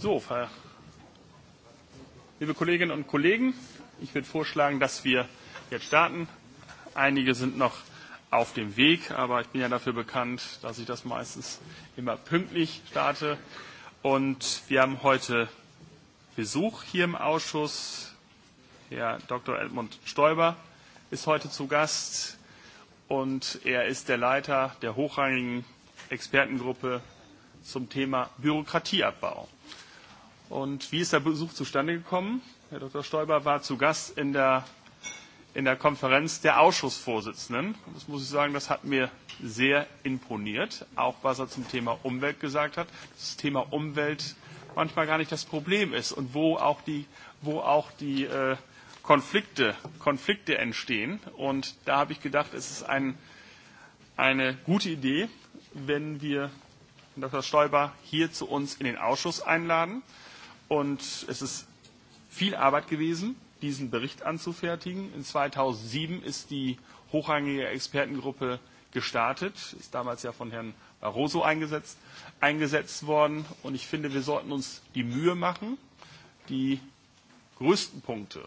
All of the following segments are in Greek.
So, liebe Kolleginnen und Kollegen, ich würde vorschlagen, dass wir jetzt starten. Einige sind noch auf dem Weg, aber ich bin ja dafür bekannt, dass ich das meistens immer pünktlich starte. Und wir haben heute Besuch hier im Ausschuss. Herr Dr. Edmund Stoiber ist heute zu Gast und er ist der Leiter der hochrangigen Expertengruppe zum Thema Bürokratieabbau. Und wie ist der Besuch zustande gekommen? Herr Dr. Stoiber war zu Gast in der, in der Konferenz der Ausschussvorsitzenden. Das muss ich sagen, das hat mir sehr imponiert. Auch was er zum Thema Umwelt gesagt hat. Das Thema Umwelt manchmal gar nicht das Problem ist und wo auch die, wo auch die Konflikte, Konflikte entstehen. Und da habe ich gedacht, es ist ein, eine gute Idee, wenn wir Dr. Stoiber hier zu uns in den Ausschuss einladen Und es ist viel Arbeit gewesen, diesen Bericht anzufertigen. In 2007 ist die hochrangige Expertengruppe gestartet, ist damals ja von Herrn Barroso eingesetzt, eingesetzt worden. Und ich finde, wir sollten uns die Mühe machen, die größten Punkte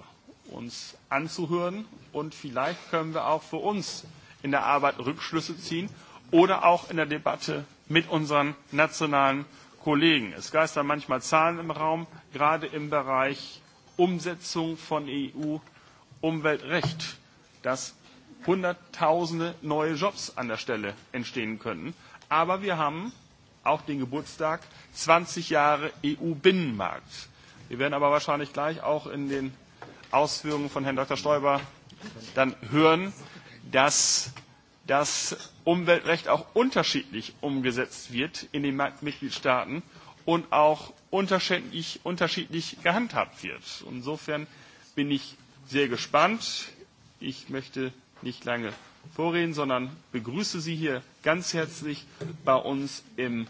uns anzuhören. Und vielleicht können wir auch für uns in der Arbeit Rückschlüsse ziehen oder auch in der Debatte mit unseren nationalen Kollegen. Es geistern manchmal Zahlen im Raum, gerade im Bereich Umsetzung von EU-Umweltrecht, dass Hunderttausende neue Jobs an der Stelle entstehen könnten. Aber wir haben auch den Geburtstag 20 Jahre EU-Binnenmarkt. Wir werden aber wahrscheinlich gleich auch in den Ausführungen von Herrn Dr. Stoiber dann hören, dass dass Umweltrecht auch unterschiedlich umgesetzt wird in den Mitgliedstaaten und auch unterschiedlich, gehandhabt wird. Insofern bin ich sehr gespannt. Ich möchte nicht lange vorreden, sondern begrüße Sie hier ganz herzlich bei uns im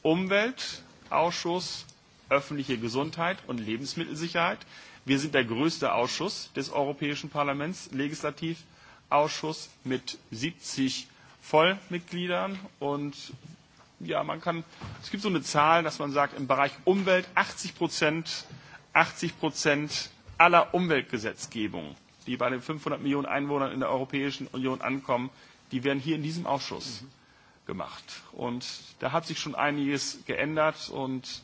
Umweltausschuss öffentliche Gesundheit und Lebensmittelsicherheit. Wir sind der größte Ausschuss des Europäischen Parlaments legislativ Ausschuss mit 70 Vollmitgliedern und ja, man kann, es gibt so eine Zahl, dass man sagt, im Bereich Umwelt 80 Prozent, 80 aller Umweltgesetzgebung, die bei den 500 Millionen Einwohnern in der Europäischen Union ankommen, die werden hier in diesem Ausschuss gemacht. Und da hat sich schon einiges geändert und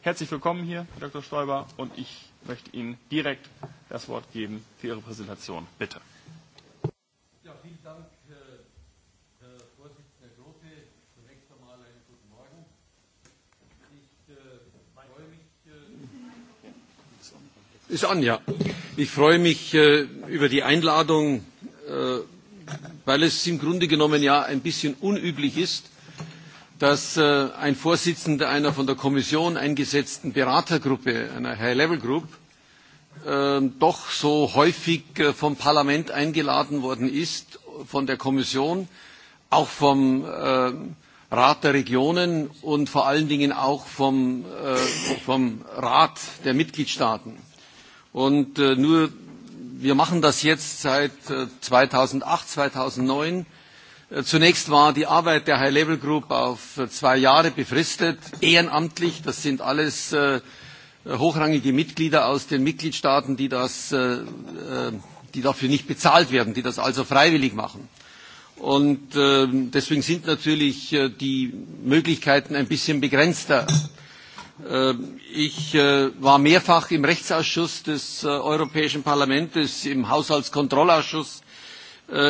herzlich willkommen hier, Herr Dr. Stoiber, und ich möchte Ihnen direkt das Wort geben für Ihre Präsentation. Bitte. Ist Anja. Ich freue mich über die Einladung, weil es im Grunde genommen ja ein bisschen unüblich ist, dass ein Vorsitzender einer von der Kommission eingesetzten Beratergruppe, einer High-Level-Group, doch so häufig vom Parlament eingeladen worden ist, von der Kommission, auch vom Rat der Regionen und vor allen Dingen auch vom Rat der Mitgliedstaaten. Und nur, wir machen das jetzt seit 2008, 2009. Zunächst war die Arbeit der High Level Group auf zwei Jahre befristet, ehrenamtlich. Das sind alles hochrangige Mitglieder aus den Mitgliedstaaten, die dafür nicht bezahlt werden, die das also freiwillig machen. Und deswegen sind natürlich die Möglichkeiten ein bisschen begrenzter Ich war mehrfach im Rechtsausschuss des Europäischen Parlaments, im Haushaltskontrollausschuss,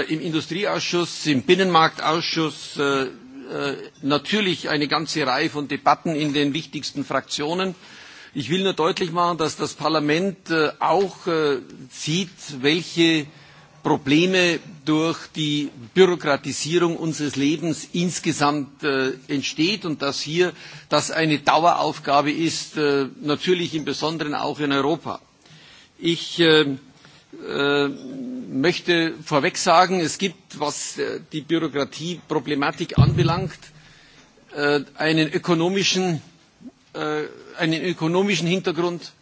im Industrieausschuss, im Binnenmarktausschuss, natürlich eine ganze Reihe von Debatten in den wichtigsten Fraktionen. Ich will nur deutlich machen, dass das Parlament auch sieht, welche Probleme durch die Bürokratisierung unseres Lebens insgesamt entsteht und dass hier das eine Daueraufgabe ist, natürlich im Besonderen auch in Europa. Ich möchte vorweg sagen, es gibt, was die Bürokratieproblematik anbelangt, einen ökonomischen Hintergrund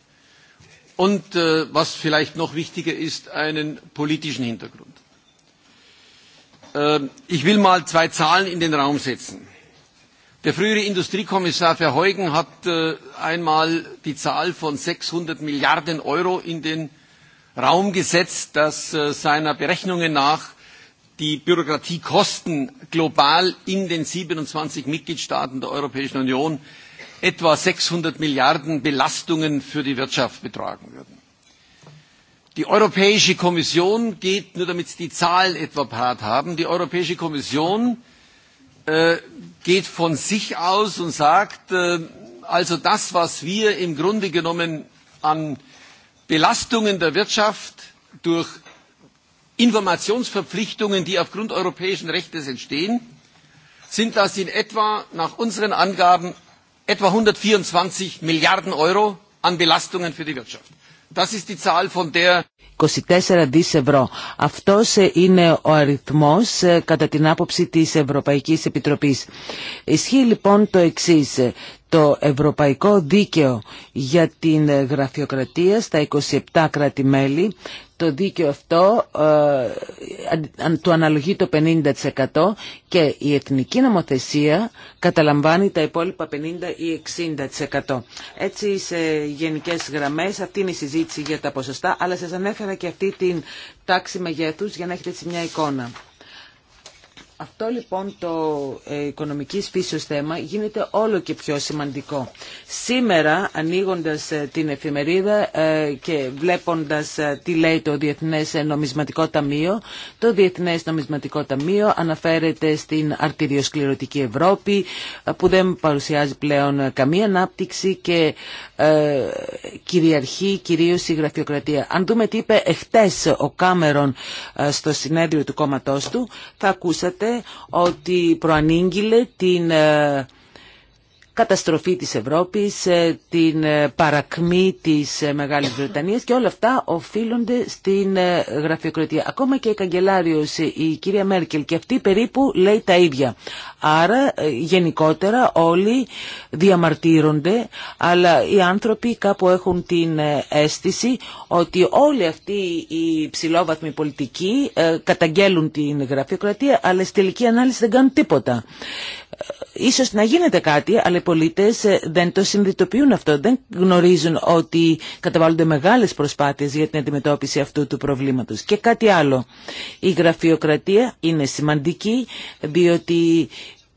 und, was vielleicht noch wichtiger ist, einen politischen Hintergrund. Ich will mal zwei Zahlen in den Raum setzen. Der frühere Industriekommissar Verheugen hat einmal die Zahl von 600 Milliarden Euro in den Raum gesetzt, dass seiner Berechnungen nach die Bürokratiekosten global in den 27 Mitgliedstaaten der Europäischen Union etwa 600 Milliarden Belastungen für die Wirtschaft betragen würden. Die Europäische Kommission geht, nur damit Sie die Zahlen etwa parat haben, die Europäische Kommission geht von sich aus und sagt, also das, was wir im Grunde genommen an Belastungen der Wirtschaft durch Informationsverpflichtungen, die aufgrund europäischen Rechtes entstehen, sind das in etwa, nach unseren Angaben, etwa 124 Milliarden Euro an Belastungen für die Wirtschaft. 24 δις ευρώ. Αυτός ε, είναι ο αριθμός ε, κατά την άποψη της Ευρωπαϊκής Επιτροπής. Ισχύει λοιπόν το εξής το Ευρωπαϊκό Δίκαιο για την Γραφειοκρατία στα 27 κράτη-μέλη. Το δίκαιο αυτό ε, του αναλογεί το 50% και η εθνική νομοθεσία καταλαμβάνει τα υπόλοιπα 50% ή 60%. Έτσι σε γενικές γραμμές αυτή είναι η συζήτηση για τα ποσοστά, αλλά σας ανέφερα και αυτή την τάξη μεγέθους για να έχετε έτσι μια εικόνα. Αυτό λοιπόν το ε, οικονομικής φύσεως θέμα γίνεται όλο και πιο σημαντικό. Σήμερα ανοίγοντας ε, την εφημερίδα ε, και βλέποντας τι λέει το Διεθνές Νομισματικό Ταμείο, το Διεθνές Νομισματικό Ταμείο αναφέρεται στην αρτηριοσκληρωτική Ευρώπη που δεν παρουσιάζει πλέον καμία ανάπτυξη και κυριαρχεί κυρίως η γραφειοκρατία. Αν δούμε τι είπε εχθές ο Κάμερον στο συνέδριο του κόμματό του, θα ακούσατε ότι προανήγγειλε την ε, καταστροφή της Ευρώπης, ε, την ε, παρακμή της ε, Μεγάλης Βρετανίας και όλα αυτά οφείλονται στην γραφειοκρατία. Ακόμα και η καγκελάριος, η κυρία Μέρκελ και αυτή περίπου λέει τα ίδια. Άρα γενικότερα όλοι διαμαρτύρονται, αλλά οι άνθρωποι κάπου έχουν την αίσθηση ότι όλοι αυτοί οι ψηλόβαθμοι πολιτικοί καταγγέλουν την γραφειοκρατία, αλλά στη τελική ανάλυση δεν κάνουν τίποτα ίσως να γίνεται κάτι, αλλά οι πολίτες ε, δεν το συνειδητοποιούν αυτό. Δεν γνωρίζουν ότι καταβάλλονται μεγάλες προσπάθειες για την αντιμετώπιση αυτού του προβλήματος. Και κάτι άλλο. Η γραφειοκρατία είναι σημαντική, διότι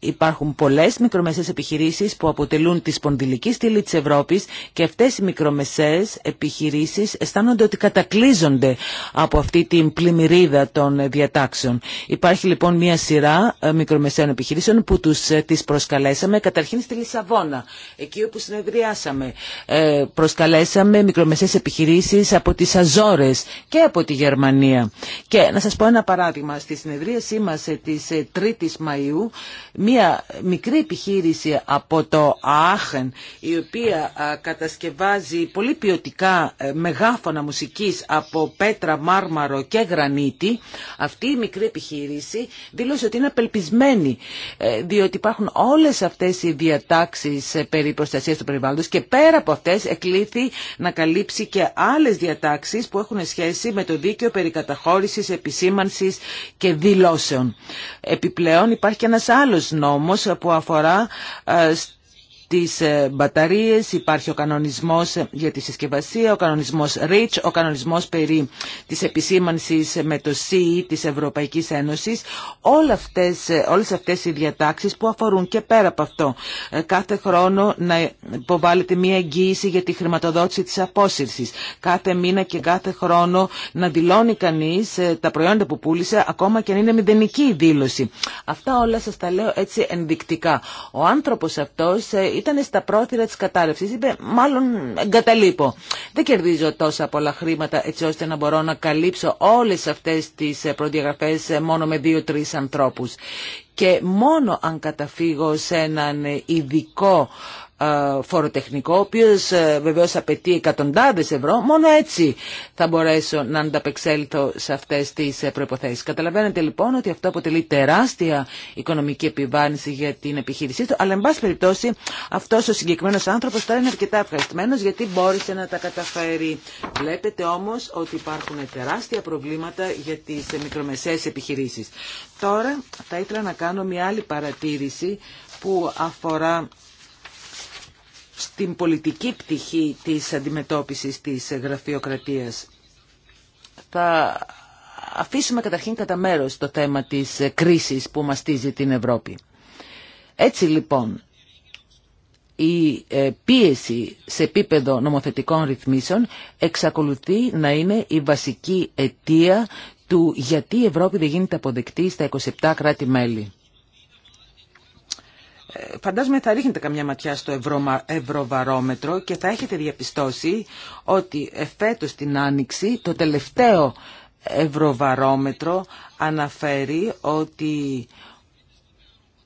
Υπάρχουν πολλές μικρομεσαίες επιχειρήσεις που αποτελούν τη σπονδυλική στήλη της Ευρώπης και αυτές οι μικρομεσαίες επιχειρήσεις αισθάνονται ότι κατακλείζονται από αυτή την πλημμυρίδα των διατάξεων. Υπάρχει λοιπόν μια σειρά ε, μικρομεσαίων επιχειρήσεων που τους, ε, τις προσκαλέσαμε καταρχήν στη Λισαβόνα, εκεί όπου συνεδριάσαμε. Ε, προσκαλέσαμε μικρομεσαίες επιχειρήσεις από τις Αζόρες και από τη Γερμανία. Και να σας πω ένα παράδειγμα, στη συνεδρίασή μας της 3 η Μαου μία μικρή επιχείρηση από το ΑΑΧΕΝ η οποία κατασκευάζει πολύ ποιοτικά ε, μεγάφωνα μουσικής από πέτρα, μάρμαρο και γρανίτη αυτή η μικρή επιχείρηση δήλωσε ότι είναι απελπισμένη ε, διότι υπάρχουν όλες αυτές οι διατάξεις ε, περί προστασίας του περιβάλλοντος και πέρα από αυτές εκλήθη να καλύψει και άλλες διατάξεις που έχουν σχέση με το δίκαιο περί καταχώρησης, επισήμανσης και δηλώσεων. Επιπλέον υπάρχει και ένας άλλος νόμος που αφορά ε, τις ε, μπαταρίες, υπάρχει ο κανονισμός για τη συσκευασία, ο κανονισμός REACH, ο κανονισμός περί της επισήμανσης με το CE της Ευρωπαϊκής Ένωσης. Όλα αυτές, ε, όλες αυτές οι διατάξεις που αφορούν και πέρα από αυτό ε, κάθε χρόνο να υποβάλλεται μια εγγύηση για τη χρηματοδότηση της απόσυρσης. Κάθε μήνα και κάθε χρόνο να δηλώνει κανείς τα προϊόντα που πούλησε ακόμα και αν είναι μηδενική η δήλωση. Αυτά όλα σας τα λέω έτσι ενδεικτικά. Ο άνθρωπος αυτός ήταν στα πρόθυρα της κατάρρευσης. Είπε, μάλλον εγκαταλείπω. Δεν κερδίζω τόσα πολλά χρήματα έτσι ώστε να μπορώ να καλύψω όλες αυτές τις ε, προδιαγραφές ε, μόνο με δύο-τρεις ανθρώπους. Και μόνο αν καταφύγω σε έναν ειδικό ε, φοροτεχνικό, ο οποίο ε, βεβαίω απαιτεί εκατοντάδε ευρώ, μόνο έτσι θα μπορέσω να ανταπεξέλθω σε αυτέ τι ε, προποθέσει. Καταλαβαίνετε λοιπόν ότι αυτό αποτελεί τεράστια οικονομική επιβάρυνση για την επιχείρησή του, αλλά εν πάση περιπτώσει αυτό ο συγκεκριμένο άνθρωπο τώρα είναι αρκετά ευχαριστημένο γιατί μπόρεσε να τα καταφέρει. Βλέπετε όμω ότι υπάρχουν τεράστια προβλήματα για τι μικρομεσαίες επιχειρήσει. Τώρα θα ήθελα να κάνω μια άλλη παρατήρηση που αφορά στην πολιτική πτυχή της αντιμετώπισης της γραφειοκρατίας. Θα αφήσουμε καταρχήν κατά μέρος το θέμα της κρίσης που μαστίζει την Ευρώπη. Έτσι λοιπόν, η ε, πίεση σε επίπεδο νομοθετικών ρυθμίσεων εξακολουθεί να είναι η βασική αιτία του γιατί η Ευρώπη δεν γίνεται αποδεκτή στα 27 κράτη-μέλη. Φαντάζομαι θα ρίχνετε καμιά ματιά στο ευρωβαρόμετρο και θα έχετε διαπιστώσει ότι φέτο την Άνοιξη το τελευταίο ευρωβαρόμετρο αναφέρει ότι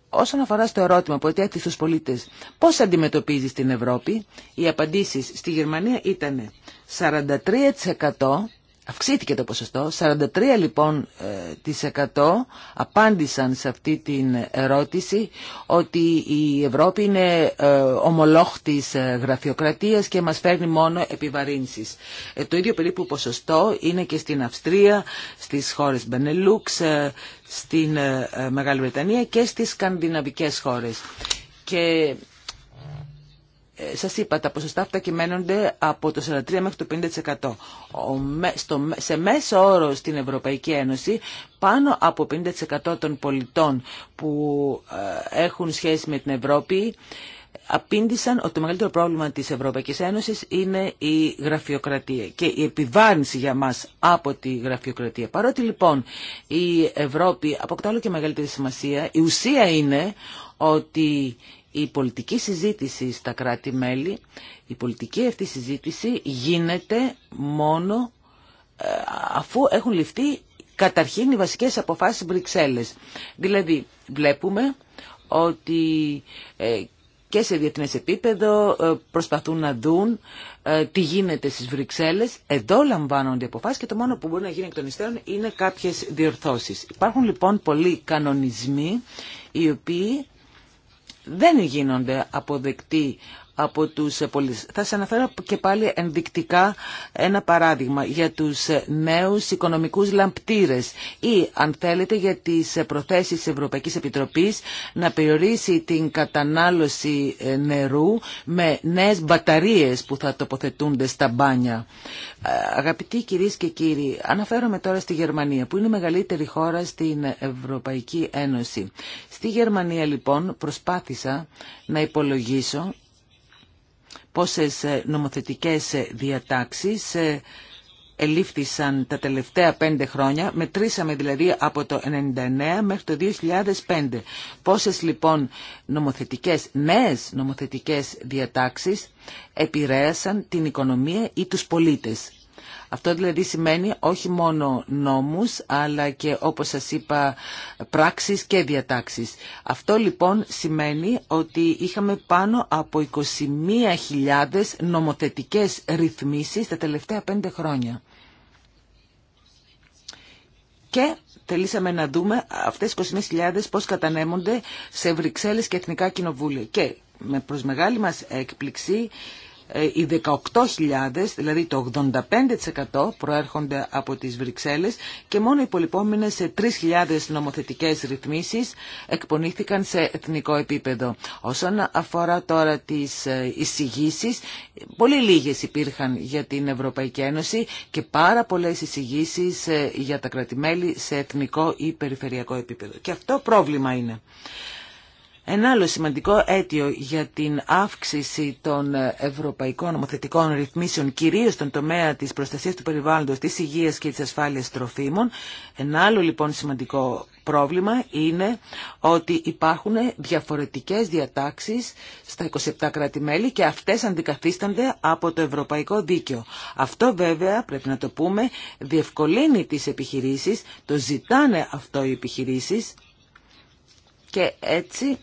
όσον αφορά στο ερώτημα που έτσι στους πολίτες πώς αντιμετωπίζεις την Ευρώπη, οι απαντήσεις στη Γερμανία ήταν 43% Αυξήθηκε το ποσοστό, 43 λοιπόν ε, της απάντησαν σε αυτή την ερώτηση ότι η Ευρώπη είναι ε, ομολόχτης ε, γραφειοκρατίας και μας φέρνει μόνο επιβαρύνσεις. Το ίδιο περίπου ποσοστό είναι και στην Αυστρία, στις χώρες Μπενελούξ, στην Μεγάλη Βρετανία και στις σκανδιναβικές χώρες. Και σας είπα, τα ποσοστά αυτά κυμαίνονται από το 43% μέχρι το 50%. σε μέσο όρο στην Ευρωπαϊκή Ένωση, πάνω από 50% των πολιτών που ε, έχουν σχέση με την Ευρώπη, απήντησαν ότι το μεγαλύτερο πρόβλημα της Ευρωπαϊκής Ένωσης είναι η γραφειοκρατία και η επιβάρυνση για μας από τη γραφειοκρατία. Παρότι λοιπόν η Ευρώπη αποκτά όλο και μεγαλύτερη σημασία, η ουσία είναι ότι η πολιτική συζήτηση στα κράτη-μέλη, η πολιτική αυτή συζήτηση γίνεται μόνο ε, αφού έχουν ληφθεί καταρχήν οι βασικές αποφάσεις Βρυξέλλες. Δηλαδή βλέπουμε ότι ε, και σε διεθνές επίπεδο ε, προσπαθούν να δουν τι γίνεται στις Βρυξέλλες. Εδώ λαμβάνονται αποφάσεις και το μόνο που μπορεί να γίνει εκ των υστέρων είναι κάποιες διορθώσεις. Υπάρχουν λοιπόν πολλοί κανονισμοί οι οποίοι δεν γίνονται αποδεκτοί από τους ε, Θα σας αναφέρω και πάλι ενδεικτικά ένα παράδειγμα για τους ε, νέους οικονομικούς λαμπτήρες ή αν θέλετε για τις ε, προθέσεις της Ευρωπαϊκής Επιτροπής να περιορίσει την κατανάλωση νερού με νέες μπαταρίες που θα τοποθετούνται στα μπάνια. Αγαπητοί κυρίες και κύριοι, αναφέρομαι τώρα στη Γερμανία που είναι η μεγαλύτερη χώρα στην Ευρωπαϊκή Ένωση. Στη Γερμανία λοιπόν προσπάθησα να υπολογίσω πόσες ε, νομοθετικές ε, διατάξεις ε, ελήφθησαν τα τελευταία πέντε χρόνια, μετρήσαμε δηλαδή από το 1999 μέχρι το 2005. Πόσες λοιπόν νομοθετικές, νέες νομοθετικές διατάξεις επηρέασαν την οικονομία ή τους πολίτες. Αυτό δηλαδή σημαίνει όχι μόνο νόμους, αλλά και όπως σας είπα πράξεις και διατάξεις. Αυτό λοιπόν σημαίνει ότι είχαμε πάνω από 21.000 νομοθετικές ρυθμίσεις τα τελευταία πέντε χρόνια. Και θελήσαμε να δούμε αυτές τις 21.000 πώς κατανέμονται σε Βρυξέλλες και Εθνικά Κοινοβούλια. Και με προς μεγάλη μας έκπληξη ε, οι 18.000, δηλαδή το 85% προέρχονται από τις Βρυξέλλες και μόνο οι υπολοιπόμενες 3.000 νομοθετικές ρυθμίσεις εκπονήθηκαν σε εθνικό επίπεδο. Όσον αφορά τώρα τις ε, εισηγήσει, πολύ λίγες υπήρχαν για την Ευρωπαϊκή Ένωση και πάρα πολλές εισηγήσει ε, για τα κρατημέλη σε εθνικό ή περιφερειακό επίπεδο. Και αυτό πρόβλημα είναι. Ένα άλλο σημαντικό αίτιο για την αύξηση των ευρωπαϊκών νομοθετικών ρυθμίσεων, κυρίως στον τομέα της προστασίας του περιβάλλοντος, της υγείας και της ασφάλειας τροφίμων, ένα άλλο λοιπόν σημαντικό πρόβλημα είναι ότι υπάρχουν διαφορετικές διατάξεις στα 27 κράτη-μέλη και αυτές αντικαθίστανται από το ευρωπαϊκό δίκαιο. Αυτό βέβαια, πρέπει να το πούμε, διευκολύνει τις επιχειρήσεις, το ζητάνε αυτό οι επιχειρήσεις και έτσι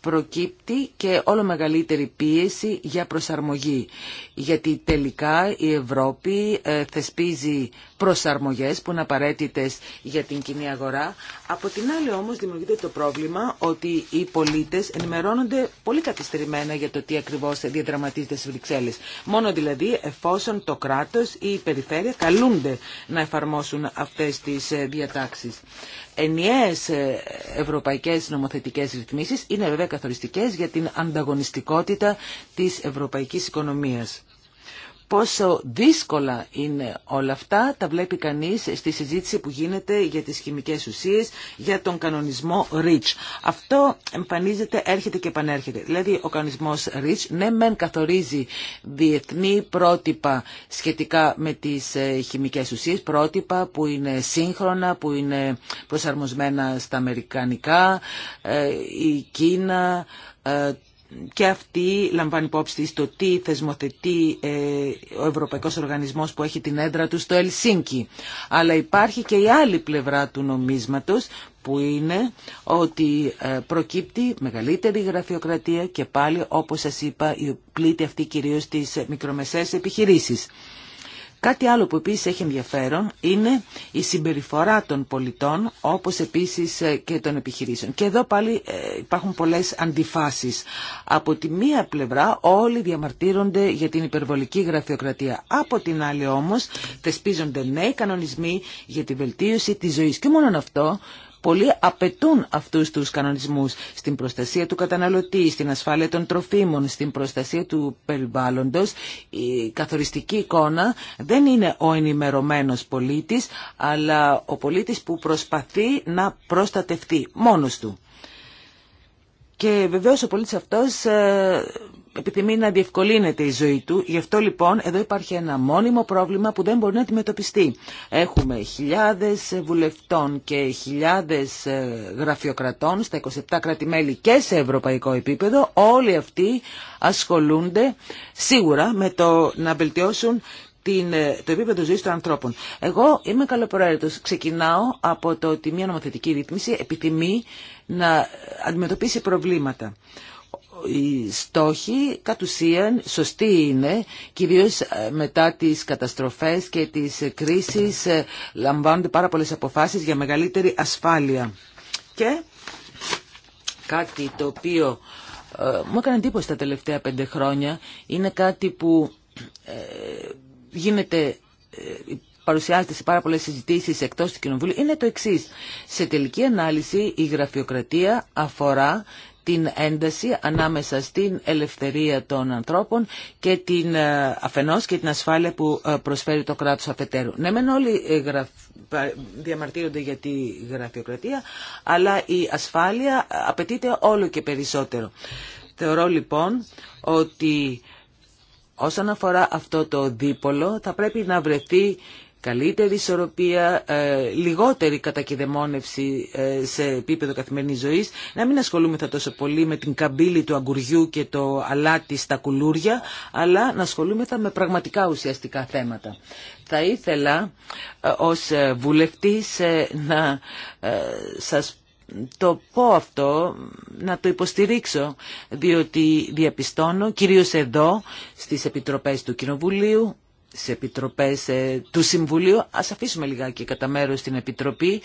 προκύπτει και όλο μεγαλύτερη πίεση για προσαρμογή. Γιατί τελικά η Ευρώπη ε, θεσπίζει προσαρμογές που είναι απαραίτητε για την κοινή αγορά. Από την άλλη όμως δημιουργείται το πρόβλημα ότι οι πολίτες ενημερώνονται πολύ καθυστερημένα για το τι ακριβώς διαδραματίζεται στις Βρυξέλλες. Μόνο δηλαδή εφόσον το κράτος ή η περιφέρεια καλούνται να εφαρμόσουν αυτές τις ε, διατάξεις. Ενιαίες ε, ευρωπαϊκές νομοθετικές ρυθμίσεις είναι βέβαια καθοριστικές για την ανταγωνιστικότητα της ευρωπαϊκής οικονομίας. Πόσο δύσκολα είναι όλα αυτά τα βλέπει κανείς στη συζήτηση που γίνεται για τις χημικές ουσίες, για τον κανονισμό REACH. Αυτό εμφανίζεται, έρχεται και επανέρχεται. Δηλαδή ο κανονισμός REACH ναι μεν καθορίζει διεθνή πρότυπα σχετικά με τις ε, χημικές ουσίες, πρότυπα που είναι σύγχρονα, που είναι προσαρμοσμένα στα αμερικανικά, ε, η Κίνα, ε, και αυτή λαμβάνει υπόψη στο τι θεσμοθετεί ε, ο Ευρωπαϊκός Οργανισμός που έχει την έδρα του στο Ελσίνκι. Αλλά υπάρχει και η άλλη πλευρά του νομίσματος που είναι ότι ε, προκύπτει μεγαλύτερη γραφειοκρατία και πάλι όπως σας είπα πλήττει αυτή κυρίως τις μικρομεσαίες επιχειρήσεις. Κάτι άλλο που επίσης έχει ενδιαφέρον είναι η συμπεριφορά των πολιτών όπως επίσης ε, και των επιχειρήσεων. Και εδώ πάλι ε, υπάρχουν πολλές αντιφάσεις. Από τη μία πλευρά όλοι διαμαρτύρονται για την υπερβολική γραφειοκρατία. Από την άλλη όμως θεσπίζονται νέοι κανονισμοί για τη βελτίωση της ζωής. Και μόνο αυτό Πολλοί απαιτούν αυτούς τους κανονισμούς στην προστασία του καταναλωτή, στην ασφάλεια των τροφίμων, στην προστασία του περιβάλλοντο. Η καθοριστική εικόνα δεν είναι ο ενημερωμένος πολίτης, αλλά ο πολίτης που προσπαθεί να προστατευτεί μόνος του. Και βεβαίω ο πολίτης αυτός ε, επιθυμεί να διευκολύνεται η ζωή του. Γι' αυτό λοιπόν εδώ υπάρχει ένα μόνιμο πρόβλημα που δεν μπορεί να αντιμετωπιστεί. Έχουμε χιλιάδες βουλευτών και χιλιάδες ε, γραφειοκρατών στα 27 κρατη και σε ευρωπαϊκό επίπεδο. Όλοι αυτοί ασχολούνται σίγουρα με το να βελτιώσουν ε, το επίπεδο ζωής των ανθρώπων. Εγώ είμαι καλοπροαίρετος. Ξεκινάω από το ότι μια νομοθετική ρύθμιση επιθυμεί να αντιμετωπίσει προβλήματα οι στόχοι κατ' ουσίαν σωστοί είναι, κυρίως ε, μετά τις καταστροφές και τις κρίσεις ε, λαμβάνονται πάρα πολλές αποφάσεις για μεγαλύτερη ασφάλεια. Και κάτι το οποίο ε, μου έκανε εντύπωση τα τελευταία πέντε χρόνια είναι κάτι που γίνεται παρουσιάζεται σε πάρα πολλές συζητήσεις εκτός του Κοινοβουλίου είναι το εξής. Σε τελική ανάλυση η γραφειοκρατία αφορά την ένταση ανάμεσα στην ελευθερία των ανθρώπων και την ε, αφενός και την ασφάλεια που ε, προσφέρει το κράτος αφετέρου. Ναι, μεν όλοι ε, διαμαρτύρονται για τη γραφειοκρατία, αλλά η ασφάλεια απαιτείται όλο και περισσότερο. Θεωρώ λοιπόν ότι όσον αφορά αυτό το δίπολο θα πρέπει να βρεθεί καλύτερη ισορροπία, ε, λιγότερη κατακυδεμόνευση ε, σε επίπεδο καθημερινής ζωής, να μην ασχολούμεθα τόσο πολύ με την καμπύλη του αγκουριού και το αλάτι στα κουλούρια, αλλά να ασχολούμεθα με πραγματικά ουσιαστικά θέματα. Θα ήθελα ε, ως βουλευτής να σας το πω αυτό, να το υποστηρίξω, διότι διαπιστώνω, κυρίως εδώ, στις Επιτροπές του Κοινοβουλίου, σε επιτροπές ε, του Συμβουλίου. Ας αφήσουμε λιγάκι κατά μέρο την Επιτροπή.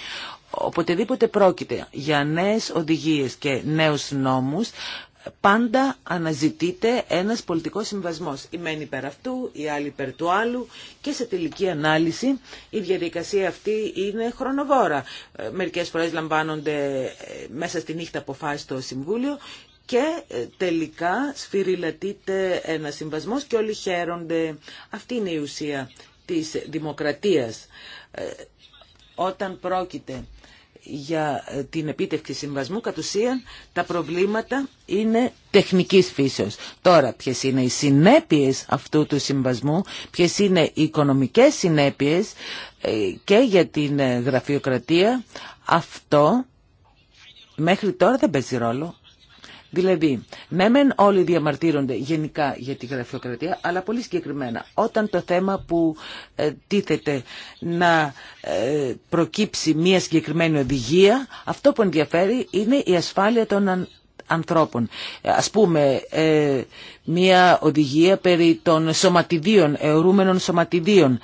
Οποτεδήποτε πρόκειται για νέες οδηγίες και νέους νόμους, πάντα αναζητείται ένας πολιτικός συμβασμός. Η μένη υπέρ αυτού, η άλλη υπέρ του άλλου και σε τελική ανάλυση η διαδικασία αυτή είναι χρονοβόρα. Ε, μερικές φορές λαμβάνονται ε, μέσα στη νύχτα αποφάσεις στο Συμβούλιο και ε, τελικά σφυριλατείται ένα συμβασμός και όλοι χαίρονται. Αυτή είναι η ουσία της δημοκρατίας. Ε, όταν πρόκειται για ε, την επίτευξη συμβασμού, κατ' ουσίαν τα προβλήματα είναι τεχνικής φύσεως. Τώρα, ποιες είναι οι συνέπειες αυτού του συμβασμού, ποιες είναι οι οικονομικές συνέπειες και για την γραφειοκρατία, αυτό μέχρι τώρα δεν παίζει ρόλο. Δηλαδή, ναι μεν όλοι διαμαρτύρονται γενικά για τη γραφειοκρατία, αλλά πολύ συγκεκριμένα όταν το θέμα που ε, τίθεται να ε, προκύψει μια συγκεκριμένη οδηγία, αυτό που ενδιαφέρει είναι η ασφάλεια των ανθρώπων. Ας πούμε, ε, μια οδηγία περί των σωματιδίων, αιωρούμενων σωματιδίων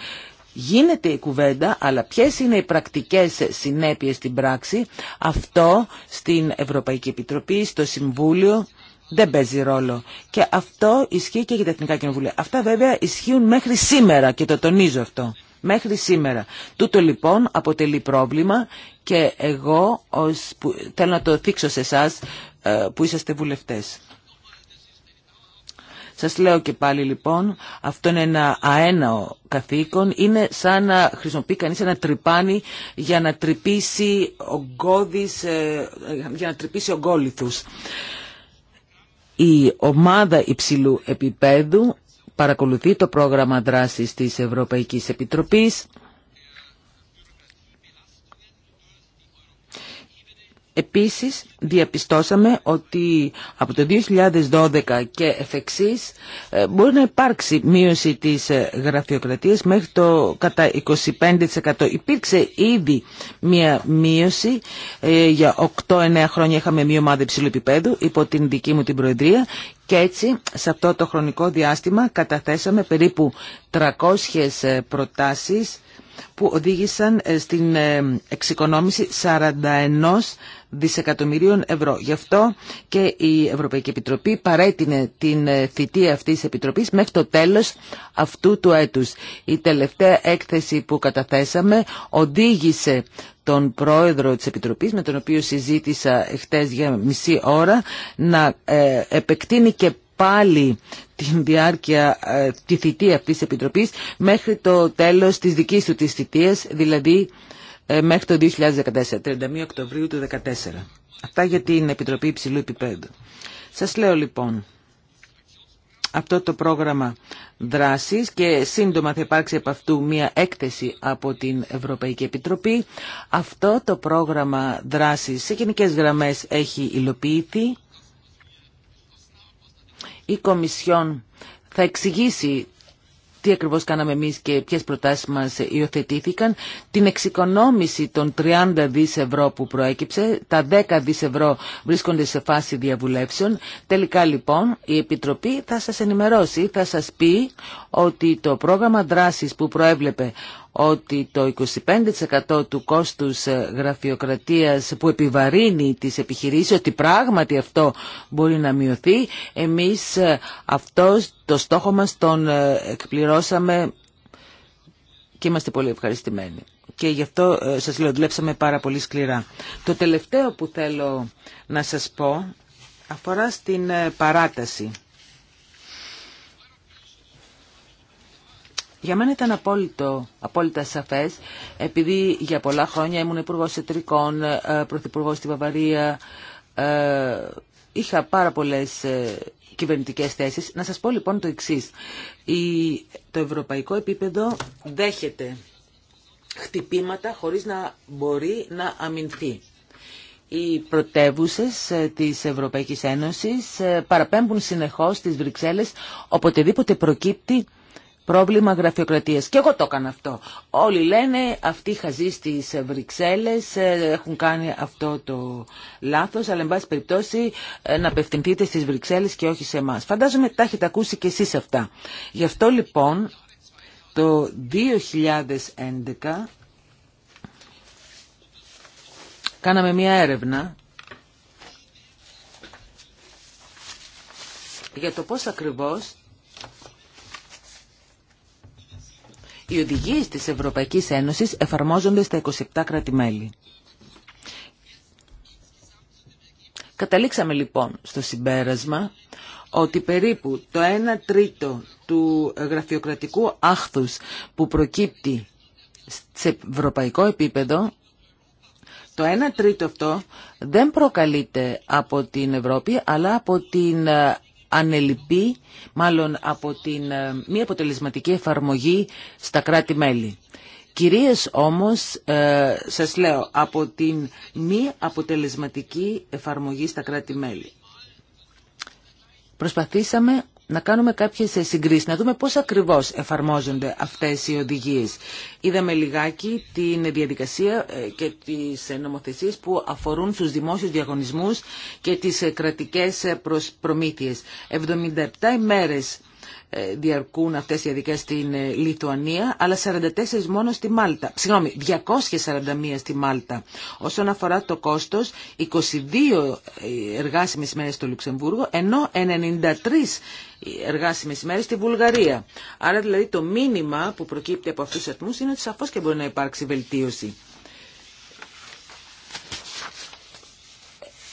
γίνεται η κουβέντα, αλλά ποιες είναι οι πρακτικές συνέπειες στην πράξη, αυτό στην Ευρωπαϊκή Επιτροπή, στο Συμβούλιο, δεν παίζει ρόλο. Και αυτό ισχύει και για τα Εθνικά Κοινοβούλια. Αυτά βέβαια ισχύουν μέχρι σήμερα και το τονίζω αυτό. Μέχρι σήμερα. Τούτο λοιπόν αποτελεί πρόβλημα και εγώ ως, θέλω να το δείξω σε εσά ε, που είσαστε βουλευτές. Σας λέω και πάλι λοιπόν, αυτό είναι ένα αέναο καθήκον, είναι σαν να χρησιμοποιεί κανείς ένα τρυπάνι για να τρυπήσει ογκώδης, ε, για να τρυπήσει Η ομάδα υψηλού επίπεδου παρακολουθεί το πρόγραμμα δράσης της Ευρωπαϊκής Επιτροπής Επίσης διαπιστώσαμε ότι από το 2012 και εφ' ε, μπορεί να υπάρξει μείωση της ε, γραφειοκρατίας μέχρι το κατά 25%. Υπήρξε ήδη μία μείωση ε, για 8-9 χρόνια είχαμε μία ομάδα υψηλού επίπεδου υπό την δική μου την Προεδρία και έτσι σε αυτό το χρονικό διάστημα καταθέσαμε περίπου 300 προτάσεις που οδήγησαν ε, στην ε, εξοικονόμηση 41 δισεκατομμυρίων ευρώ. Γι' αυτό και η Ευρωπαϊκή Επιτροπή παρέτεινε την ε, θητεία αυτής της Επιτροπής μέχρι το τέλος αυτού του έτους. Η τελευταία έκθεση που καταθέσαμε οδήγησε τον πρόεδρο της Επιτροπής, με τον οποίο συζήτησα χτες για μισή ώρα, να επεκτείνει και πάλι την διάρκεια, ε, τη θητεία αυτής της Επιτροπής μέχρι το τέλος της δικής του της θητείας, δηλαδή ε, μέχρι το 2014, 31 Οκτωβρίου του 2014. Αυτά για την Επιτροπή Υψηλού Επιπέδου. Σας λέω λοιπόν αυτό το πρόγραμμα δράσης και σύντομα θα υπάρξει από αυτού μία έκθεση από την Ευρωπαϊκή Επιτροπή. Αυτό το πρόγραμμα δράσης σε γενικές γραμμές έχει υλοποιηθεί η Κομισιόν θα εξηγήσει τι ακριβώς κάναμε εμείς και ποιες προτάσεις μας υιοθετήθηκαν, την εξοικονόμηση των 30 δις ευρώ που προέκυψε, τα 10 δις ευρώ βρίσκονται σε φάση διαβουλεύσεων. Τελικά λοιπόν η Επιτροπή θα σας ενημερώσει, θα σας πει ότι το πρόγραμμα δράσης που προέβλεπε ότι το 25% του κόστους ε, γραφειοκρατίας που επιβαρύνει τις επιχειρήσεις, ότι πράγματι αυτό μπορεί να μειωθεί, εμείς ε, αυτό το στόχο μας τον ε, εκπληρώσαμε και είμαστε πολύ ευχαριστημένοι. Και γι' αυτό σας λέω, δουλέψαμε πάρα πολύ σκληρά. Το τελευταίο που θέλω να σας πω αφορά στην παράταση. Για μένα ήταν απόλυτα σαφές, επειδή για πολλά χρόνια ήμουν υπουργό ετρικών, ε, πρωθυπουργό στη Βαβαρία, ε, είχα πάρα πολλές ε, κυβερνητικές θέσεις. Να σας πω λοιπόν το εξής. το ευρωπαϊκό επίπεδο δέχεται χτυπήματα χωρίς να μπορεί να αμυνθεί. Οι πρωτεύουσε της Ευρωπαϊκής Ένωσης παραπέμπουν συνεχώς στις Βρυξέλλες οποτεδήποτε προκύπτει πρόβλημα γραφειοκρατίας. Και εγώ το έκανα αυτό. Όλοι λένε αυτοί οι χαζοί στις Βρυξέλλες ε, έχουν κάνει αυτό το λάθος, αλλά εν πάση περιπτώσει ε, να απευθυνθείτε στις Βρυξέλλες και όχι σε εμά. Φαντάζομαι τα έχετε ακούσει και εσείς αυτά. Γι' αυτό λοιπόν το 2011 κάναμε μία έρευνα για το πώς ακριβώς Οι οδηγίες της Ευρωπαϊκής Ένωσης εφαρμόζονται στα 27 κράτη-μέλη. Καταλήξαμε λοιπόν στο συμπέρασμα ότι περίπου το 1 τρίτο του γραφειοκρατικού άχθους που προκύπτει σε ευρωπαϊκό επίπεδο, το 1 τρίτο αυτό δεν προκαλείται από την Ευρώπη αλλά από την ε, ανελειπή, μάλλον από την ε, μη αποτελεσματική εφαρμογή στα κράτη-μέλη. Κυρίες όμως, ε, σας λέω, από την μη αποτελεσματική εφαρμογή στα κράτη-μέλη. Προσπαθήσαμε να κάνουμε κάποιες συγκρίσεις, να δούμε πώς ακριβώς εφαρμόζονται αυτές οι οδηγίες. Είδαμε λιγάκι την διαδικασία ε, και τις ε, νομοθεσίες που αφορούν στους δημόσιους διαγωνισμούς και τις ε, κρατικές προμήθειες. 77 ημέρες ε, διαρκούν αυτές οι διαδικές στην ε, Λιθουανία, αλλά 44 μόνο στη Μάλτα. Συγγνώμη, 241 στη Μάλτα. Όσον αφορά το κόστος, 22 ε, εργάσιμες μέρες στο Λουξεμβούργο, ενώ 93 εργάσιμες μέρες στη Βουλγαρία. Άρα δηλαδή το μήνυμα που προκύπτει από αυτούς τους αθμούς είναι ότι σαφώς και μπορεί να υπάρξει βελτίωση.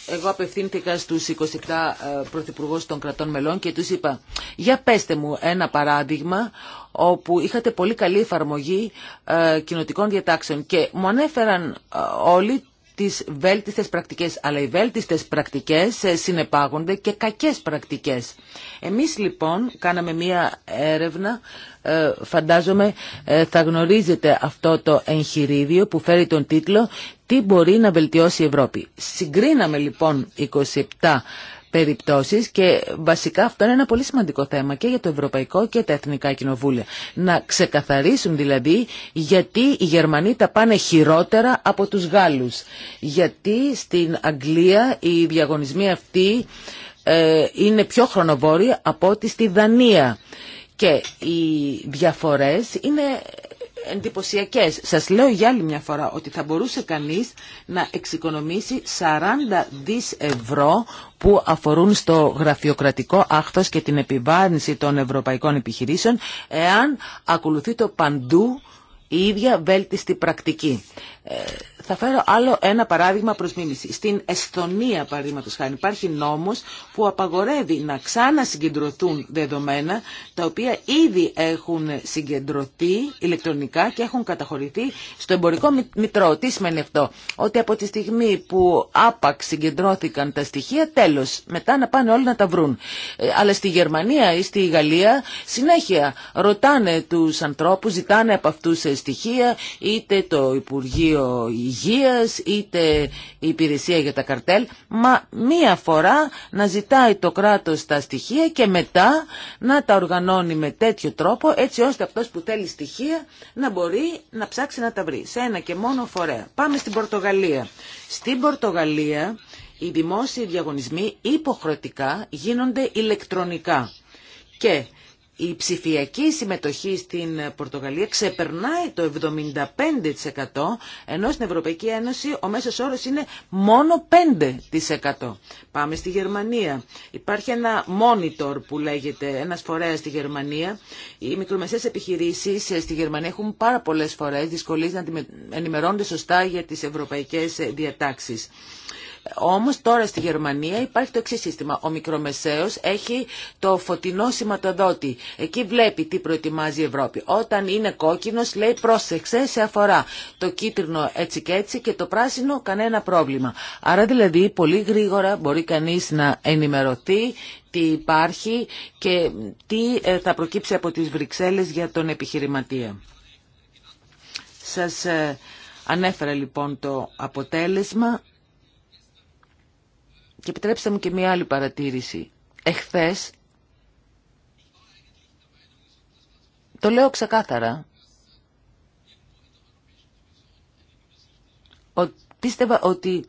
εγώ απευθύνθηκα στους 27 ε, πρωθυπουργούς των κρατών μελών και τους είπα για πέστε μου ένα παράδειγμα όπου είχατε πολύ καλή εφαρμογή ε, κοινοτικών διατάξεων και μου ανέφεραν ε, όλοι τις βέλτιστες πρακτικές. Αλλά οι βέλτιστες πρακτικές ε, συνεπάγονται και κακές πρακτικές. Εμείς λοιπόν κάναμε μία έρευνα, ε, φαντάζομαι ε, θα γνωρίζετε αυτό το εγχειρίδιο που φέρει τον τίτλο «Τι μπορεί να βελτιώσει η Ευρώπη». Συγκρίναμε λοιπόν 27 περιπτώσεις και βασικά αυτό είναι ένα πολύ σημαντικό θέμα και για το Ευρωπαϊκό και τα Εθνικά Κοινοβούλια. Να ξεκαθαρίσουν δηλαδή γιατί οι Γερμανοί τα πάνε χειρότερα από τους Γάλλους. Γιατί στην Αγγλία οι διαγωνισμοί αυτοί ε, είναι πιο χρονοβόροι από ό,τι στη Δανία. Και οι διαφορές είναι εντυπωσιακές. Σας λέω για άλλη μια φορά ότι θα μπορούσε κανείς να εξοικονομήσει 40 δι ευρώ που αφορούν στο γραφειοκρατικό άχθος και την επιβάρυνση των ευρωπαϊκών επιχειρήσεων εάν ακολουθεί το παντού η ίδια βέλτιστη πρακτική. Ε, θα φέρω άλλο ένα παράδειγμα προς μίμηση. Στην Εσθονία, παραδείγματος χάρη, υπάρχει νόμος που απαγορεύει να ξανασυγκεντρωθούν δεδομένα τα οποία ήδη έχουν συγκεντρωθεί ηλεκτρονικά και έχουν καταχωρηθεί στο εμπορικό μητρό. Τι σημαίνει αυτό, ότι από τη στιγμή που άπαξ συγκεντρώθηκαν τα στοιχεία, τέλος, μετά να πάνε όλοι να τα βρουν. Ε, αλλά στη Γερμανία ή στη Γαλλία συνέχεια ρωτάνε τους ανθρώπους, ζητάνε από αυτούς ε, στοιχεία, είτε το Υπουργείο είτε η υπηρεσία για τα καρτέλ, μα μία φορά να ζητάει το κράτος τα στοιχεία και μετά να τα οργανώνει με τέτοιο τρόπο, έτσι ώστε αυτός που θέλει στοιχεία να μπορεί να ψάξει να τα βρει σε ένα και μόνο φορέα. Πάμε στην Πορτογαλία. Στην Πορτογαλία οι δημόσιοι διαγωνισμοί υποχρεωτικά γίνονται ηλεκτρονικά και η ψηφιακή συμμετοχή στην Πορτογαλία ξεπερνάει το 75% ενώ στην Ευρωπαϊκή Ένωση ο μέσος όρος είναι μόνο 5%. Πάμε στη Γερμανία. Υπάρχει ένα monitor που λέγεται ένας φορέας στη Γερμανία. Οι μικρομεσαίες επιχειρήσεις ε, στη Γερμανία έχουν πάρα πολλές φορές δυσκολίες να ενημερώνονται σωστά για τις ευρωπαϊκές ε, διατάξεις. Όμως τώρα στη Γερμανία υπάρχει το εξή σύστημα. Ο μικρομεσαίος έχει το φωτεινό σηματοδότη. Εκεί βλέπει τι προετοιμάζει η Ευρώπη. Όταν είναι κόκκινος λέει πρόσεξε σε αφορά. Το κίτρινο έτσι και έτσι και το πράσινο κανένα πρόβλημα. Άρα δηλαδή πολύ γρήγορα μπορεί κανείς να ενημερωθεί τι υπάρχει και τι ε, θα προκύψει από τις Βρυξέλλες για τον επιχειρηματία. Σας ε, ανέφερα λοιπόν το αποτέλεσμα. Και επιτρέψτε μου και μία άλλη παρατήρηση. Εχθές, το λέω ξεκάθαρα, πίστευα ότι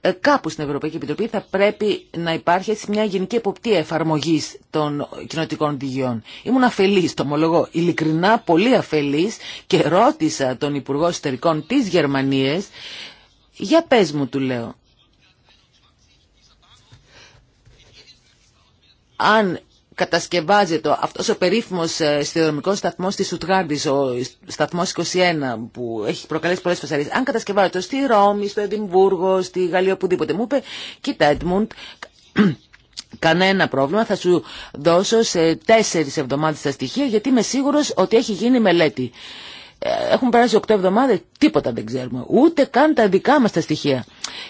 ε, κάπου στην Ευρωπαϊκή Επιτροπή θα πρέπει να υπάρχει έτσι μια γενική εποπτεία εφαρμογή των κοινοτικών οδηγιών. Ήμουν αφελή, το ομολογώ, ειλικρινά πολύ αφελης το ομολογω ειλικρινα πολυ αφελη και ρώτησα τον Υπουργό Εσωτερικών τη Γερμανία. Για πε μου, του λέω, αν κατασκευάζεται αυτός ο περίφημος ε, σιδηροδρομικός σταθμός της Ουτγάρντης, ο σταθμός 21 που έχει προκαλέσει πολλές φασαρίες, αν κατασκευάζεται στη Ρώμη, στο Εντιμβούργο, στη Γαλλία, οπουδήποτε, μου είπε, κοίτα Έντμουντ, Κανένα πρόβλημα, θα σου δώσω σε τέσσερις εβδομάδες τα στοιχεία γιατί είμαι σίγουρος ότι έχει γίνει μελέτη. Έχουν περάσει 8 εβδομάδε, τίποτα δεν ξέρουμε. Ούτε καν τα δικά μα τα στοιχεία.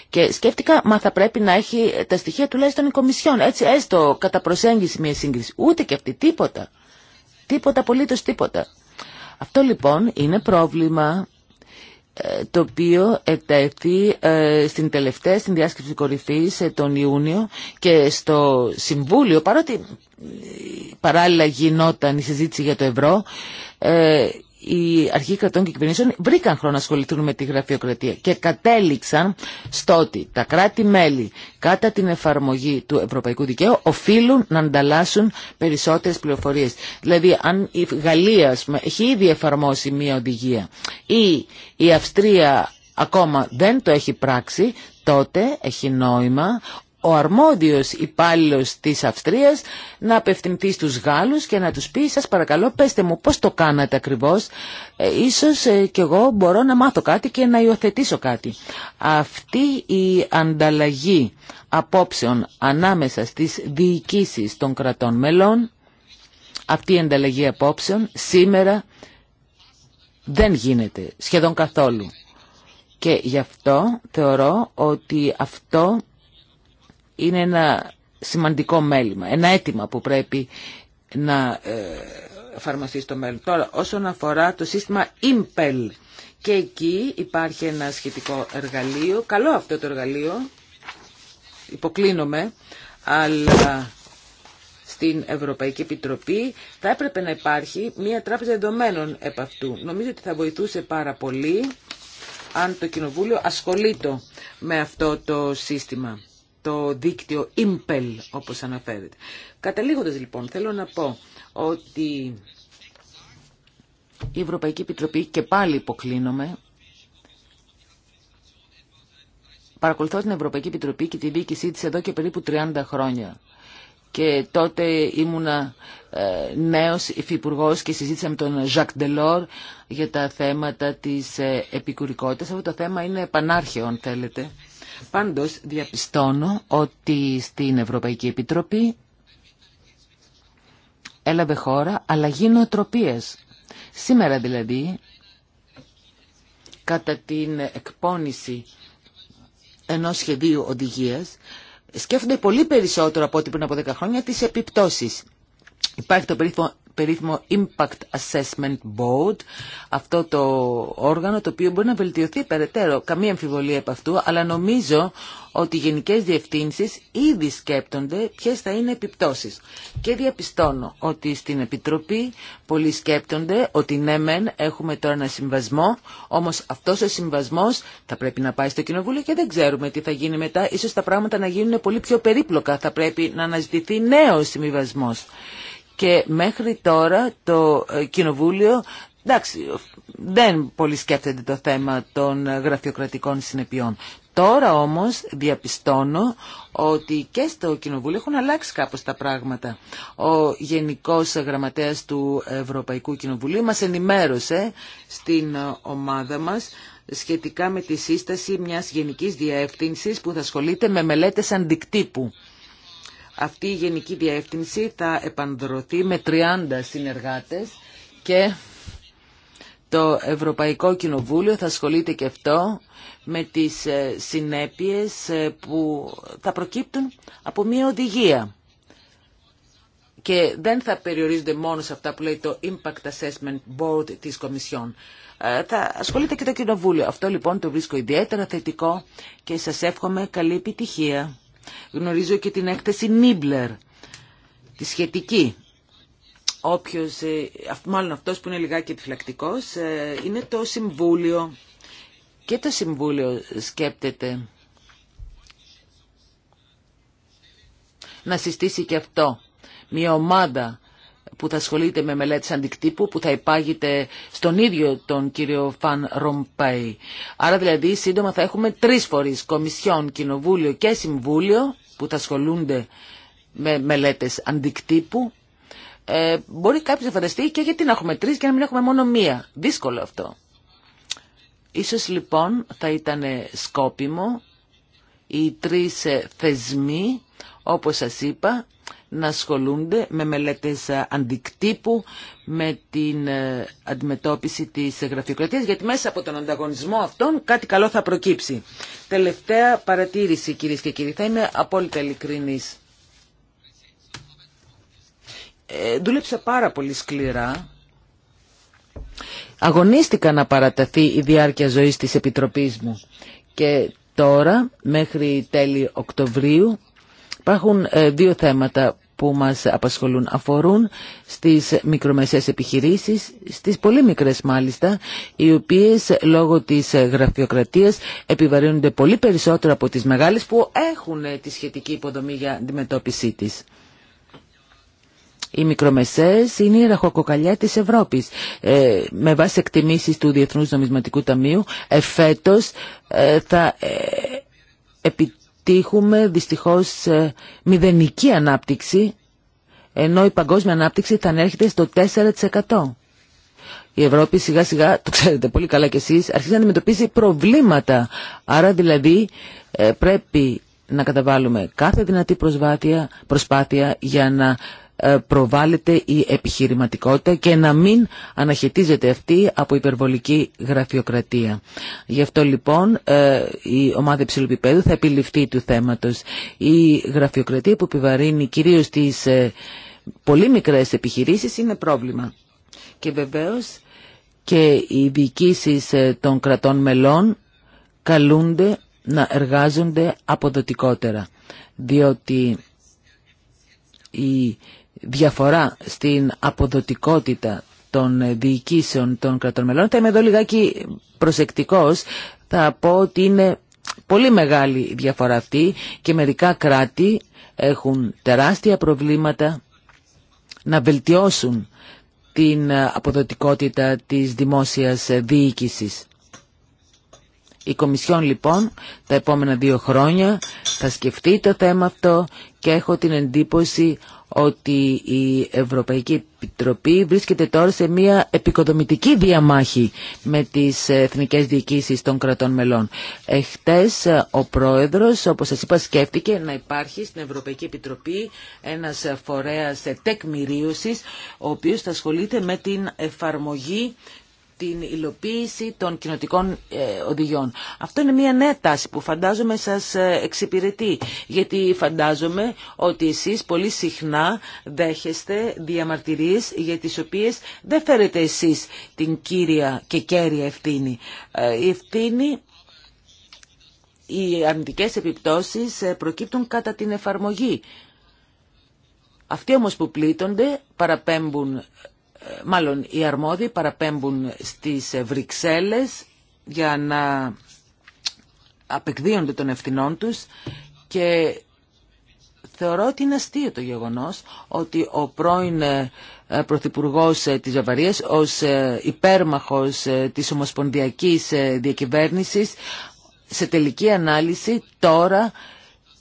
Και σκέφτηκα, μα θα πρέπει να έχει τα στοιχεία τουλάχιστον η Κομισιόν. Έτσι, έστω κατά προσέγγιση μια σύγκριση. Ούτε και αυτή, τίποτα. Τίποτα, απολύτω τίποτα. Αυτό λοιπόν είναι πρόβλημα ε, το οποίο ετέθη ε, στην τελευταία στην διάσκεψη κορυφής ε, τον Ιούνιο και στο Συμβούλιο παρότι παράλληλα γινόταν η συζήτηση για το ευρώ οι αρχοί κρατών και κυβερνήσεων βρήκαν χρόνο να ασχοληθούν με τη γραφειοκρατία και κατέληξαν στο ότι τα κράτη-μέλη κατά την εφαρμογή του ευρωπαϊκού δικαίου οφείλουν να ανταλλάσσουν περισσότερες πληροφορίες. Δηλαδή αν η Γαλλία έχει ήδη εφαρμόσει μία οδηγία ή η Αυστρία ακόμα δεν το έχει πράξει, τότε έχει νόημα ο αρμόδιος υπάλληλος της Αυστρίας να απευθυνθεί στους Γάλλους και να τους πει σας παρακαλώ πέστε μου πώς το κάνατε ακριβώς ε, ίσως ε, κι εγώ μπορώ να μάθω κάτι και να υιοθετήσω κάτι αυτή η ανταλλαγή απόψεων ανάμεσα στις διοικήσεις των κρατών μελών αυτή η ανταλλαγή απόψεων σήμερα δεν γίνεται σχεδόν καθόλου και γι' αυτό θεωρώ ότι αυτό είναι ένα σημαντικό μέλημα, ένα αίτημα που πρέπει να ε, εφαρμοστεί στο μέλλον. Τώρα, όσον αφορά το σύστημα Impel, και εκεί υπάρχει ένα σχετικό εργαλείο, καλό αυτό το εργαλείο, υποκλίνομαι, αλλά στην Ευρωπαϊκή Επιτροπή θα έπρεπε να υπάρχει μια τράπεζα δεδομένων επ' αυτού. Νομίζω ότι θα βοηθούσε πάρα πολύ αν το Κοινοβούλιο ασχολείται με αυτό το σύστημα το δίκτυο Impel, όπως αναφέρεται. Καταλήγοντας λοιπόν, θέλω να πω ότι η Ευρωπαϊκή Επιτροπή, και πάλι υποκλίνομαι, παρακολουθώ την Ευρωπαϊκή Επιτροπή και τη διοίκησή της εδώ και περίπου 30 χρόνια. Και τότε ήμουνα ε, νέος υφυπουργό και συζήτησα με τον Ζακ Ντελόρ για τα θέματα της ε, επικουρικότητας. Αυτό το θέμα είναι πανάρχαιο, αν θέλετε. Πάντως διαπιστώνω ότι στην Ευρωπαϊκή Επιτροπή έλαβε χώρα αλλαγή νοοτροπίας. Σήμερα δηλαδή, κατά την εκπόνηση ενός σχεδίου οδηγίας, σκέφτονται πολύ περισσότερο από ό,τι πριν από 10 χρόνια τις επιπτώσεις. Υπάρχει το περίφημο περίφημο Impact Assessment Board, αυτό το όργανο το οποίο μπορεί να βελτιωθεί περαιτέρω. Καμία αμφιβολία από αυτού, αλλά νομίζω ότι οι γενικές διευθύνσεις ήδη σκέπτονται ποιες θα είναι επιπτώσεις. Και διαπιστώνω ότι στην Επιτροπή πολλοί σκέπτονται ότι ναι μεν έχουμε τώρα ένα συμβασμό, όμως αυτός ο συμβασμός θα πρέπει να πάει στο Κοινοβούλιο και δεν ξέρουμε τι θα γίνει μετά. Ίσως τα πράγματα να γίνουν πολύ πιο περίπλοκα, θα πρέπει να αναζητηθεί νέος συμβιβασμό και μέχρι τώρα το ε, Κοινοβούλιο εντάξει, δεν πολύ σκέφτεται το θέμα των ε, γραφειοκρατικών συνεπειών. Τώρα όμως διαπιστώνω ότι και στο Κοινοβούλιο έχουν αλλάξει κάπως τα πράγματα. Ο Γενικός Γραμματέας του Ευρωπαϊκού Κοινοβουλίου μας ενημέρωσε στην ε, ομάδα μας σχετικά με τη σύσταση μιας γενικής διεύθυνσης που θα ασχολείται με μελέτες αντικτύπου. Αυτή η Γενική Διεύθυνση θα επανδρωθεί με 30 συνεργάτες και το Ευρωπαϊκό Κοινοβούλιο θα ασχολείται και αυτό με τις ε, συνέπειες ε, που θα προκύπτουν από μια οδηγία. Και δεν θα περιορίζονται μόνο σε αυτά που λέει το Impact Assessment Board της Κομισιόν. Ε, θα ασχολείται και το Κοινοβούλιο. Αυτό λοιπόν το βρίσκω ιδιαίτερα θετικό και σας εύχομαι καλή επιτυχία. Γνωρίζω και την έκθεση Νίμπλερ, τη σχετική. Όποιος, ε, μάλλον αυτός που είναι λιγάκι επιφυλακτικός, ε, είναι το Συμβούλιο. Και το Συμβούλιο σκέπτεται να συστήσει και αυτό. Μια ομάδα που θα ασχολείται με μελέτες αντικτύπου που θα υπάγεται στον ίδιο τον κύριο Φαν Ρομπέι. Άρα δηλαδή σύντομα θα έχουμε τρεις φορείς, Κομισιόν, Κοινοβούλιο και Συμβούλιο που θα ασχολούνται με μελέτες αντικτύπου. Ε, μπορεί κάποιος να φανταστεί και γιατί να έχουμε τρεις και να μην έχουμε μόνο μία. Δύσκολο αυτό. Ίσως λοιπόν θα ήταν σκόπιμο οι τρεις θεσμοί, όπως σας είπα, να ασχολούνται με μελέτες αντικτύπου, με την ε, αντιμετώπιση της γραφειοκρατίας, γιατί μέσα από τον ανταγωνισμό αυτόν κάτι καλό θα προκύψει. Τελευταία παρατήρηση κυρίε και κύριοι, θα είμαι απόλυτα ειλικρινής. Ε, δούλεψα πάρα πολύ σκληρά. Αγωνίστηκα να παραταθεί η διάρκεια ζωής της Επιτροπής μου και τώρα μέχρι τέλη Οκτωβρίου Υπάρχουν ε, δύο θέματα που μας απασχολούν αφορούν στις μικρομεσαίες επιχειρήσεις, στις πολύ μικρές μάλιστα, οι οποίες λόγω της γραφειοκρατίας επιβαρύνονται πολύ περισσότερο από τις μεγάλες που έχουν τη σχετική υποδομή για αντιμετώπιση της. Οι μικρομεσαίες είναι η ραχοκοκαλιά της Ευρώπης. Ε, με βάση εκτιμήσεις του Διεθνούς Νομισματικού Ταμείου, εφέτος ε, θα ε, τύχουμε δυστυχώς ε, μηδενική ανάπτυξη, ενώ η παγκόσμια ανάπτυξη θα ανέρχεται στο 4%. Η Ευρώπη σιγά σιγά, το ξέρετε πολύ καλά κι εσείς, αρχίζει να αντιμετωπίζει προβλήματα. Άρα δηλαδή ε, πρέπει να καταβάλουμε κάθε δυνατή προσπάθεια για να ε, προβάλλεται η επιχειρηματικότητα και να μην αναχαιτίζεται αυτή από υπερβολική γραφειοκρατία. Γι' αυτό λοιπόν ε, η ομάδα υψηλού θα επιληφθεί του θέματος. Η γραφειοκρατία που επιβαρύνει κυρίως τις ε, πολύ μικρές επιχειρήσεις είναι πρόβλημα. Και βεβαίως και οι διοικήσει των κρατών μελών καλούνται να εργάζονται αποδοτικότερα, διότι η διαφορά στην αποδοτικότητα των διοικήσεων των κρατών μελών. Θα είμαι εδώ λιγάκι προσεκτικός. Θα πω ότι είναι πολύ μεγάλη διαφορά αυτή και μερικά κράτη έχουν τεράστια προβλήματα να βελτιώσουν την αποδοτικότητα της δημόσιας διοίκησης. Η Κομισιόν λοιπόν τα επόμενα δύο χρόνια θα σκεφτεί το θέμα αυτό και έχω την εντύπωση ότι η Ευρωπαϊκή Επιτροπή βρίσκεται τώρα σε μια επικοδομητική διαμάχη με τις εθνικές διοικήσεις των κρατών μελών. Εχθές ε, ο πρόεδρος, όπως σας είπα, σκέφτηκε να υπάρχει στην Ευρωπαϊκή Επιτροπή ένας φορέας τεκμηρίωσης, ο οποίος θα ασχολείται με την εφαρμογή την υλοποίηση των κοινοτικών ε, οδηγιών. Αυτό είναι μια νέα τάση που φαντάζομαι σας ε, εξυπηρετεί, γιατί φαντάζομαι ότι εσείς πολύ συχνά δέχεστε διαμαρτυρίες για τις οποίες δεν φέρετε εσείς την κύρια και κέρια ευθύνη. Ε, η ευθύνη οι αρνητικές επιπτώσεις προκύπτουν κατά την εφαρμογή. Αυτοί όμως που πλήττονται παραπέμπουν μάλλον οι αρμόδιοι παραπέμπουν στις Βρυξέλλες για να απεκδίονται των ευθυνών τους και θεωρώ ότι είναι αστείο το γεγονός ότι ο πρώην ε, Πρωθυπουργό ε, της Βαβαρίας ως ε, υπέρμαχος της Ομοσπονδιακής Διακυβέρνησης σε τελική ανάλυση τώρα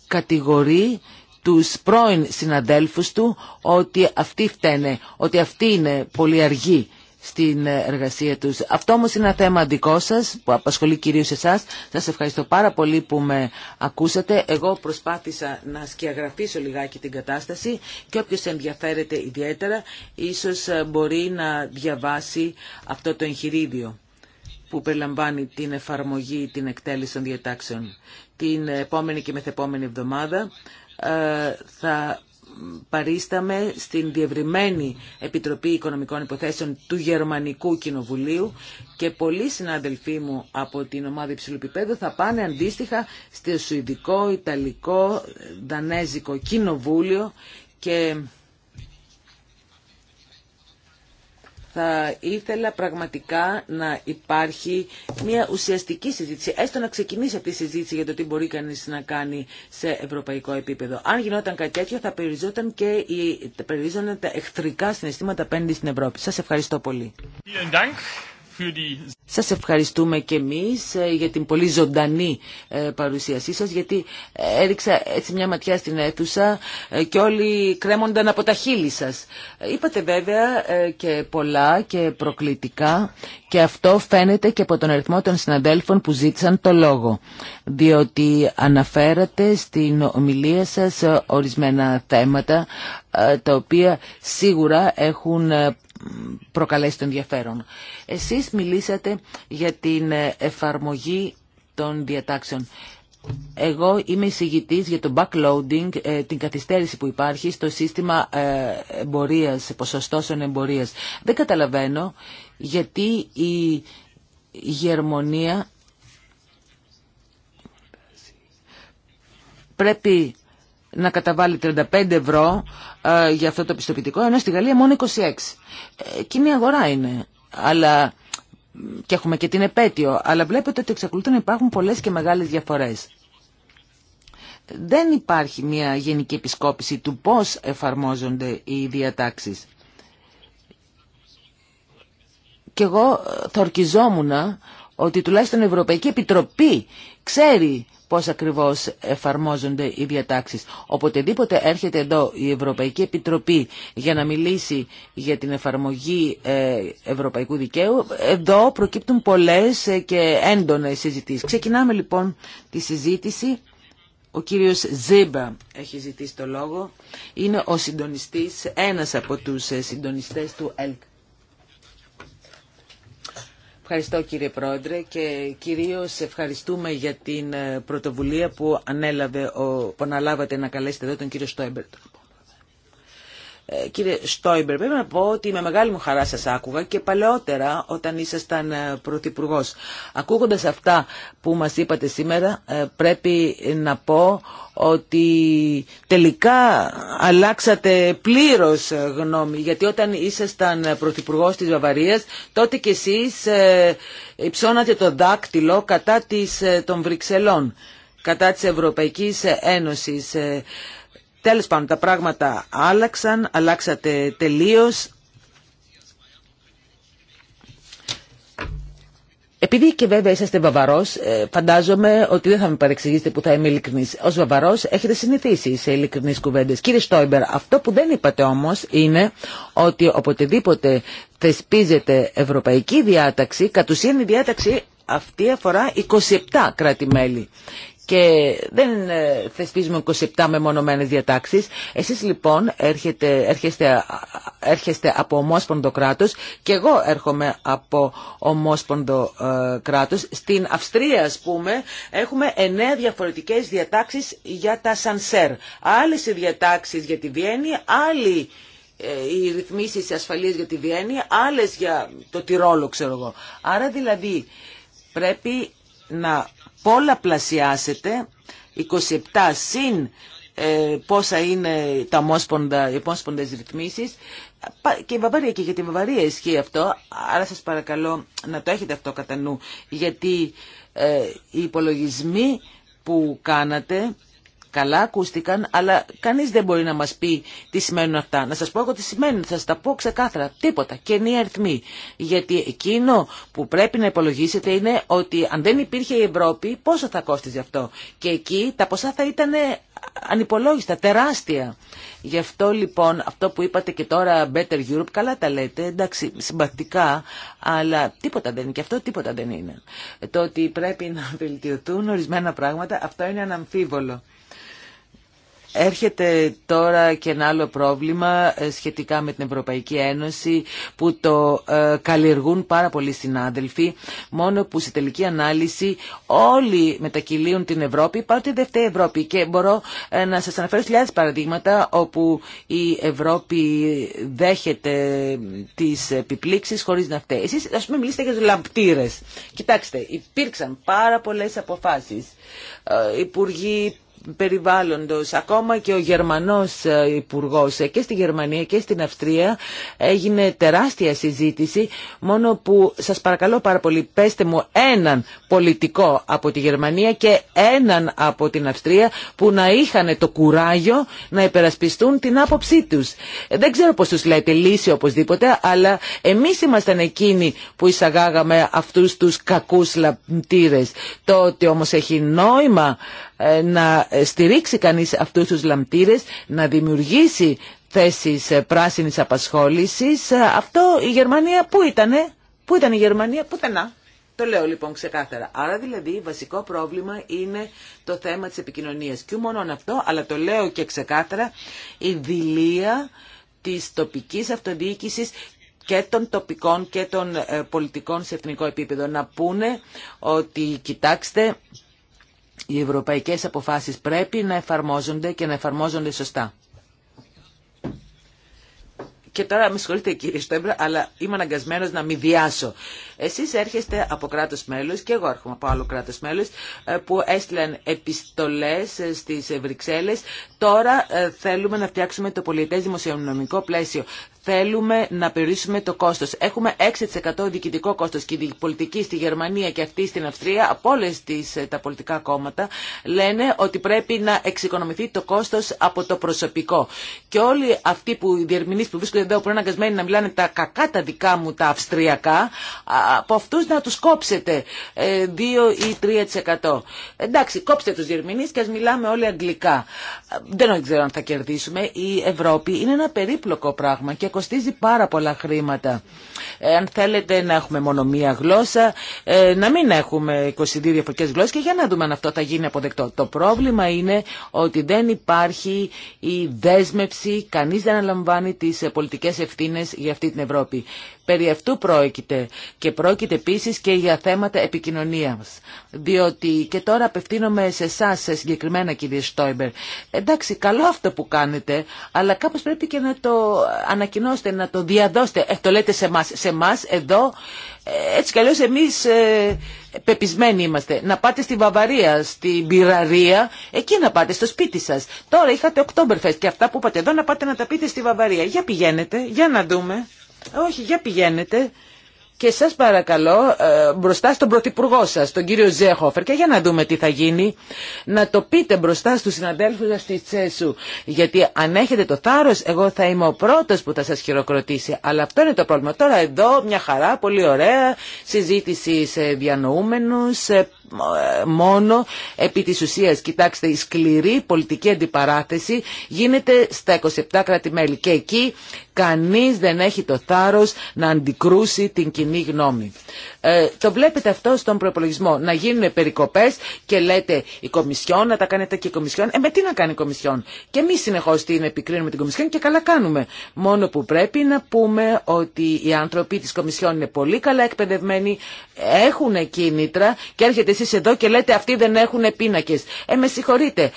κατηγορεί τους πρώην συναδέλφους του ότι αυτοί φταίνε, ότι αυτοί είναι πολύ αργοί στην εργασία τους. Αυτό όμως είναι ένα θέμα δικό σας που απασχολεί κυρίως εσάς. Σας ευχαριστώ πάρα πολύ που με ακούσατε. Εγώ προσπάθησα να σκιαγραφίσω λιγάκι την κατάσταση και όποιος ενδιαφέρεται ιδιαίτερα ίσως μπορεί να διαβάσει αυτό το εγχειρίδιο που περιλαμβάνει την εφαρμογή, την εκτέλεση των διατάξεων. Την επόμενη και μεθεπόμενη εβδομάδα ε, θα παρίσταμε στην διευρυμένη Επιτροπή Οικονομικών Υποθέσεων του Γερμανικού Κοινοβουλίου και πολλοί συνάδελφοί μου από την ομάδα υψηλού θα πάνε αντίστοιχα στο Σουηδικό, Ιταλικό, Δανέζικο Κοινοβούλιο και θα ήθελα πραγματικά να υπάρχει μια ουσιαστική συζήτηση, έστω να ξεκινήσει αυτή η συζήτηση για το τι μπορεί κανεί να κάνει σε ευρωπαϊκό επίπεδο. Αν γινόταν κάτι τέτοιο, θα περιζόταν και οι, τα εχθρικά συναισθήματα απέναντι στην Ευρώπη. Σα ευχαριστώ πολύ. Σας ευχαριστούμε και εμείς ε, για την πολύ ζωντανή ε, παρουσίασή σας γιατί ε, έριξα έτσι μια ματιά στην αίθουσα και όλοι κρέμονταν από τα χείλη σας. Είπατε βέβαια και πολλά και προκλητικά και αυτό φαίνεται και από τον αριθμό των συναδέλφων που ζήτησαν το λόγο διότι αναφέρατε στην ομιλία σας ορισμένα θέματα τα οποία σίγουρα έχουν προκαλέσει το ενδιαφέρον. Εσείς μιλήσατε για την εφαρμογή των διατάξεων. Εγώ είμαι εισηγητής για το backloading, ε, την καθυστέρηση που υπάρχει στο σύστημα ε, εμπορίας, ποσοστώσεων εμπορίας. Δεν καταλαβαίνω γιατί η Γερμανία πρέπει να καταβάλει 35 ευρώ ε, για αυτό το πιστοποιητικό, ενώ στη Γαλλία μόνο 26. Ε, κοινή αγορά είναι. Αλλά και έχουμε και την επέτειο, αλλά βλέπετε ότι εξακολουθούν να υπάρχουν πολλές και μεγάλες διαφορές. Δεν υπάρχει μια γενική επισκόπηση του πώς εφαρμόζονται οι διατάξεις. Και εγώ ε, θορκιζόμουνα ότι τουλάχιστον η Ευρωπαϊκή Επιτροπή ξέρει πώς ακριβώς εφαρμόζονται οι διατάξεις. Οποτεδήποτε έρχεται εδώ η Ευρωπαϊκή Επιτροπή για να μιλήσει για την εφαρμογή ε, ευρωπαϊκού δικαίου, εδώ προκύπτουν πολλές ε, και έντονες συζητήσεις. Ξεκινάμε λοιπόν τη συζήτηση. Ο κύριος Ζήμπα έχει ζητήσει το λόγο. Είναι ο συντονιστής, ένας από τους ε, συντονιστές του ΕΛΚ. Ευχαριστώ κύριε Πρόεδρε και κυρίως ευχαριστούμε για την ε, πρωτοβουλία που, ανέλαβε, που αναλάβατε να καλέσετε εδώ τον κύριο Στόιμπερτ. Ε, κύριε Στόιμπερ, πρέπει να πω ότι με μεγάλη μου χαρά σας άκουγα και παλαιότερα όταν ήσασταν ε, Πρωθυπουργό. Ακούγοντας αυτά που μας είπατε σήμερα ε, πρέπει να πω ότι τελικά αλλάξατε πλήρως γνώμη γιατί όταν ήσασταν Πρωθυπουργό της Βαβαρίας τότε κι εσείς υψώνατε το δάκτυλο κατά της, των Βρυξελών κατά της Ευρωπαϊκής Ένωσης Τέλος πάντων, τα πράγματα άλλαξαν, αλλάξατε τελείως. Επειδή και βέβαια είσαστε βαβαρός, ε, φαντάζομαι ότι δεν θα με παρεξηγήσετε που θα είμαι ειλικρινής. Ω βαβαρό έχετε συνηθίσει σε ειλικρινεί κουβέντες. Κύριε Στόιμπερ, αυτό που δεν είπατε όμως είναι ότι οποτεδήποτε θεσπίζεται ευρωπαϊκή διάταξη, κατ' ουσίαν η διάταξη αυτή αφορά 27 κράτη-μέλη και δεν ε, θεσπίζουμε 27 μεμονωμένες διατάξεις. Εσείς λοιπόν έρχεστε, έρχεστε από ομόσπονδο κράτος και εγώ έρχομαι από ομόσπονδο ε, κράτος. Στην Αυστρία ας πούμε έχουμε 9 διαφορετικές διατάξεις για τα σανσέρ. Άλλες οι διατάξεις για τη Βιέννη, άλλοι ε, οι ρυθμίσεις ασφαλείας για τη Βιέννη, άλλες για το Τυρόλο ξέρω εγώ. Άρα δηλαδή πρέπει να πλασιάσετε, 27 συν ε, πόσα είναι τα μόσποντα, οι ομόσπονδες ρυθμίσεις και η Βαβαρία και για τη Βαβαρία ισχύει αυτό άρα σας παρακαλώ να το έχετε αυτό κατά νου γιατί ε, οι υπολογισμοί που κάνατε Καλά ακούστηκαν, αλλά κανείς δεν μπορεί να μας πει τι σημαίνουν αυτά. Να σας πω εγώ τι σημαίνουν, θα σας τα πω ξεκάθαρα. Τίποτα, καινή αριθμή. Γιατί εκείνο που πρέπει να υπολογίσετε είναι ότι αν δεν υπήρχε η Ευρώπη, πόσο θα κόστιζε αυτό. Και εκεί τα ποσά θα ήταν ανυπολόγιστα, τεράστια. Γι' αυτό λοιπόν αυτό που είπατε και τώρα Better Europe, καλά τα λέτε, εντάξει συμπαθητικά, αλλά τίποτα δεν είναι και αυτό τίποτα δεν είναι. Το ότι πρέπει να βελτιωθούν ορισμένα πράγματα, αυτό είναι αναμφίβολο. Έρχεται τώρα και ένα άλλο πρόβλημα ε, σχετικά με την Ευρωπαϊκή Ένωση που το ε, καλλιεργούν πάρα πολλοί συνάδελφοι μόνο που σε τελική ανάλυση όλοι μετακυλίουν την Ευρώπη πάνω την δεύτερη Ευρώπη και μπορώ ε, να σας αναφέρω χιλιάδες παραδείγματα όπου η Ευρώπη δέχεται τις επιπλήξεις χωρίς να φταίει. Εσείς ας πούμε μιλήσετε για λαμπτήρες. Κοιτάξτε υπήρξαν πάρα πολλές αποφάσεις. Υπουργοί περιβάλλοντος. Ακόμα και ο Γερμανός ε, υπουργό ε, και στη Γερμανία και στην Αυστρία έγινε τεράστια συζήτηση μόνο που σας παρακαλώ πάρα πολύ πέστε μου έναν πολιτικό από τη Γερμανία και έναν από την Αυστρία που να είχαν το κουράγιο να υπερασπιστούν την άποψή τους. Ε, δεν ξέρω πώς τους λέτε λύση οπωσδήποτε αλλά εμείς ήμασταν εκείνοι που εισαγάγαμε αυτούς τους κακούς λαμπτήρες. Το ότι όμως έχει νόημα ε, να στηρίξει κανείς αυτούς τους λαμπτήρες, να δημιουργήσει θέσεις ε, πράσινης απασχόλησης. Ε, αυτό η Γερμανία πού ήτανε, πού ήταν η Γερμανία, πουθενά. Το λέω λοιπόν ξεκάθαρα. Άρα δηλαδή βασικό πρόβλημα είναι το θέμα της επικοινωνίας. Και μόνο αυτό, αλλά το λέω και ξεκάθαρα, η δηλία της τοπικής αυτοδιοίκησης και των τοπικών και των πολιτικών σε εθνικό επίπεδο. Να πούνε ότι κοιτάξτε οι ευρωπαϊκές αποφάσεις πρέπει να εφαρμόζονται και να εφαρμόζονται σωστά. Και τώρα με συγχωρείτε κύριε Στέμπρα, αλλά είμαι αναγκασμένο να μη διάσω. Εσεί έρχεστε από κράτο μέλο και εγώ έρχομαι από άλλο κράτο μέλο ε, που έστειλαν επιστολέ ε, στι Βρυξέλλε. Τώρα ε, θέλουμε να φτιάξουμε το πολιτέ δημοσιονομικό πλαίσιο θέλουμε να περιορίσουμε το κόστο. Έχουμε 6% διοικητικό κόστο και η πολιτική στη Γερμανία και αυτή στην Αυστρία από όλε τις, ε, τα πολιτικά κόμματα λένε ότι πρέπει να εξοικονομηθεί το κόστο από το προσωπικό. Και όλοι αυτοί που οι διερμηνεί που βρίσκονται εδώ που είναι αναγκασμένοι να μιλάνε τα κακά τα δικά μου τα αυστριακά από αυτού να του κόψετε 2 ε, ή 3%. Εντάξει, κόψτε του διερμηνεί και α μιλάμε όλοι αγγλικά. Ε, δεν ξέρω αν θα κερδίσουμε. Η Ευρώπη είναι ένα περίπλοκο πράγμα και κοστίζει πάρα πολλά χρήματα. Ε, αν θέλετε να έχουμε μόνο μία γλώσσα, ε, να μην έχουμε 22 διαφορετικέ γλώσσε και για να δούμε αν αυτό θα γίνει αποδεκτό. Το πρόβλημα είναι ότι δεν υπάρχει η δέσμευση, κανεί δεν αναλαμβάνει τι ε, πολιτικέ ευθύνε για αυτή την Ευρώπη. Περί αυτού πρόκειται και πρόκειται επίσης και για θέματα επικοινωνίας. Διότι και τώρα απευθύνομαι σε εσά σε συγκεκριμένα κύριε Στόιμπερ. Εντάξει, καλό αυτό που κάνετε, αλλά κάπως πρέπει και να το ανακοινώσετε, να το διαδώσετε. Ε, το λέτε σε εμά, σε εμάς εδώ, ε, έτσι κι αλλιώς εμείς ε, πεπισμένοι είμαστε. Να πάτε στη Βαβαρία, στη Πυραρία, εκεί να πάτε, στο σπίτι σας. Τώρα είχατε Οκτώμπερ και αυτά που είπατε εδώ να πάτε να τα πείτε στη Βαβαρία. Για πηγαίνετε, για να δούμε. Όχι, για πηγαίνετε. Και σας παρακαλώ ε, μπροστά στον Πρωθυπουργό σας, τον κύριο Ζέχοφερ, και για να δούμε τι θα γίνει, να το πείτε μπροστά στους συναδέλφους σας στη Τσέσου. Γιατί αν έχετε το θάρρος, εγώ θα είμαι ο πρώτος που θα σας χειροκροτήσει. Αλλά αυτό είναι το πρόβλημα. Τώρα εδώ μια χαρά, πολύ ωραία, συζήτηση σε διανοούμενους, μόνο επί της ουσίας. Κοιτάξτε, η σκληρή πολιτική αντιπαράθεση γίνεται στα 27 κράτη-μέλη και εκεί κανείς δεν έχει το θάρρος να αντικρούσει την κοινή γνώμη. Ε, το βλέπετε αυτό στον προπολογισμό. Να γίνουν περικοπέ και λέτε η Κομισιόν, να τα κάνετε και η Κομισιόν. Ε, με τι να κάνει η Κομισιόν. Και εμεί συνεχώ την επικρίνουμε την Κομισιόν και καλά κάνουμε. Μόνο που πρέπει να πούμε ότι οι άνθρωποι τη Κομισιόν είναι πολύ καλά εκπαιδευμένοι, έχουν κίνητρα και έρχεται εσεί εδώ και λέτε αυτοί δεν έχουν πίνακε. Ε, με συγχωρείτε.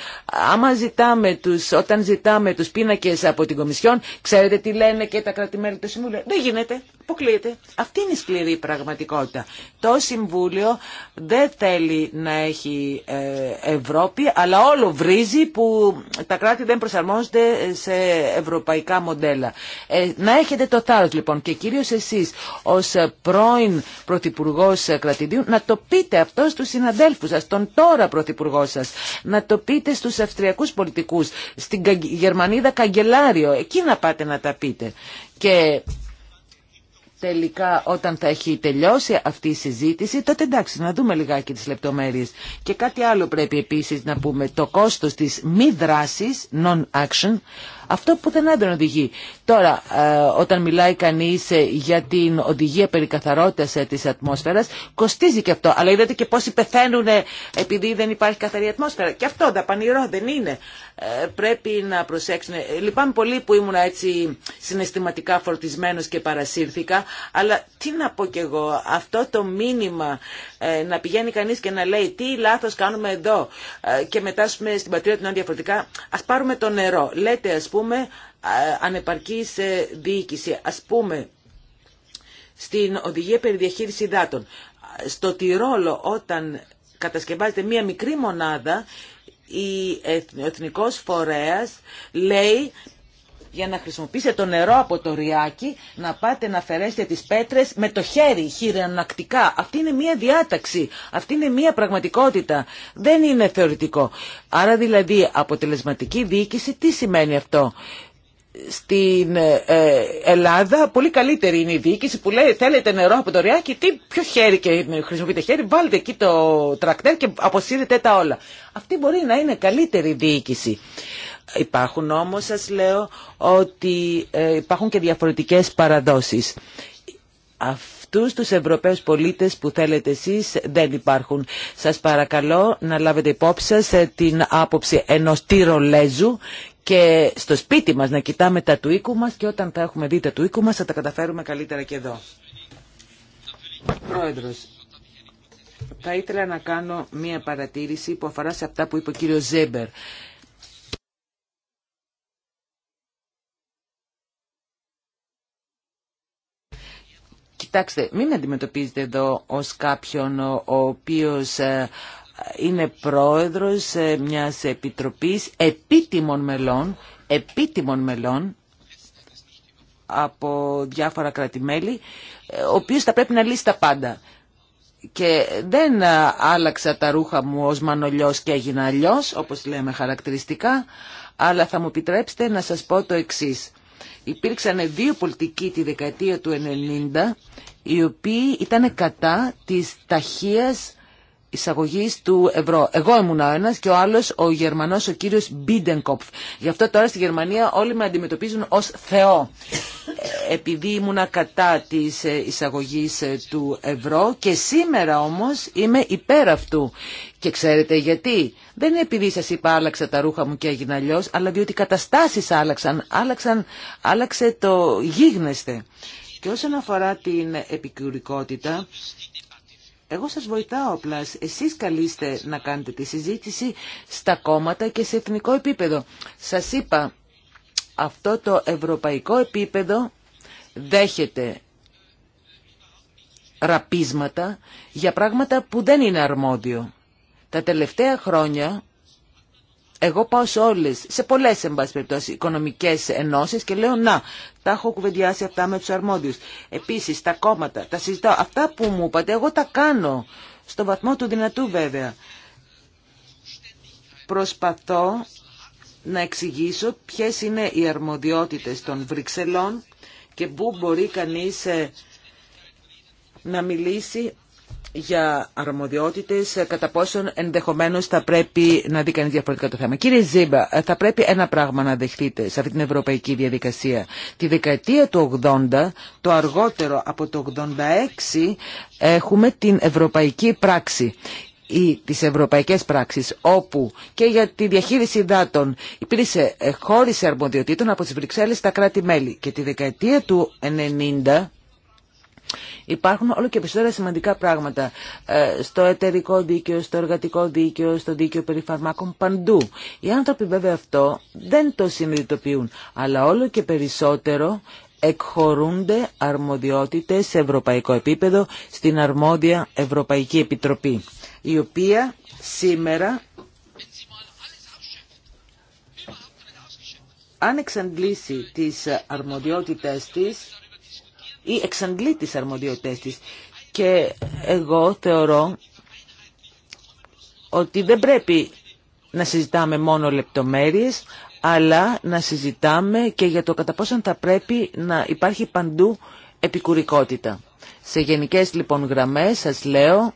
Άμα ζητάμε τους, όταν ζητάμε του πίνακε από την Κομισιόν, ξέρετε τι λένε και τα κρατημένα του Συμβουλίου. Αποκλείεται. Αυτή είναι η σκληρή πραγματικότητα. Το Συμβούλιο δεν θέλει να έχει ε, Ευρώπη, αλλά όλο βρίζει που τα κράτη δεν προσαρμόζονται σε ευρωπαϊκά μοντέλα. Ε, να έχετε το θάρρος λοιπόν και κυρίως εσείς ως πρώην Πρωθυπουργό Κρατηδίου να το πείτε αυτό στους συναδέλφους σας, τον τώρα Πρωθυπουργό σας, να το πείτε στους Αυστριακούς πολιτικούς, στην Γερμανίδα Καγκελάριο, εκεί να πάτε να τα πείτε τελικά όταν θα έχει τελειώσει αυτή η συζήτηση, τότε εντάξει να δούμε λιγάκι τις λεπτομέρειες. Και κάτι άλλο πρέπει επίσης να πούμε, το κόστος της μη δράσης, non-action, αυτό που δεν οδηγεί. Τώρα, ε, όταν μιλάει κανείς ε, για την οδηγία περί καθαρότητας ε, της ατμόσφαιρας, κοστίζει και αυτό. Αλλά είδατε και πόσοι πεθαίνουν επειδή δεν υπάρχει καθαρή ατμόσφαιρα. Και αυτό πανηρό δεν είναι. πρέπει να προσέξουν. Λυπάμαι πολύ που ήμουν έτσι συναισθηματικά φορτισμένος και παρασύρθηκα, αλλά τι να πω κι εγώ, αυτό το μήνυμα να πηγαίνει κανείς και να λέει τι λάθος κάνουμε εδώ και μετά στην πατρίδα του να διαφορετικά, ας πάρουμε το νερό. Λέτε ας πούμε πούμε ανεπαρκής ε, διοίκηση. Ας πούμε στην οδηγία περί διαχείριση Στο Τυρόλο όταν κατασκευάζεται μία μικρή μονάδα η, ο Εθνικός Φορέας λέει για να χρησιμοποιήσετε το νερό από το ριάκι, να πάτε να αφαιρέσετε τις πέτρες με το χέρι, χειρανακτικά. Αυτή είναι μία διάταξη, αυτή είναι μία πραγματικότητα. Δεν είναι θεωρητικό. Άρα δηλαδή αποτελεσματική διοίκηση τι σημαίνει αυτό. Στην ε, ε, Ελλάδα πολύ καλύτερη είναι η διοίκηση που λέει θέλετε νερό από το ριάκι, τι, ποιο χέρι και χρησιμοποιείτε χέρι, βάλτε εκεί το τρακτέρ και αποσύρετε τα όλα. Αυτή μπορεί να είναι καλύτερη διοίκηση. Υπάρχουν όμως, σας λέω, ότι ε, υπάρχουν και διαφορετικές παραδόσεις. Αυτούς τους Ευρωπαίους πολίτες που θέλετε εσείς δεν υπάρχουν. Σας παρακαλώ να λάβετε υπόψη σας ε, την άποψη ενός τυρολέζου και στο σπίτι μας να κοιτάμε τα του οίκου μας και όταν θα έχουμε δει τα του οίκου μας θα τα καταφέρουμε καλύτερα και εδώ. Πρόεδρος, θα ήθελα να κάνω μία παρατήρηση που αφορά σε αυτά που είπε ο κύριος Ζέμπερ Κοιτάξτε, μην αντιμετωπίζετε εδώ ως κάποιον ο οποίος ε, είναι πρόεδρος ε, μιας επιτροπής επίτιμων μελών, επίτιμων μελών από διάφορα κρατημέλη, ε, ο οποίος θα πρέπει να λύσει τα πάντα. Και δεν άλλαξα τα ρούχα μου ως μανολιός και έγινα αλλιώ, όπως λέμε χαρακτηριστικά, αλλά θα μου επιτρέψετε να σας πω το εξής. Υπήρξαν δύο πολιτικοί τη δεκαετία του 90 οι οποίοι ήταν κατά της ταχείας εισαγωγής του ευρώ. Εγώ ήμουν ο ένα και ο άλλος ο Γερμανός ο κύριος Μπίντενκοπφ. Γι' αυτό τώρα στη Γερμανία όλοι με αντιμετωπίζουν ως Θεό. Ε, επειδή ήμουνα κατά της ε, εισαγωγής ε, του ευρώ και σήμερα όμως είμαι υπέρ αυτού. Και ξέρετε γιατί. Δεν είναι επειδή σας είπα άλλαξα τα ρούχα μου και έγινα αλλιώ, αλλά διότι οι καταστάσεις άλλαξαν, άλλαξαν, άλλαξε το γίγνεσθε. Και όσον αφορά την επικουρικότητα, εγώ σας βοηθάω απλά. Εσείς καλείστε να κάνετε τη συζήτηση στα κόμματα και σε εθνικό επίπεδο. Σας είπα, αυτό το ευρωπαϊκό επίπεδο δέχεται ραπίσματα για πράγματα που δεν είναι αρμόδιο. Τα τελευταία χρόνια εγώ πάω σε όλες, σε πολλές εν πάση περιπτώσει, οικονομικές ενώσεις και λέω να, τα έχω κουβεντιάσει αυτά με τους αρμόδιους. Επίσης τα κόμματα, τα συζητάω, αυτά που μου είπατε εγώ τα κάνω, στο βαθμό του δυνατού βέβαια. Προσπαθώ να εξηγήσω ποιες είναι οι αρμοδιότητες των Βρυξελών και πού μπορεί κανείς ε, να μιλήσει για αρμοδιότητες, ε, κατά πόσον ενδεχομένως θα πρέπει να δει κανείς διαφορετικά το θέμα. Κύριε Ζήμπα, ε, θα πρέπει ένα πράγμα να δεχτείτε σε αυτή την ευρωπαϊκή διαδικασία. Τη δεκαετία του 80, το αργότερο από το 86, έχουμε την ευρωπαϊκή πράξη ή τις ευρωπαϊκές πράξεις όπου και για τη διαχείριση υδάτων υπήρξε ε, χώριση αρμοδιοτήτων από τις Βρυξέλλες στα κράτη-μέλη και τη δεκαετία του 90 Υπάρχουν όλο και περισσότερα σημαντικά πράγματα ε, στο εταιρικό δίκαιο, στο εργατικό δίκαιο, στο δίκαιο περί φαρμάκων, παντού. Οι άνθρωποι βέβαια αυτό δεν το συνειδητοποιούν, αλλά όλο και περισσότερο εκχωρούνται αρμοδιότητες σε ευρωπαϊκό επίπεδο στην αρμόδια Ευρωπαϊκή Επιτροπή, η οποία σήμερα αν εξαντλήσει τις αρμοδιότητες της ή εξαντλεί τις αρμοδιότητες της. Και εγώ θεωρώ ότι δεν πρέπει να συζητάμε μόνο λεπτομέρειες, αλλά να συζητάμε και για το κατά πόσον θα πρέπει να υπάρχει παντού επικουρικότητα. Σε γενικές λοιπόν γραμμές σας λέω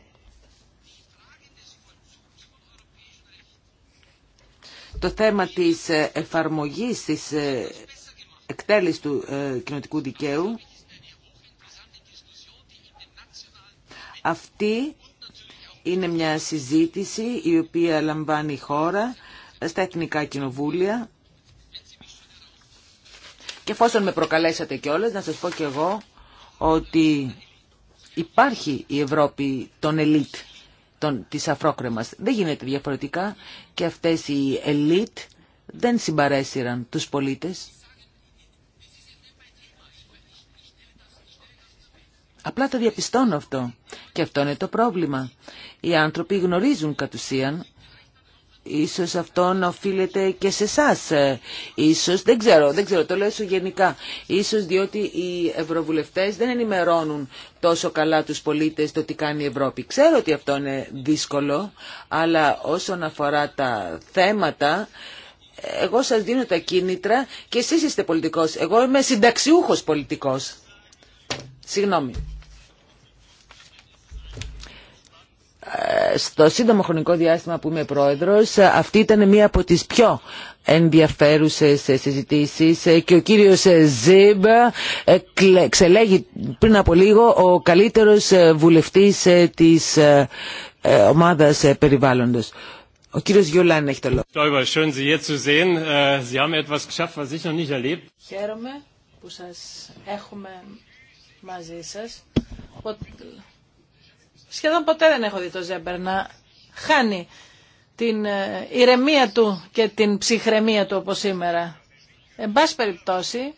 το θέμα της ε, εφαρμογής της ε, εκτέλεσης του ε, κοινοτικού δικαίου Αυτή είναι μια συζήτηση η οποία λαμβάνει η χώρα στα Εθνικά Κοινοβούλια. Και εφόσον με προκαλέσατε κιόλας, να σας πω κι εγώ ότι υπάρχει η Ευρώπη των ελίτ, των, της αφρόκρεμας. Δεν γίνεται διαφορετικά και αυτές οι ελίτ δεν συμπαρέσυραν τους πολίτες. Απλά το διαπιστώνω αυτό. Και αυτό είναι το πρόβλημα. Οι άνθρωποι γνωρίζουν κατ' ουσίαν. Ίσως αυτό να οφείλεται και σε εσά. Ε, ίσως, δεν ξέρω, δεν ξέρω, το λέω σου γενικά. Ίσως διότι οι ευρωβουλευτές δεν ενημερώνουν τόσο καλά τους πολίτες το τι κάνει η Ευρώπη. Ξέρω ότι αυτό είναι δύσκολο, αλλά όσον αφορά τα θέματα, εγώ σας δίνω τα κίνητρα και εσείς είστε πολιτικός. Εγώ είμαι συνταξιούχος πολιτικός. Συγγνώμη. στο σύντομο χρονικό διάστημα που είμαι πρόεδρος αυτή ήταν μία από τις πιο ενδιαφέρουσες συζητήσεις και ο κύριος Ζιμπ ε, ξελέγει πριν από λίγο ο καλύτερος βουλευτής ε, της ε, ομάδας περιβάλλοντος. Ο κύριος Γιολάν έχει το λόγο. Äh, Χαίρομαι που σα έχουμε μαζί σα σχεδόν ποτέ δεν έχω δει το Ζέμπερ να χάνει την ε, ηρεμία του και την ψυχραιμία του όπως σήμερα. Εν πάση περιπτώσει,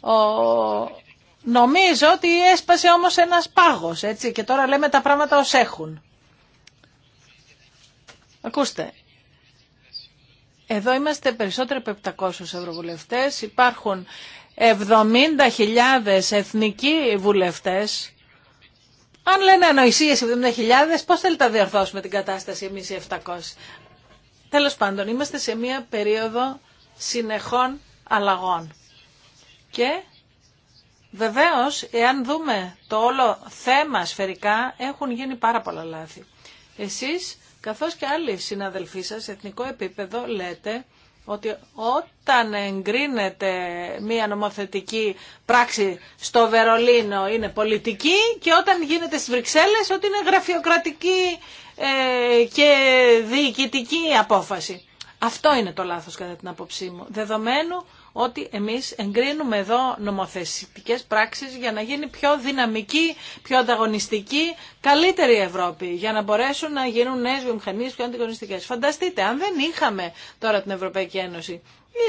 ο... νομίζω ότι έσπασε όμως ένας πάγος, έτσι, και τώρα λέμε τα πράγματα ως έχουν. Ακούστε, εδώ είμαστε περισσότερο από 700 ευρωβουλευτές, υπάρχουν 70.000 εθνικοί βουλευτές αν λένε ανοησίες 70.000, πώς θέλετε να διορθώσουμε την κατάσταση εμεί οι 700. Τέλος πάντων, είμαστε σε μία περίοδο συνεχών αλλαγών. Και βεβαίω, εάν δούμε το όλο θέμα σφαιρικά, έχουν γίνει πάρα πολλά λάθη. Εσείς, καθώς και άλλοι συναδελφοί σας, εθνικό επίπεδο, λέτε ότι όταν εγκρίνεται μία νομοθετική πράξη στο Βερολίνο είναι πολιτική και όταν γίνεται στις Βρυξέλλες ότι είναι γραφειοκρατική ε, και διοικητική απόφαση. Αυτό είναι το λάθος κατά την άποψή μου. Δεδομένου ότι εμείς εγκρίνουμε εδώ νομοθεσιτικές πράξεις για να γίνει πιο δυναμική, πιο ανταγωνιστική, καλύτερη η Ευρώπη, για να μπορέσουν να γίνουν νέες βιομηχανίες πιο ανταγωνιστικές. Φανταστείτε, αν δεν είχαμε τώρα την Ευρωπαϊκή Ένωση,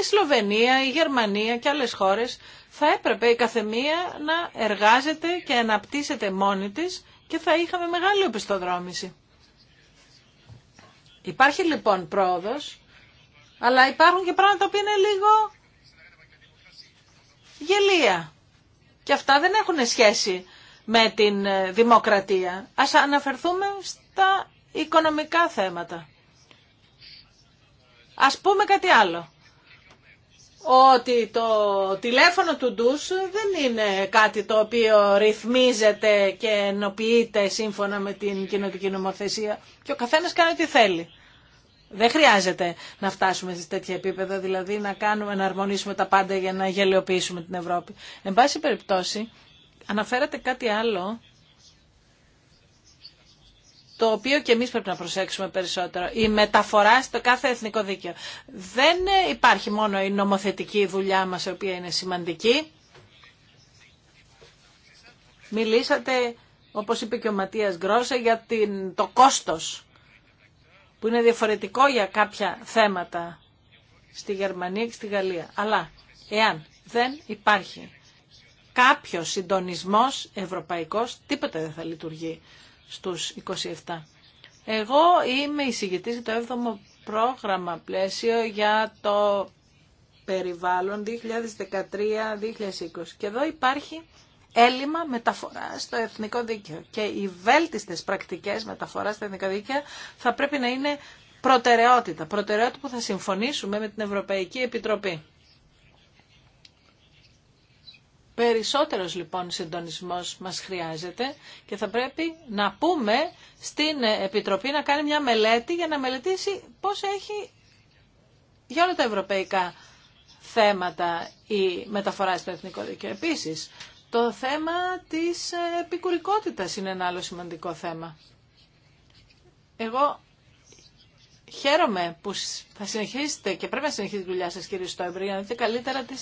η Σλοβενία, η Γερμανία και άλλες χώρες, θα έπρεπε η καθεμία να εργάζεται και αναπτύσσεται μόνη της και θα είχαμε μεγάλη οπισθοδρόμηση. Υπάρχει λοιπόν πρόοδος, αλλά υπάρχουν και πράγματα που είναι λίγο γελία. Και αυτά δεν έχουν σχέση με την ε, δημοκρατία. Ας αναφερθούμε στα οικονομικά θέματα. Ας πούμε κάτι άλλο. Ότι το τηλέφωνο του ντους δεν είναι κάτι το οποίο ρυθμίζεται και ενοποιείται σύμφωνα με την κοινωτική νομοθεσία και ο καθένας κάνει ό,τι θέλει. Δεν χρειάζεται να φτάσουμε σε τέτοια επίπεδα, δηλαδή να κάνουμε, να αρμονίσουμε τα πάντα για να γελιοποιήσουμε την Ευρώπη. Εν πάση περιπτώσει, αναφέρατε κάτι άλλο, το οποίο και εμείς πρέπει να προσέξουμε περισσότερο. Η μεταφορά στο κάθε εθνικό δίκαιο. Δεν υπάρχει μόνο η νομοθετική δουλειά μας, η οποία είναι σημαντική. Μιλήσατε, όπως είπε και ο Ματίας Γκρόσε, για το κόστος που είναι διαφορετικό για κάποια θέματα στη Γερμανία και στη Γαλλία. Αλλά εάν δεν υπάρχει κάποιο συντονισμός ευρωπαϊκός, τίποτα δεν θα λειτουργεί στους 27. Εγώ είμαι η για το 7ο πρόγραμμα πλαίσιο για το περιβάλλον 2013-2020 και εδώ υπάρχει έλλειμμα μεταφορά στο εθνικό δίκαιο. Και οι βέλτιστες πρακτικές μεταφορά στα εθνικά δίκαια θα πρέπει να είναι προτεραιότητα. Προτεραιότητα που θα συμφωνήσουμε με την Ευρωπαϊκή Επιτροπή. Περισσότερος λοιπόν συντονισμός μας χρειάζεται και θα πρέπει να πούμε στην Επιτροπή να κάνει μια μελέτη για να μελετήσει πώς έχει για όλα τα ευρωπαϊκά θέματα η μεταφορά στο εθνικό δίκαιο. Επίσης, το θέμα της ε, επικουρικότητας είναι ένα άλλο σημαντικό θέμα. Εγώ χαίρομαι που θα συνεχίσετε και πρέπει να συνεχίσετε τη δουλειά σας κύριε Στόιμπρ για να δείτε καλύτερα τι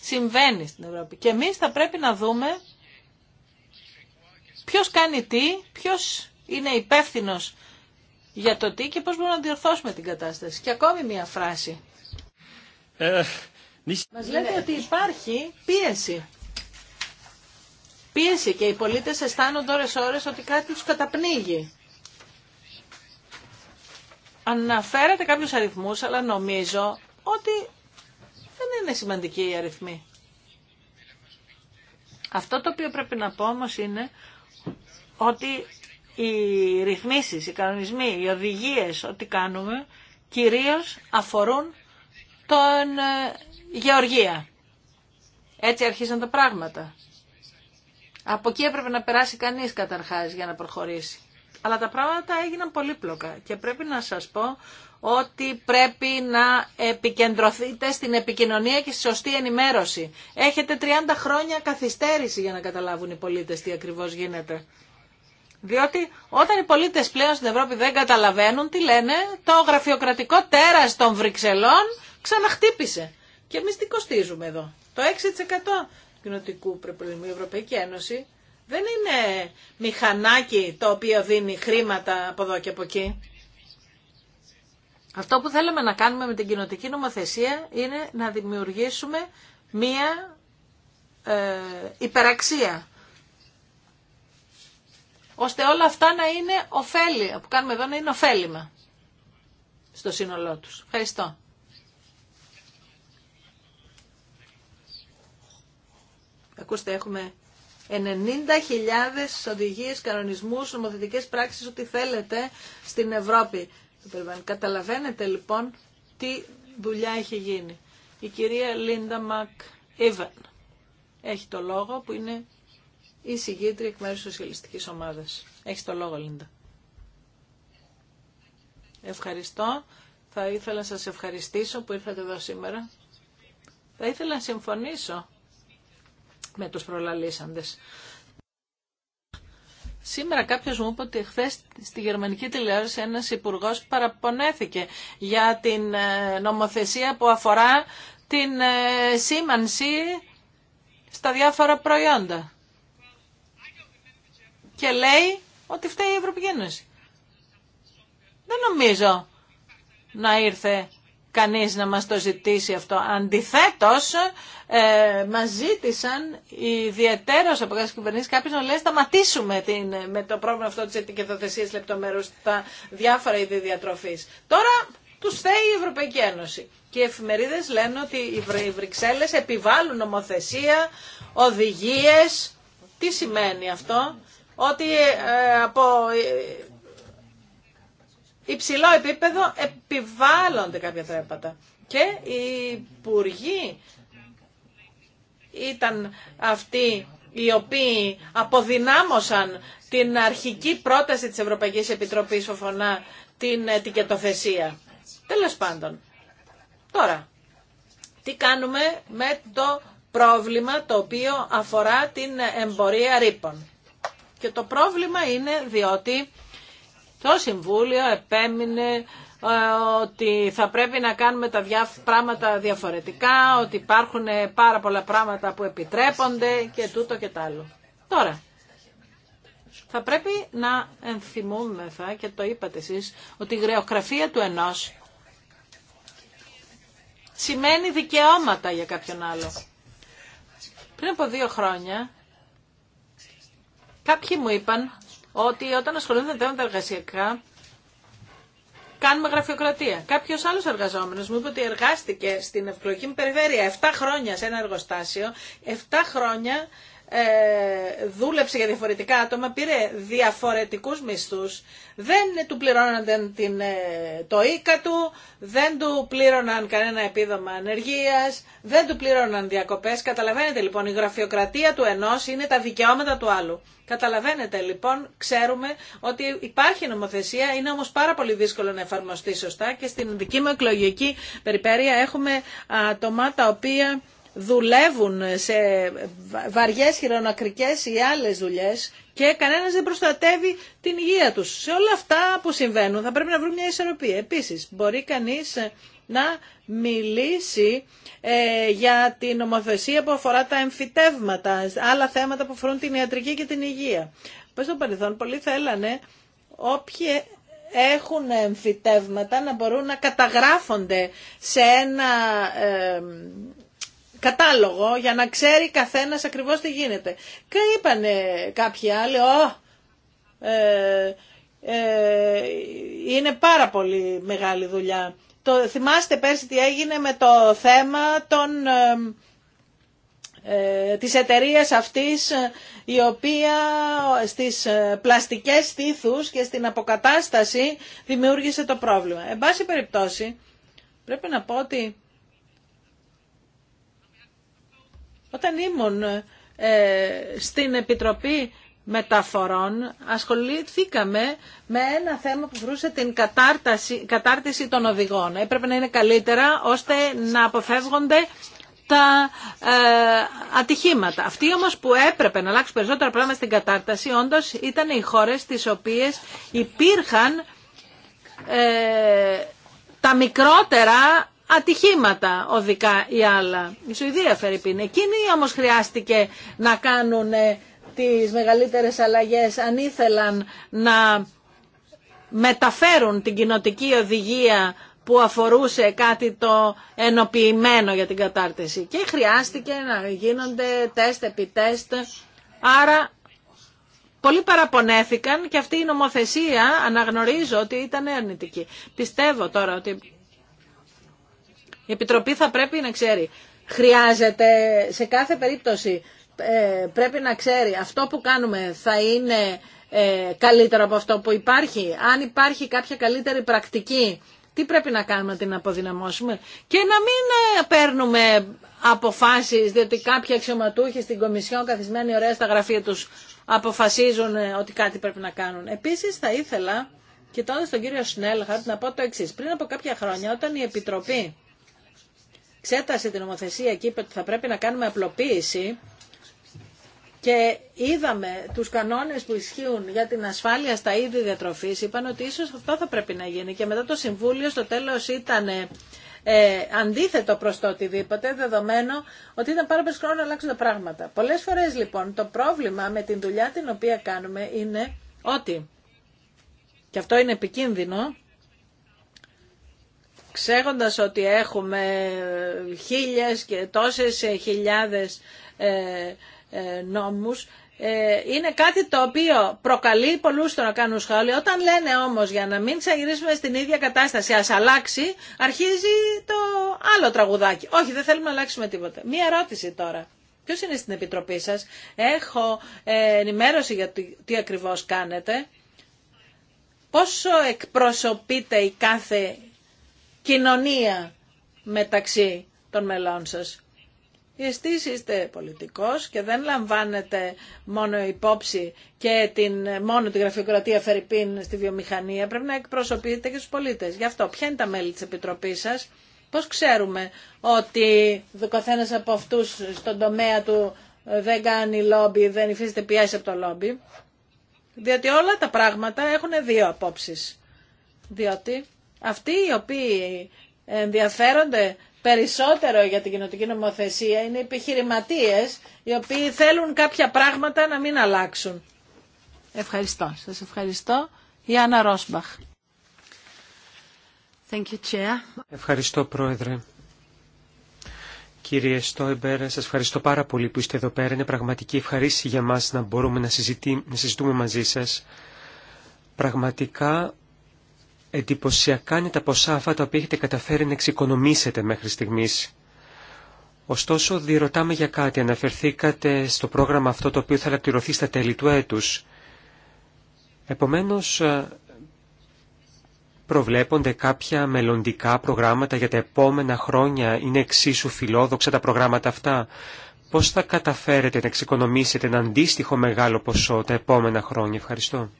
συμβαίνει στην Ευρώπη. Και εμείς θα πρέπει να δούμε ποιος κάνει τι, ποιος είναι υπεύθυνο για το τι και πώς μπορούμε να διορθώσουμε την κατάσταση. Και ακόμη μία φράση. Ε, Μας λέτε ναι. ότι υπάρχει πίεση πίεση και οι πολίτες αισθάνονται ώρες ώρες ότι κάτι τους καταπνίγει. Αναφέρατε κάποιους αριθμούς, αλλά νομίζω ότι δεν είναι σημαντικοί οι αριθμοί. Αυτό το οποίο πρέπει να πω όμως είναι ότι οι ρυθμίσεις, οι κανονισμοί, οι οδηγίες, ό,τι κάνουμε, κυρίως αφορούν τον ε, Γεωργία. Έτσι αρχίζουν τα πράγματα. Από εκεί έπρεπε να περάσει κανείς καταρχάς για να προχωρήσει. Αλλά τα πράγματα έγιναν πολύπλοκα και πρέπει να σας πω ότι πρέπει να επικεντρωθείτε στην επικοινωνία και στη σωστή ενημέρωση. Έχετε 30 χρόνια καθυστέρηση για να καταλάβουν οι πολίτες τι ακριβώς γίνεται. Διότι όταν οι πολίτες πλέον στην Ευρώπη δεν καταλαβαίνουν τι λένε, το γραφειοκρατικό τέρας των Βρυξελών ξαναχτύπησε. Και εμείς τι κοστίζουμε εδώ. Το 6% κοινοτικού Η Ευρωπαϊκή Ένωση δεν είναι μηχανάκι το οποίο δίνει χρήματα από εδώ και από εκεί. Αυτό που θέλαμε να κάνουμε με την κοινοτική νομοθεσία είναι να δημιουργήσουμε μία ε, υπεραξία ώστε όλα αυτά να είναι ωφέλη, που κάνουμε εδώ να είναι ωφέλιμα στο σύνολό τους. Ευχαριστώ. Ακούστε, έχουμε 90.000 οδηγίες, κανονισμούς, νομοθετικές πράξεις, ό,τι θέλετε, στην Ευρώπη. Καταλαβαίνετε λοιπόν τι δουλειά έχει γίνει. Η κυρία Λίντα Μακ Ιβεν έχει το λόγο που είναι η συγγήτρια εκ μέρους της Σοσιαλιστικής Ομάδας. Έχει το λόγο Λίντα. Ευχαριστώ. Θα ήθελα να σας ευχαριστήσω που ήρθατε εδώ σήμερα. Θα ήθελα να συμφωνήσω με τους προλαλήσαντες. Σήμερα κάποιο μου είπε ότι χθε στη γερμανική τηλεόραση ένα υπουργό παραπονέθηκε για την ε, νομοθεσία που αφορά την ε, σήμανση στα διάφορα προϊόντα. Και λέει ότι φταίει η Ευρωπαϊκή Ένωση. Δεν νομίζω να ήρθε κανείς να μας το ζητήσει αυτό. Αντιθέτως, ε, μας ζήτησαν ιδιαίτερως από κάποιες κυβερνήσεις κάποιες να λέει σταματήσουμε την, με το πρόβλημα αυτό της ετικεδοθεσίας λεπτομερού στα διάφορα είδη διατροφής. Τώρα του θέει η Ευρωπαϊκή Ένωση. Και οι εφημερίδες λένε ότι οι Βρυξέλλες επιβάλλουν νομοθεσία, οδηγίες. Τι σημαίνει αυτό? Ότι ε, από... Ε, υψηλό επίπεδο επιβάλλονται κάποια τρέπατα. Και οι υπουργοί ήταν αυτοί οι οποίοι αποδυνάμωσαν την αρχική πρόταση της Ευρωπαϊκής Επιτροπής φωνά την ετικετοθεσία. Τέλος πάντων. Τώρα, τι κάνουμε με το πρόβλημα το οποίο αφορά την εμπορία ρήπων. Και το πρόβλημα είναι διότι το Συμβούλιο επέμεινε ε, ότι θα πρέπει να κάνουμε τα πράγματα διαφορετικά, ότι υπάρχουν πάρα πολλά πράγματα που επιτρέπονται και τούτο και τ' άλλο. Τώρα, θα πρέπει να ενθυμούμεθα και το είπατε εσείς, ότι η γρεοκραφία του ενός σημαίνει δικαιώματα για κάποιον άλλο. Πριν από δύο χρόνια, κάποιοι μου είπαν ότι όταν ασχολούνται με θέματα εργασιακά, κάνουμε γραφειοκρατία. Κάποιο άλλο εργαζόμενο μου είπε ότι εργάστηκε στην ευκλογική μου περιφέρεια 7 χρόνια σε ένα εργοστάσιο, 7 χρόνια ε, δούλεψε για διαφορετικά άτομα, πήρε διαφορετικούς μισθούς, δεν του πληρώναν την, ε, το οίκα του, δεν του πλήρωναν κανένα επίδομα ανεργίας, δεν του πλήρωναν διακοπές. Καταλαβαίνετε λοιπόν, η γραφειοκρατία του ενός είναι τα δικαιώματα του άλλου. Καταλαβαίνετε λοιπόν, ξέρουμε ότι υπάρχει νομοθεσία, είναι όμως πάρα πολύ δύσκολο να εφαρμοστεί σωστά και στην δική μου εκλογική περιπέρεια έχουμε άτομα τα οποία δουλεύουν σε βαριές χειρονακρικές ή άλλες δουλειές και κανένας δεν προστατεύει την υγεία τους. Σε όλα αυτά που συμβαίνουν θα πρέπει να βρούμε μια ισορροπία. Επίσης, μπορεί κανείς να μιλήσει ε, για την ομοθεσία που αφορά τα εμφυτεύματα, άλλα θέματα που αφορούν την ιατρική και την υγεία. Πώς στο παρελθόν πολλοί θέλανε όποιοι έχουν εμφυτεύματα να μπορούν να καταγράφονται σε ένα... Ε, κατάλογο για να ξέρει καθένας ακριβώς τι γίνεται. Και είπανε κάποιοι άλλοι, ε, ε, είναι πάρα πολύ μεγάλη δουλειά». Το, θυμάστε πέρσι τι έγινε με το θέμα των, ε, ε της εταιρείας αυτής ε, η οποία στις πλαστικές στήθους και στην αποκατάσταση δημιούργησε το πρόβλημα. Εν πάση περιπτώσει πρέπει να πω ότι Όταν ήμουν ε, στην Επιτροπή Μεταφορών ασχολήθηκαμε με ένα θέμα που βρούσε την κατάρτιση των οδηγών. Έπρεπε να είναι καλύτερα ώστε να αποφεύγονται τα ε, ατυχήματα. Αυτοί όμως που έπρεπε να αλλάξουν περισσότερα πράγματα στην κατάρταση όντως ήταν οι χώρες τις οποίες υπήρχαν ε, τα μικρότερα ατυχήματα οδικά ή άλλα. Η Σουηδία Φερρυπίν. Εκείνοι όμως χρειάστηκε να κάνουν ε, τις μεγαλύτερες αλλαγές αν ήθελαν να μεταφέρουν την κοινοτική οδηγία που αφορούσε κάτι το ενοποιημένο για την κατάρτιση. Και χρειάστηκε να γίνονται τεστ επί τεστ. Άρα πολλοί παραπονέθηκαν και αυτή η νομοθεσία αναγνωρίζω ότι ήταν αρνητική. Πιστεύω τώρα ότι η Επιτροπή θα πρέπει να ξέρει. Χρειάζεται σε κάθε περίπτωση ε, πρέπει να ξέρει αυτό που κάνουμε θα είναι ε, καλύτερο από αυτό που υπάρχει. Αν υπάρχει κάποια καλύτερη πρακτική, τι πρέπει να κάνουμε να την αποδυναμώσουμε και να μην ε, παίρνουμε αποφάσεις διότι κάποιοι αξιωματούχοι στην Κομισιόν καθισμένοι ωραία στα γραφεία τους αποφασίζουν ότι κάτι πρέπει να κάνουν. Επίσης θα ήθελα, κοιτώντας τον κύριο Σνέλχαρτ, να πω το εξή. Πριν από κάποια χρόνια όταν η Επιτροπή εξέτασε την νομοθεσία και είπε ότι θα πρέπει να κάνουμε απλοποίηση και είδαμε τους κανόνες που ισχύουν για την ασφάλεια στα είδη διατροφής, είπαν ότι ίσως αυτό θα πρέπει να γίνει. Και μετά το Συμβούλιο στο τέλος ήταν ε, αντίθετο προς το οτιδήποτε, δεδομένο ότι ήταν πάρα πολλές χρόνο να αλλάξουν τα πράγματα. Πολλές φορές λοιπόν το πρόβλημα με την δουλειά την οποία κάνουμε είναι ότι, και αυτό είναι επικίνδυνο, ξέροντας ότι έχουμε χίλιες και τόσες χιλιάδες ε, ε, νόμους, ε, είναι κάτι το οποίο προκαλεί πολλούς το να κάνουν σχόλια. Όταν λένε όμως για να μην ξαγυρίσουμε στην ίδια κατάσταση, ας αλλάξει, αρχίζει το άλλο τραγουδάκι. Όχι, δεν θέλουμε να αλλάξουμε τίποτα. Μία ερώτηση τώρα. Ποιος είναι στην Επιτροπή σας. Έχω ενημέρωση για τι ακριβώς κάνετε. Πόσο εκπροσωπείται η κάθε κοινωνία μεταξύ των μελών σας. Εσείς είστε πολιτικός και δεν λαμβάνετε μόνο υπόψη και την, μόνο τη γραφειοκρατία Φερρυπίν στη βιομηχανία. Πρέπει να εκπροσωπείτε και τους πολίτες. Γι' αυτό, ποια είναι τα μέλη της Επιτροπής σας. Πώς ξέρουμε ότι ο από αυτούς στον τομέα του ε, δεν κάνει λόμπι, δεν υφίσταται πιέση από το λόμπι. Διότι όλα τα πράγματα έχουν δύο απόψεις. Διότι αυτοί οι οποίοι ενδιαφέρονται περισσότερο για την κοινοτική νομοθεσία είναι οι επιχειρηματίες οι οποίοι θέλουν κάποια πράγματα να μην αλλάξουν. Ευχαριστώ. Σας ευχαριστώ. Ιάννα Ρόσμπαχ. Thank you, Chair. Ευχαριστώ, Πρόεδρε. Κύριε Στόιμπερ, σας ευχαριστώ πάρα πολύ που είστε εδώ πέρα. Είναι πραγματική ευχαρίστηση για μα να μπορούμε να, να συζητούμε μαζί σα Πραγματικά εντυπωσιακά είναι τα ποσά αυτά τα οποία έχετε καταφέρει να εξοικονομήσετε μέχρι στιγμής. Ωστόσο, διερωτάμε για κάτι. Αναφερθήκατε στο πρόγραμμα αυτό το οποίο θα αναπληρωθεί στα τέλη του έτους. Επομένως, ε, προβλέπονται κάποια μελλοντικά προγράμματα για τα επόμενα χρόνια. Είναι εξίσου φιλόδοξα τα προγράμματα αυτά. Πώς θα καταφέρετε να εξοικονομήσετε ένα αντίστοιχο μεγάλο ποσό τα επόμενα χρόνια. Ευχαριστώ.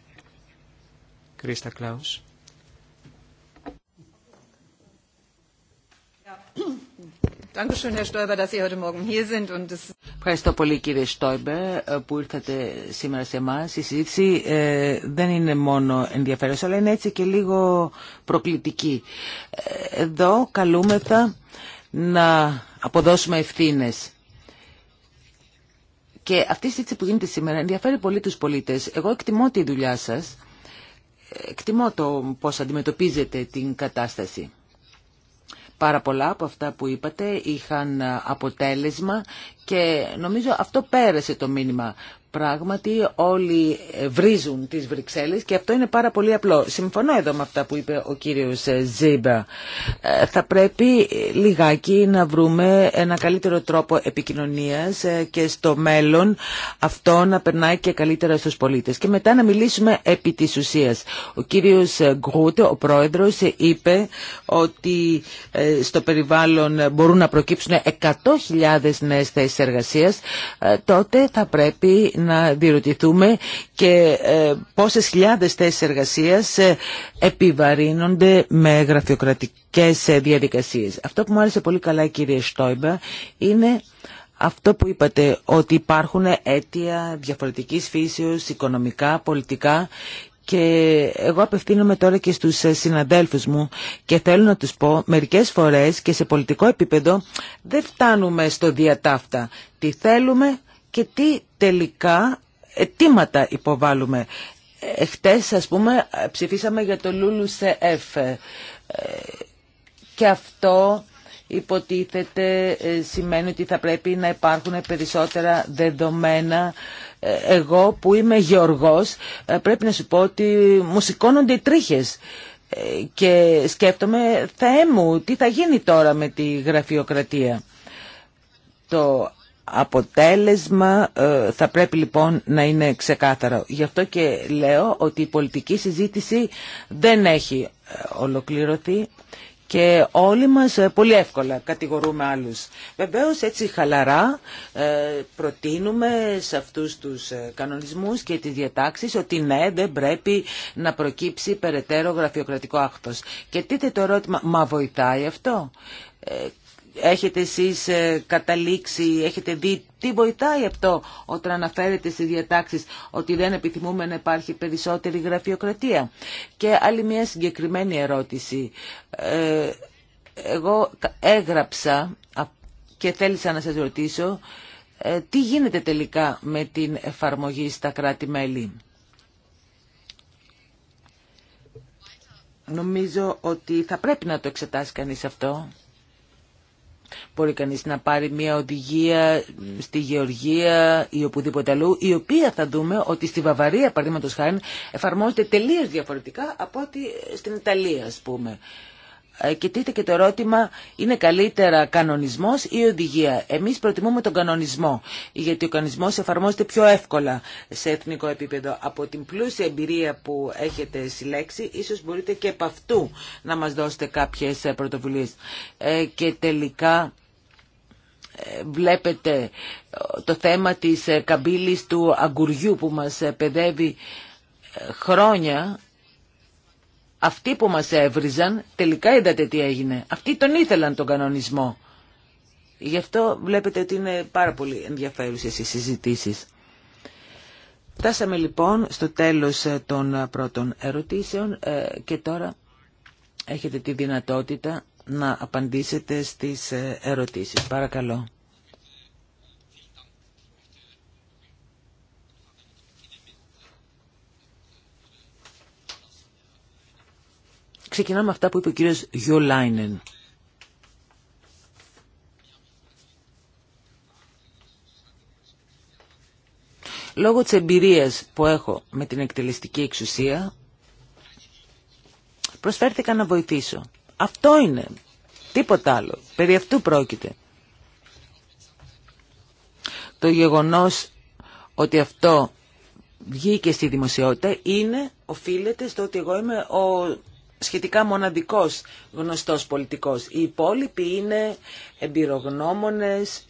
Κρίστα Κλάου. Ευχαριστώ πολύ κύριε Στόιμπερ που ήρθατε σήμερα σε εμά. Η συζήτηση ε, δεν είναι μόνο ενδιαφέρουσα αλλά είναι έτσι και λίγο προκλητική. Ε, εδώ καλούμεθα να αποδώσουμε ευθύνε. Και αυτή η συζήτηση που γίνεται σήμερα ενδιαφέρει πολύ του πολίτε. Εγώ εκτιμώ τη δουλειά σα. Ε, εκτιμώ το πώς αντιμετωπίζετε την κατάσταση. Πάρα πολλά από αυτά που είπατε είχαν αποτέλεσμα και νομίζω αυτό πέρασε το μήνυμα. Πράγματι όλοι βρίζουν τις Βρυξέλλες και αυτό είναι πάρα πολύ απλό. Συμφωνώ εδώ με αυτά που είπε ο κύριος ε, Ζήμπα. Ε, θα πρέπει λιγάκι να βρούμε ένα καλύτερο τρόπο επικοινωνίας ε, και στο μέλλον αυτό να περνάει και καλύτερα στους πολίτες. Και μετά να μιλήσουμε επί της ουσίας. Ο κύριος Γκούτε, ο πρόεδρος, είπε ότι στο περιβάλλον μπορούν να προκύψουν 100.000 νέες θέσεις εργασίας. Τότε θα πρέπει να διερωτηθούμε και ε, πόσες χιλιάδες θέσεις εργασίας ε, επιβαρύνονται με γραφειοκρατικές ε, διαδικασίες. Αυτό που μου άρεσε πολύ καλά η κυρία Στόιμπα είναι αυτό που είπατε ότι υπάρχουν αίτια διαφορετικής φύσεως, οικονομικά, πολιτικά και εγώ απευθύνομαι τώρα και στους συναδέλφους μου και θέλω να τους πω μερικές φορές και σε πολιτικό επίπεδο δεν φτάνουμε στο διατάφτα. Τι θέλουμε, και τι τελικά αιτήματα υποβάλλουμε. Εχθές, ας πούμε, ψηφίσαμε για το Λούλου ΣΕΕΦ και αυτό υποτίθεται ε, σημαίνει ότι θα πρέπει να υπάρχουν περισσότερα δεδομένα. Ε, εγώ που είμαι γεωργός ε, πρέπει να σου πω ότι μου σηκώνονται οι τρίχες και σκέφτομαι, θα μου, τι θα γίνει τώρα με τη γραφειοκρατία. Το αποτέλεσμα ε, θα πρέπει λοιπόν να είναι ξεκάθαρο. Γι' αυτό και λέω ότι η πολιτική συζήτηση δεν έχει ε, ολοκληρωθεί και όλοι μας ε, πολύ εύκολα κατηγορούμε άλλους. Βεβαίως έτσι χαλαρά προτείνουμε σε αυτούς τους κανονισμούς και τις διατάξεις ότι ναι δεν πρέπει να προκύψει περαιτέρω γραφειοκρατικό άκτος. Και τίτε το ερώτημα, μα βοηθάει αυτό έχετε εσείς ε, καταλήξει, έχετε δει τι βοηθάει αυτό όταν αναφέρεται στις διατάξεις ότι δεν επιθυμούμε να υπάρχει περισσότερη γραφειοκρατία. Και άλλη μια συγκεκριμένη ερώτηση. Ε, εγώ έγραψα και θέλησα να σας ρωτήσω ε, τι γίνεται τελικά με την εφαρμογή στα κράτη-μέλη. Νομίζω ότι θα πρέπει να το εξετάσει κανείς αυτό. Μπορεί κανείς να πάρει μια οδηγία στη Γεωργία ή οπουδήποτε αλλού, η οποία θα δούμε ότι στη Βαυαρία, παραδείγματος χάρη, εφαρμόζεται τελείως διαφορετικά από ότι στην Ιταλία, ας πούμε. Ε, και τίθε και το ερώτημα, είναι καλύτερα κανονισμός ή οδηγία. Εμείς προτιμούμε τον κανονισμό, γιατί ο κανονισμός εφαρμόζεται πιο εύκολα σε εθνικό επίπεδο. Από την πλούσια εμπειρία που έχετε συλλέξει, ίσως μπορείτε και από αυτού να μας δώσετε κάποιες πρωτοβουλίες. Ε, και τελικά βλέπετε το θέμα της ε, καμπύλης του αγκουριού που μας ε, παιδεύει ε, χρόνια αυτοί που μας έβριζαν τελικά είδατε τι έγινε αυτοί τον ήθελαν τον κανονισμό γι' αυτό βλέπετε ότι είναι πάρα πολύ ενδιαφέρουσες οι συζητήσεις Φτάσαμε λοιπόν στο τέλος των πρώτων ερωτήσεων και τώρα έχετε τη δυνατότητα να απαντήσετε στις ε, ερωτήσεις. Παρακαλώ. Ξεκινάμε με αυτά που είπε ο κύριος Γιολάινεν. Λόγω της εμπειρίας που έχω με την εκτελεστική εξουσία, προσφέρθηκα να βοηθήσω. Αυτό είναι. Τίποτα άλλο. Περί αυτού πρόκειται. Το γεγονός ότι αυτό βγήκε στη δημοσιότητα είναι, οφείλεται στο ότι εγώ είμαι ο σχετικά μοναδικός γνωστός πολιτικός. Οι υπόλοιποι είναι εμπειρογνώμονες.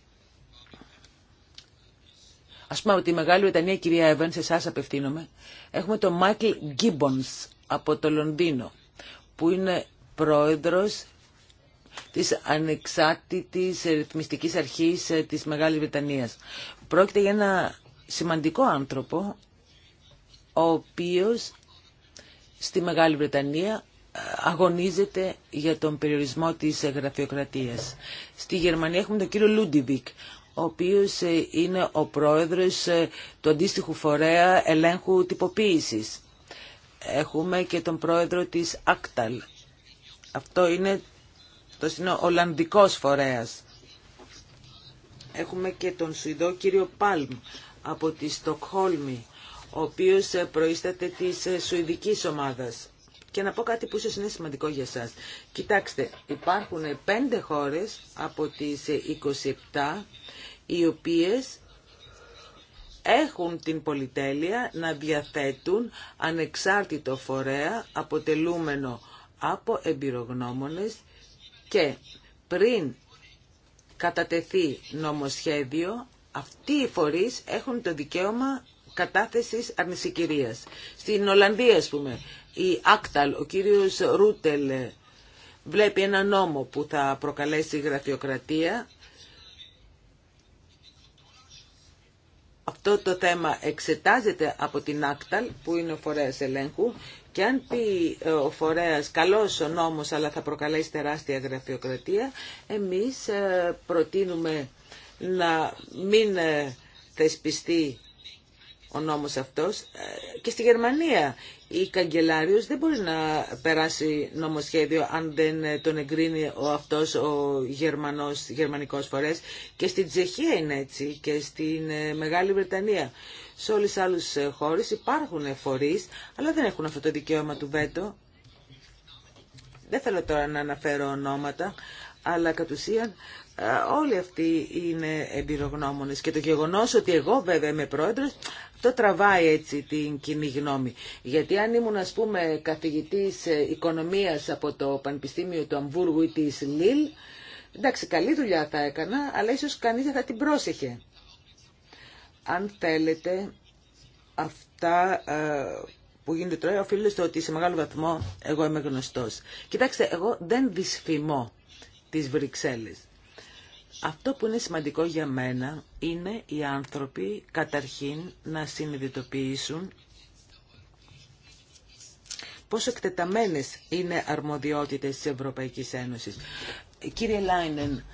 Ας πούμε από τη Μεγάλη Βρετανία, κυρία Εύαν, σε εσάς απευθύνομαι, έχουμε τον Μάικλ Γκίμπονς από το Λονδίνο, που είναι πρόεδρος της ανεξάρτητης ρυθμιστικής αρχής ε, της Μεγάλης Βρετανίας. Πρόκειται για ένα σημαντικό άνθρωπο, ο οποίος στη Μεγάλη Βρετανία ε, αγωνίζεται για τον περιορισμό της γραφειοκρατίας. Στη Γερμανία έχουμε τον κύριο Λούντιβικ, ο οποίος ε, είναι ο πρόεδρος του αντίστοιχου φορέα ελέγχου τυποποίησης. Έχουμε και τον πρόεδρο της Άκταλ, αυτό είναι το είναι Ολλανδικός φορέας. Έχουμε και τον Σουηδό κύριο Πάλμ από τη Στοκχόλμη, ο οποίος ε, προείσταται της ε, Σουηδικής ομάδας. Και να πω κάτι που ίσως είναι σημαντικό για σας. Κοιτάξτε, υπάρχουν ε, πέντε χώρες από τις 27, οι οποίες έχουν την πολυτέλεια να διαθέτουν ανεξάρτητο φορέα αποτελούμενο από εμπειρογνώμονες και πριν κατατεθεί νομοσχέδιο, αυτοί οι φορείς έχουν το δικαίωμα κατάθεσης αρνησικήριας Στην Ολλανδία, ας πούμε, η Άκταλ, ο κύριος Ρούτελ, βλέπει ένα νόμο που θα προκαλέσει γραφειοκρατία. Αυτό το θέμα εξετάζεται από την Άκταλ, που είναι ο φορέας ελέγχου, και αν πει ε, ο φορέας καλός ο νόμος αλλά θα προκαλέσει τεράστια γραφειοκρατία, εμείς ε, προτείνουμε να μην ε, θεσπιστεί ο νόμος αυτός και στη Γερμανία η καγκελάριος δεν μπορεί να περάσει νομοσχέδιο αν δεν τον εγκρίνει ο αυτός ο γερμανός, γερμανικός φορές και στην Τσεχία είναι έτσι και στην Μεγάλη Βρετανία. Σε όλες τις άλλες ε, χώρες υπάρχουν φορείς, αλλά δεν έχουν αυτό το δικαίωμα του βέτο. Δεν θέλω τώρα να αναφέρω ονόματα, αλλά κατ' ουσίαν ε, όλοι αυτοί είναι εμπειρογνώμονες και το γεγονός ότι εγώ βέβαια είμαι πρόεδρος αυτό τραβάει έτσι την κοινή γνώμη. Γιατί αν ήμουν ας πούμε καθηγητής ε, οικονομίας από το Πανεπιστήμιο του Αμβούργου ή της Λίλ εντάξει καλή δουλειά θα έκανα αλλά ίσως κανείς δεν θα την πρόσεχε αν θέλετε αυτά ε, που γίνεται τώρα οφείλονται στο ότι σε μεγάλο βαθμό εγώ είμαι γνωστός. Κοιτάξτε, εγώ δεν δυσφημώ τις Βρυξέλλες. Αυτό που είναι σημαντικό για μένα είναι οι άνθρωποι καταρχήν να συνειδητοποιήσουν πόσο εκτεταμένες είναι αρμοδιότητες της Ευρωπαϊκής Ένωσης. Κύριε Λάινεν,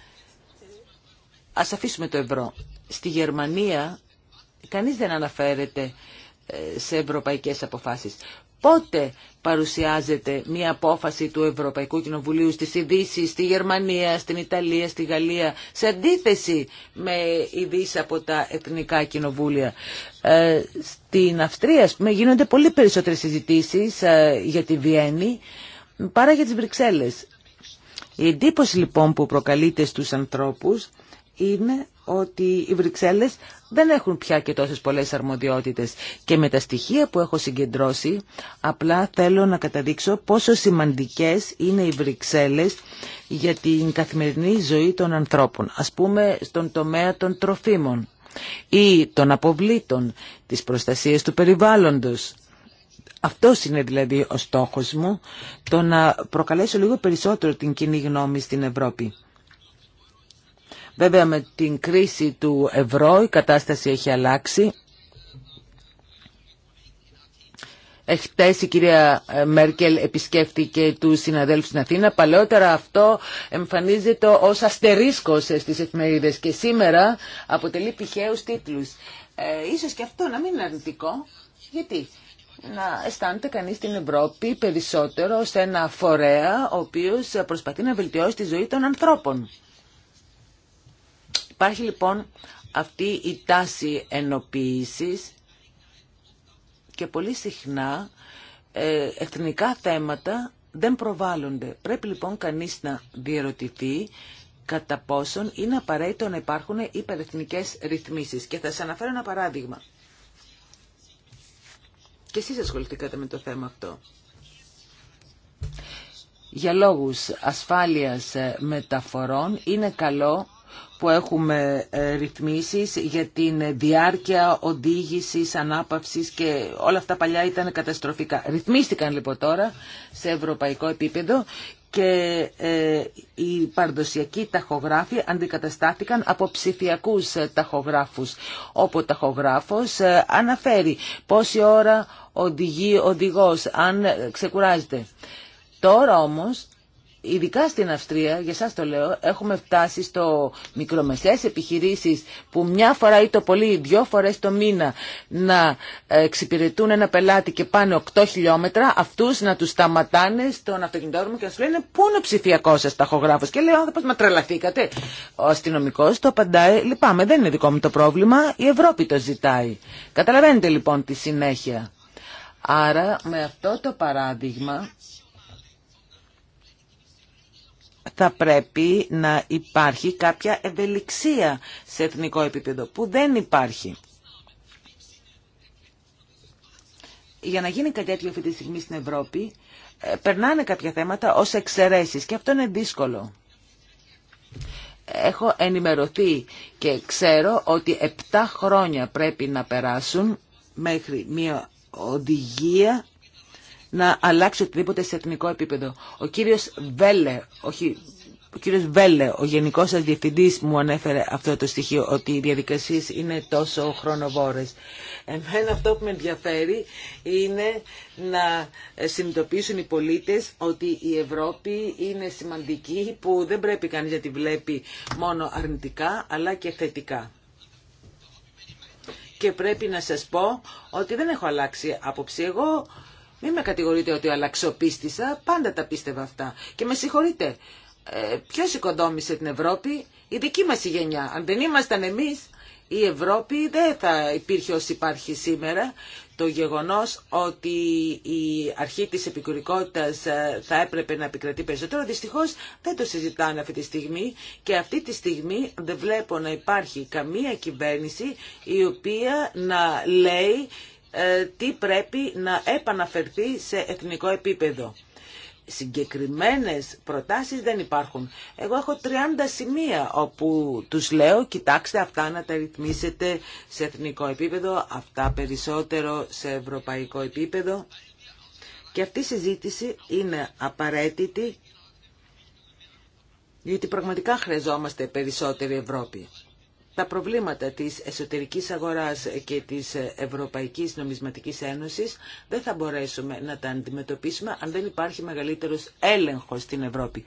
ας αφήσουμε το ευρώ. Στη Γερμανία κανείς δεν αναφέρεται ε, σε ευρωπαϊκές αποφάσεις. Πότε παρουσιάζεται μία απόφαση του Ευρωπαϊκού Κοινοβουλίου στις ειδήσει, στη Γερμανία, στην Ιταλία, στη Γαλλία, σε αντίθεση με ειδήσει από τα Εθνικά Κοινοβούλια. Ε, στην Αυστρία, ας πούμε, γίνονται πολύ περισσότερες συζητήσεις ε, για τη Βιέννη παρά για τις Βρυξέλλες. Η εντύπωση λοιπόν που προκαλείται στους ανθρώπους είναι ότι οι Βρυξέλλες δεν έχουν πια και τόσες πολλές αρμοδιότητες και με τα στοιχεία που έχω συγκεντρώσει απλά θέλω να καταδείξω πόσο σημαντικές είναι οι Βρυξέλλες για την καθημερινή ζωή των ανθρώπων ας πούμε στον τομέα των τροφίμων ή των αποβλήτων της προστασίας του περιβάλλοντος αυτό είναι δηλαδή ο στόχος μου, το να προκαλέσω λίγο περισσότερο την κοινή γνώμη στην Ευρώπη. Βέβαια με την κρίση του ευρώ η κατάσταση έχει αλλάξει. Εχθές η κυρία ε, Μέρκελ επισκέφτηκε του συναδέλφου στην Αθήνα. Παλαιότερα αυτό εμφανίζεται ως αστερίσκος στις εφημερίδες και σήμερα αποτελεί πηχαίους τίτλους. Ε, ίσως και αυτό να μην είναι αρνητικό. Γιατί να αισθάνεται κανείς την Ευρώπη περισσότερο σε ένα φορέα ο οποίος προσπαθεί να βελτιώσει τη ζωή των ανθρώπων. Υπάρχει λοιπόν αυτή η τάση ενοποίησης και πολύ συχνά ε, εθνικά θέματα δεν προβάλλονται. Πρέπει λοιπόν κανείς να διερωτηθεί κατά πόσον είναι απαραίτητο να υπάρχουν υπερεθνικές ρυθμίσεις. Και θα σας αναφέρω ένα παράδειγμα. Και εσείς ασχοληθήκατε με το θέμα αυτό. Για λόγους ασφάλειας ε, μεταφορών είναι καλό που έχουμε ε, ρυθμίσεις για την διάρκεια οδήγησης, ανάπαυσης και όλα αυτά παλιά ήταν καταστροφικά. Ρυθμίστηκαν λοιπόν τώρα σε ευρωπαϊκό επίπεδο και ε, οι παραδοσιακοί ταχογράφοι αντικαταστάθηκαν από ψηφιακούς ε, ταχογράφους, όπου ο ταχογράφος αναφέρει πόση ώρα οδηγεί ο οδηγός, αν ξεκουράζεται. Τώρα όμως ειδικά στην Αυστρία, για σας το λέω, έχουμε φτάσει στο μικρομεσαίες επιχειρήσεις που μια φορά ή το πολύ δυο φορές το μήνα να εξυπηρετούν ένα πελάτη και πάνε 8 χιλιόμετρα, αυτούς να τους σταματάνε στον αυτοκινητόδρομο και να σου λένε πού είναι ο ψηφιακός σας ταχογράφος. Και λέει ο άνθρωπος, μα τρελαθήκατε. Ο αστυνομικό το απαντάει, λυπάμαι, δεν είναι δικό μου το πρόβλημα, η Ευρώπη το ζητάει. Καταλαβαίνετε λοιπόν τη συνέχεια. Άρα με αυτό το παράδειγμα θα πρέπει να υπάρχει κάποια ευελιξία σε εθνικό επίπεδο που δεν υπάρχει. Για να γίνει κάτι τέτοιο αυτή τη στιγμή στην Ευρώπη, ε, περνάνε κάποια θέματα ως εξαιρέσεις και αυτό είναι δύσκολο. Έχω ενημερωθεί και ξέρω ότι 7 χρόνια πρέπει να περάσουν μέχρι μια οδηγία να αλλάξει οτιδήποτε σε εθνικό επίπεδο. Ο κύριος Βέλε, όχι, ο κύριος Βέλε, ο γενικός σας διευθυντής μου ανέφερε αυτό το στοιχείο ότι οι διαδικασίες είναι τόσο χρονοβόρες. Εμένα αυτό που με ενδιαφέρει είναι να συνειδητοποιήσουν οι πολίτες ότι η Ευρώπη είναι σημαντική που δεν πρέπει κανείς να τη βλέπει μόνο αρνητικά αλλά και θετικά και πρέπει να σας πω ότι δεν έχω αλλάξει άποψη. Εγώ μην με κατηγορείτε ότι αλλαξοπίστησα, πάντα τα πίστευα αυτά. Και με συγχωρείτε, ε, ποιος οικοδόμησε την Ευρώπη, η δική μας η γενιά. Αν δεν ήμασταν εμείς, η Ευρώπη δεν θα υπήρχε όσοι υπάρχει σήμερα. Το γεγονός ότι η αρχή της επικουρικότητας ε, θα έπρεπε να επικρατεί περισσότερο, δυστυχώς δεν το συζητάνε αυτή τη στιγμή και αυτή τη στιγμή δεν βλέπω να υπάρχει καμία κυβέρνηση η οποία να λέει ε, τι πρέπει να επαναφερθεί σε εθνικό επίπεδο. Συγκεκριμένες προτάσεις δεν υπάρχουν. Εγώ έχω 30 σημεία όπου τους λέω κοιτάξτε αυτά να τα ρυθμίσετε σε εθνικό επίπεδο, αυτά περισσότερο σε ευρωπαϊκό επίπεδο. Και αυτή η συζήτηση είναι απαραίτητη γιατί πραγματικά χρειαζόμαστε περισσότερη Ευρώπη τα προβλήματα της εσωτερικής αγοράς και της Ευρωπαϊκής Νομισματικής Ένωσης δεν θα μπορέσουμε να τα αντιμετωπίσουμε αν δεν υπάρχει μεγαλύτερος έλεγχος στην Ευρώπη.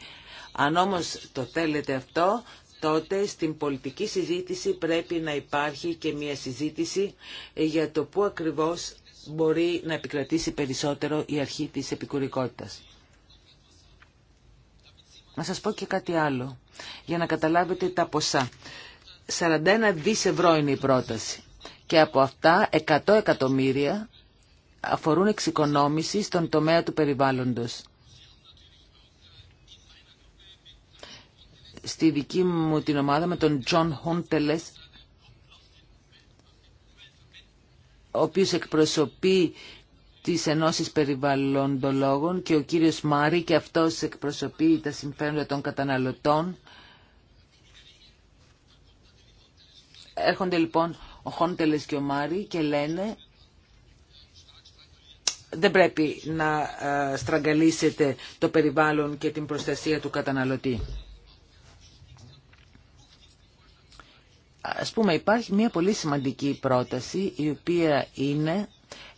Αν όμως το θέλετε αυτό, τότε στην πολιτική συζήτηση πρέπει να υπάρχει και μια συζήτηση για το πού ακριβώς μπορεί να επικρατήσει περισσότερο η αρχή της επικουρικότητας. Να σας πω και κάτι άλλο, για να καταλάβετε τα ποσά. 41 δις ευρώ είναι η πρόταση και από αυτά 100 εκατομμύρια αφορούν εξοικονόμηση στον τομέα του περιβάλλοντος. Στη δική μου την ομάδα με τον Τζον Χοντελες, ο οποίος εκπροσωπεί τις ενώσεις Περιβαλλοντολόγων και ο κύριος Μάρη και αυτός εκπροσωπεί τα συμφέροντα των καταναλωτών Έρχονται λοιπόν ο Χόντελες και ο και λένε δεν πρέπει να ε, στραγγαλίσετε το περιβάλλον και την προστασία του καταναλωτή. Ας πούμε υπάρχει μια πολύ σημαντική πρόταση η οποία είναι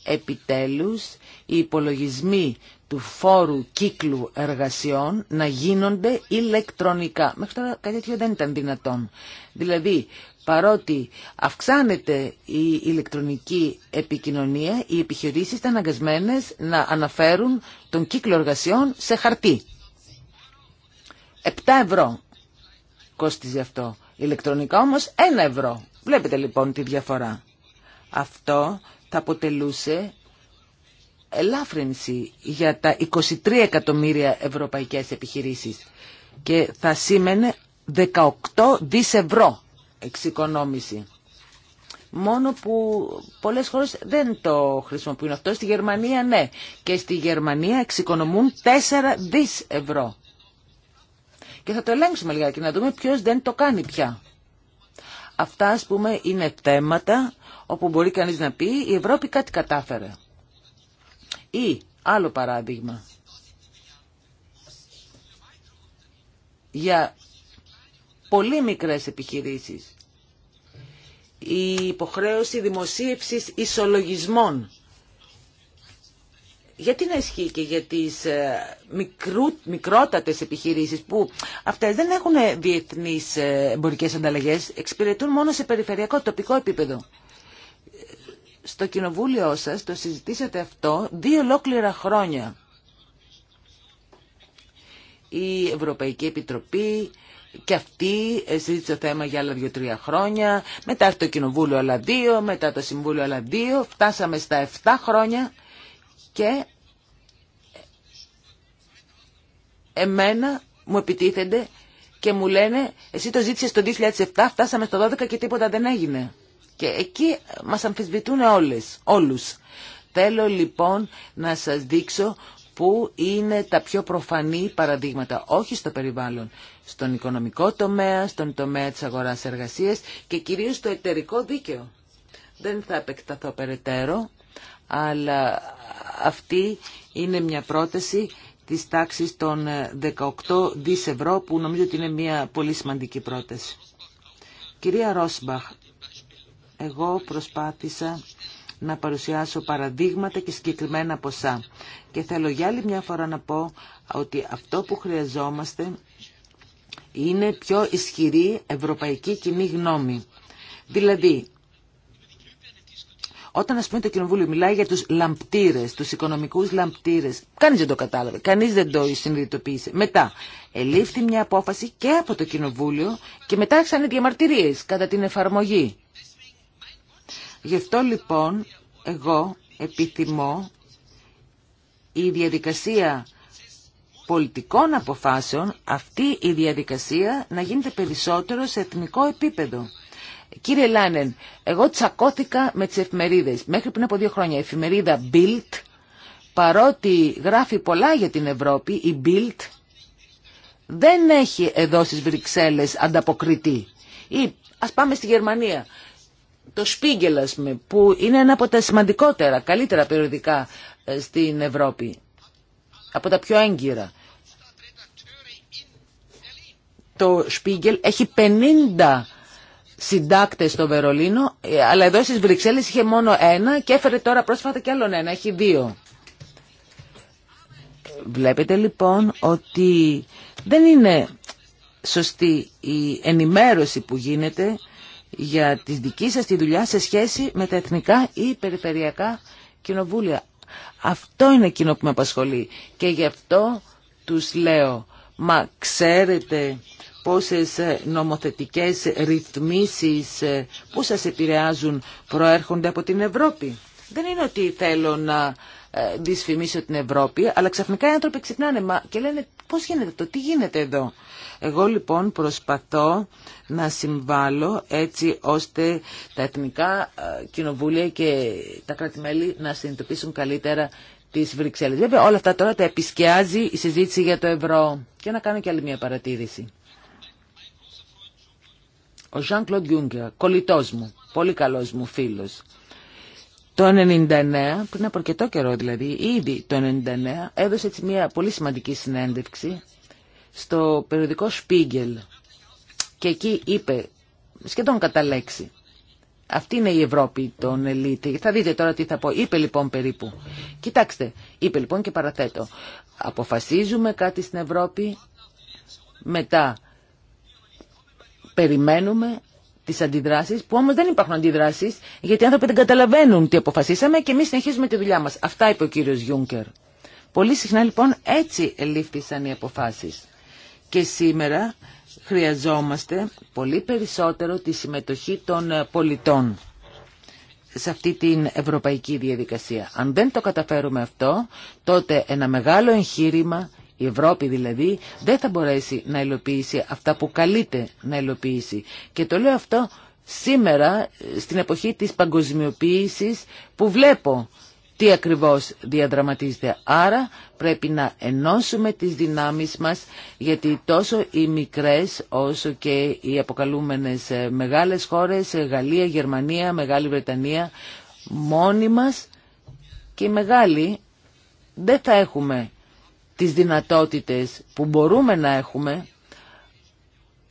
επιτέλους οι υπολογισμοί του φόρου κύκλου εργασιών να γίνονται ηλεκτρονικά. Μέχρι τώρα κάτι τέτοιο δεν ήταν δυνατόν. Δηλαδή Παρότι αυξάνεται η ηλεκτρονική επικοινωνία, οι επιχειρήσεις ήταν αναγκασμένες να αναφέρουν τον κύκλο εργασιών σε χαρτί. 7 ευρώ κόστιζε αυτό. Ηλεκτρονικά όμως 1 ευρώ. Βλέπετε λοιπόν τη διαφορά. Αυτό θα αποτελούσε ελάφρυνση για τα 23 εκατομμύρια ευρωπαϊκές επιχειρήσεις και θα σήμαινε 18 δις ευρώ εξοικονόμηση. Μόνο που πολλές χώρες δεν το χρησιμοποιούν αυτό. Στη Γερμανία ναι. Και στη Γερμανία εξοικονομούν 4 δις ευρώ. Και θα το ελέγξουμε λιγάκι να δούμε ποιος δεν το κάνει πια. Αυτά ας πούμε είναι θέματα όπου μπορεί κανείς να πει η Ευρώπη κάτι κατάφερε. Ή άλλο παράδειγμα. Για πολύ μικρές επιχειρήσεις. Η υποχρέωση δημοσίευσης ισολογισμών. Γιατί να ισχύει και για τις ε, μικρού, μικρότατες επιχειρήσεις που αυτές δεν έχουν διεθνείς ε, εμπορικές ανταλλαγές, εξυπηρετούν μόνο σε περιφερειακό τοπικό επίπεδο. Στο κοινοβούλιο σας το συζητήσατε αυτό δύο ολόκληρα χρόνια. Η Ευρωπαϊκή Επιτροπή, και αυτή συζήτησε το θέμα για άλλα δύο-τρία χρόνια, μετά το Κοινοβούλιο άλλα δύο, μετά το Συμβούλιο άλλα δύο, φτάσαμε στα 7 χρόνια και εμένα μου επιτίθενται και μου λένε εσύ το ζήτησες το 2007, φτάσαμε στο 12 και τίποτα δεν έγινε. Και εκεί μας αμφισβητούν όλες, όλους. Θέλω λοιπόν να σας δείξω πού είναι τα πιο προφανή παραδείγματα, όχι στο περιβάλλον στον οικονομικό τομέα, στον τομέα της αγοράς εργασίας και κυρίως στο εταιρικό δίκαιο. Δεν θα επεκταθώ περαιτέρω, αλλά αυτή είναι μια πρόταση της τάξης των 18 ε, δις ευρώ που νομίζω ότι είναι μια πολύ σημαντική πρόταση. Κυρία Ρόσμπαχ, εγώ προσπάθησα να παρουσιάσω παραδείγματα και συγκεκριμένα ποσά. Και θέλω για άλλη μια φορά να πω ότι αυτό που χρειαζόμαστε είναι πιο ισχυρή ευρωπαϊκή κοινή γνώμη. Δηλαδή, όταν ας πούμε το κοινοβούλιο μιλάει για τους λαμπτήρες, τους οικονομικούς λαμπτήρες, κανείς δεν το κατάλαβε, κανείς δεν το συνειδητοποίησε. Μετά, ελήφθη μια απόφαση και από το κοινοβούλιο και μετά έξανε κατά την εφαρμογή. Γι' αυτό λοιπόν εγώ επιθυμώ η διαδικασία πολιτικών αποφάσεων αυτή η διαδικασία να γίνεται περισσότερο σε εθνικό επίπεδο. Κύριε Λάνεν, εγώ τσακώθηκα με τις εφημερίδες. Μέχρι πριν από δύο χρόνια η εφημερίδα Bild, παρότι γράφει πολλά για την Ευρώπη, η Bild δεν έχει εδώ στις Βρυξέλλες ανταποκριτή. Ή ας πάμε στη Γερμανία. Το Spiegel, που είναι ένα από τα σημαντικότερα, καλύτερα περιοδικά ε, στην Ευρώπη από τα πιο έγκυρα. Το Σπίγκελ έχει 50 συντάκτες στο Βερολίνο, ε, αλλά εδώ στις Βρυξέλλες είχε μόνο ένα και έφερε τώρα πρόσφατα και άλλον ένα, έχει δύο. Βλέπετε λοιπόν ότι δεν είναι σωστή η ενημέρωση που γίνεται για τη δική σας τη δουλειά σε σχέση με τα εθνικά ή περιφερειακά κοινοβούλια. Αυτό είναι εκείνο που με απασχολεί και γι' αυτό τους λέω, μα ξέρετε πόσες ε, νομοθετικές ρυθμίσεις ε, που σας επηρεάζουν προέρχονται από την Ευρώπη. Δεν είναι ότι θέλω να ε, δυσφημίσω την Ευρώπη, αλλά ξαφνικά οι άνθρωποι ξυπνάνε και λένε πώς γίνεται το, τι γίνεται εδώ. Εγώ λοιπόν προσπαθώ να συμβάλλω έτσι ώστε τα εθνικά ε, κοινοβούλια και τα κράτη-μέλη να συνειδητοποιήσουν καλύτερα τις Βρυξέλλες. Βέβαια όλα αυτά τώρα τα επισκιάζει η συζήτηση για το ευρώ. Και να κάνω και άλλη μια παρατήρηση. Ο Jean-Claude Juncker, κολλητός μου, πολύ καλός μου φίλος, το 99, πριν από αρκετό καιρό δηλαδή, ήδη το 99, έδωσε έτσι μια πολύ σημαντική συνέντευξη στο περιοδικό Spiegel και εκεί είπε σχεδόν κατά λέξη αυτή είναι η Ευρώπη των ελίτ. Θα δείτε τώρα τι θα πω. Είπε λοιπόν περίπου. Κοιτάξτε, είπε λοιπόν και παραθέτω. Αποφασίζουμε κάτι στην Ευρώπη, μετά περιμένουμε τι αντιδράσεις, που όμως δεν υπάρχουν αντιδράσεις, γιατί οι άνθρωποι δεν καταλαβαίνουν τι αποφασίσαμε και εμεί συνεχίζουμε τη δουλειά μας. Αυτά είπε ο κύριο Γιούγκερ. Πολύ συχνά λοιπόν έτσι ελήφθησαν οι αποφάσεις. Και σήμερα χρειαζόμαστε πολύ περισσότερο τη συμμετοχή των ε, πολιτών σε αυτή την ευρωπαϊκή διαδικασία. Αν δεν το καταφέρουμε αυτό, τότε ένα μεγάλο εγχείρημα η Ευρώπη δηλαδή δεν θα μπορέσει να υλοποιήσει αυτά που καλείται να υλοποιήσει. Και το λέω αυτό σήμερα στην εποχή της παγκοσμιοποίησης που βλέπω τι ακριβώς διαδραματίζεται. Άρα πρέπει να ενώσουμε τις δυνάμεις μας γιατί τόσο οι μικρές όσο και οι αποκαλούμενες ε, μεγάλες χώρες, ε, Γαλλία, Γερμανία, Μεγάλη Βρετανία, μόνοι μας και οι μεγάλοι δεν θα έχουμε τις δυνατότητες που μπορούμε να έχουμε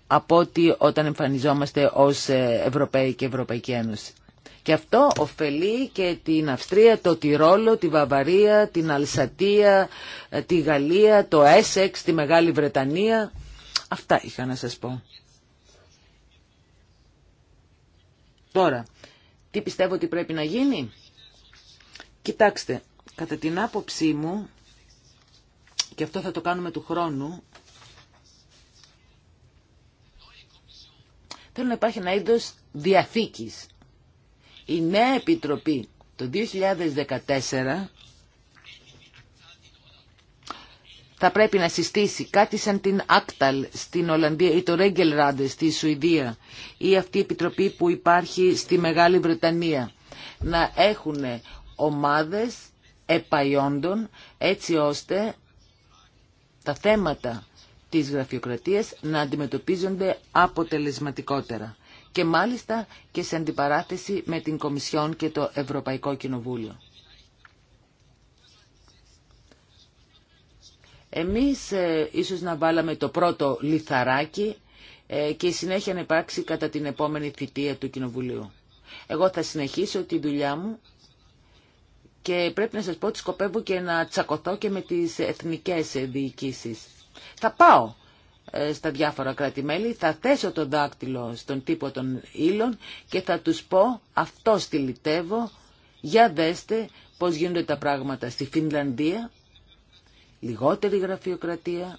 από ότι όταν εμφανιζόμαστε ως ε, Ευρωπαίοι και Ευρωπαϊκή Ένωση. Και αυτό ωφελεί και την Αυστρία, το Τυρόλο, τη Βαβαρία, την Αλσατία, ε, τη Γαλλία, το Έσεξ, τη Μεγάλη Βρετανία. Αυτά είχα να σας πω. Τώρα, τι πιστεύω ότι πρέπει να γίνει. Κοιτάξτε, κατά την άποψή μου, και αυτό θα το κάνουμε του χρόνου, θέλω να υπάρχει ένα είδος διαθήκης. Η νέα επιτροπή το 2014 θα πρέπει να συστήσει κάτι σαν την Άκταλ στην Ολλανδία ή το Ρέγγελράντε στη Σουηδία ή αυτή η επιτροπή που υπάρχει στη Μεγάλη Βρετανία να έχουν ομάδες επαϊόντων έτσι ώστε τα θέματα της γραφειοκρατίας να αντιμετωπίζονται αποτελεσματικότερα και μάλιστα και σε αντιπαράθεση με την Κομισιόν και το Ευρωπαϊκό Κοινοβούλιο. Εμείς ε, ίσως να βάλαμε το πρώτο λιθαράκι ε, και η συνέχεια να υπάρξει κατά την επόμενη θητεία του Κοινοβουλίου. Εγώ θα συνεχίσω τη δουλειά μου και πρέπει να σας πω ότι σκοπεύω και να τσακωθώ και με τις εθνικές διοικήσεις. Θα πάω ε, στα διάφορα κράτη-μέλη, θα θέσω το δάκτυλο στον τύπο των ύλων και θα τους πω αυτό στυλιτεύω, για δέστε πώς γίνονται τα πράγματα στη Φινλανδία, λιγότερη γραφειοκρατία,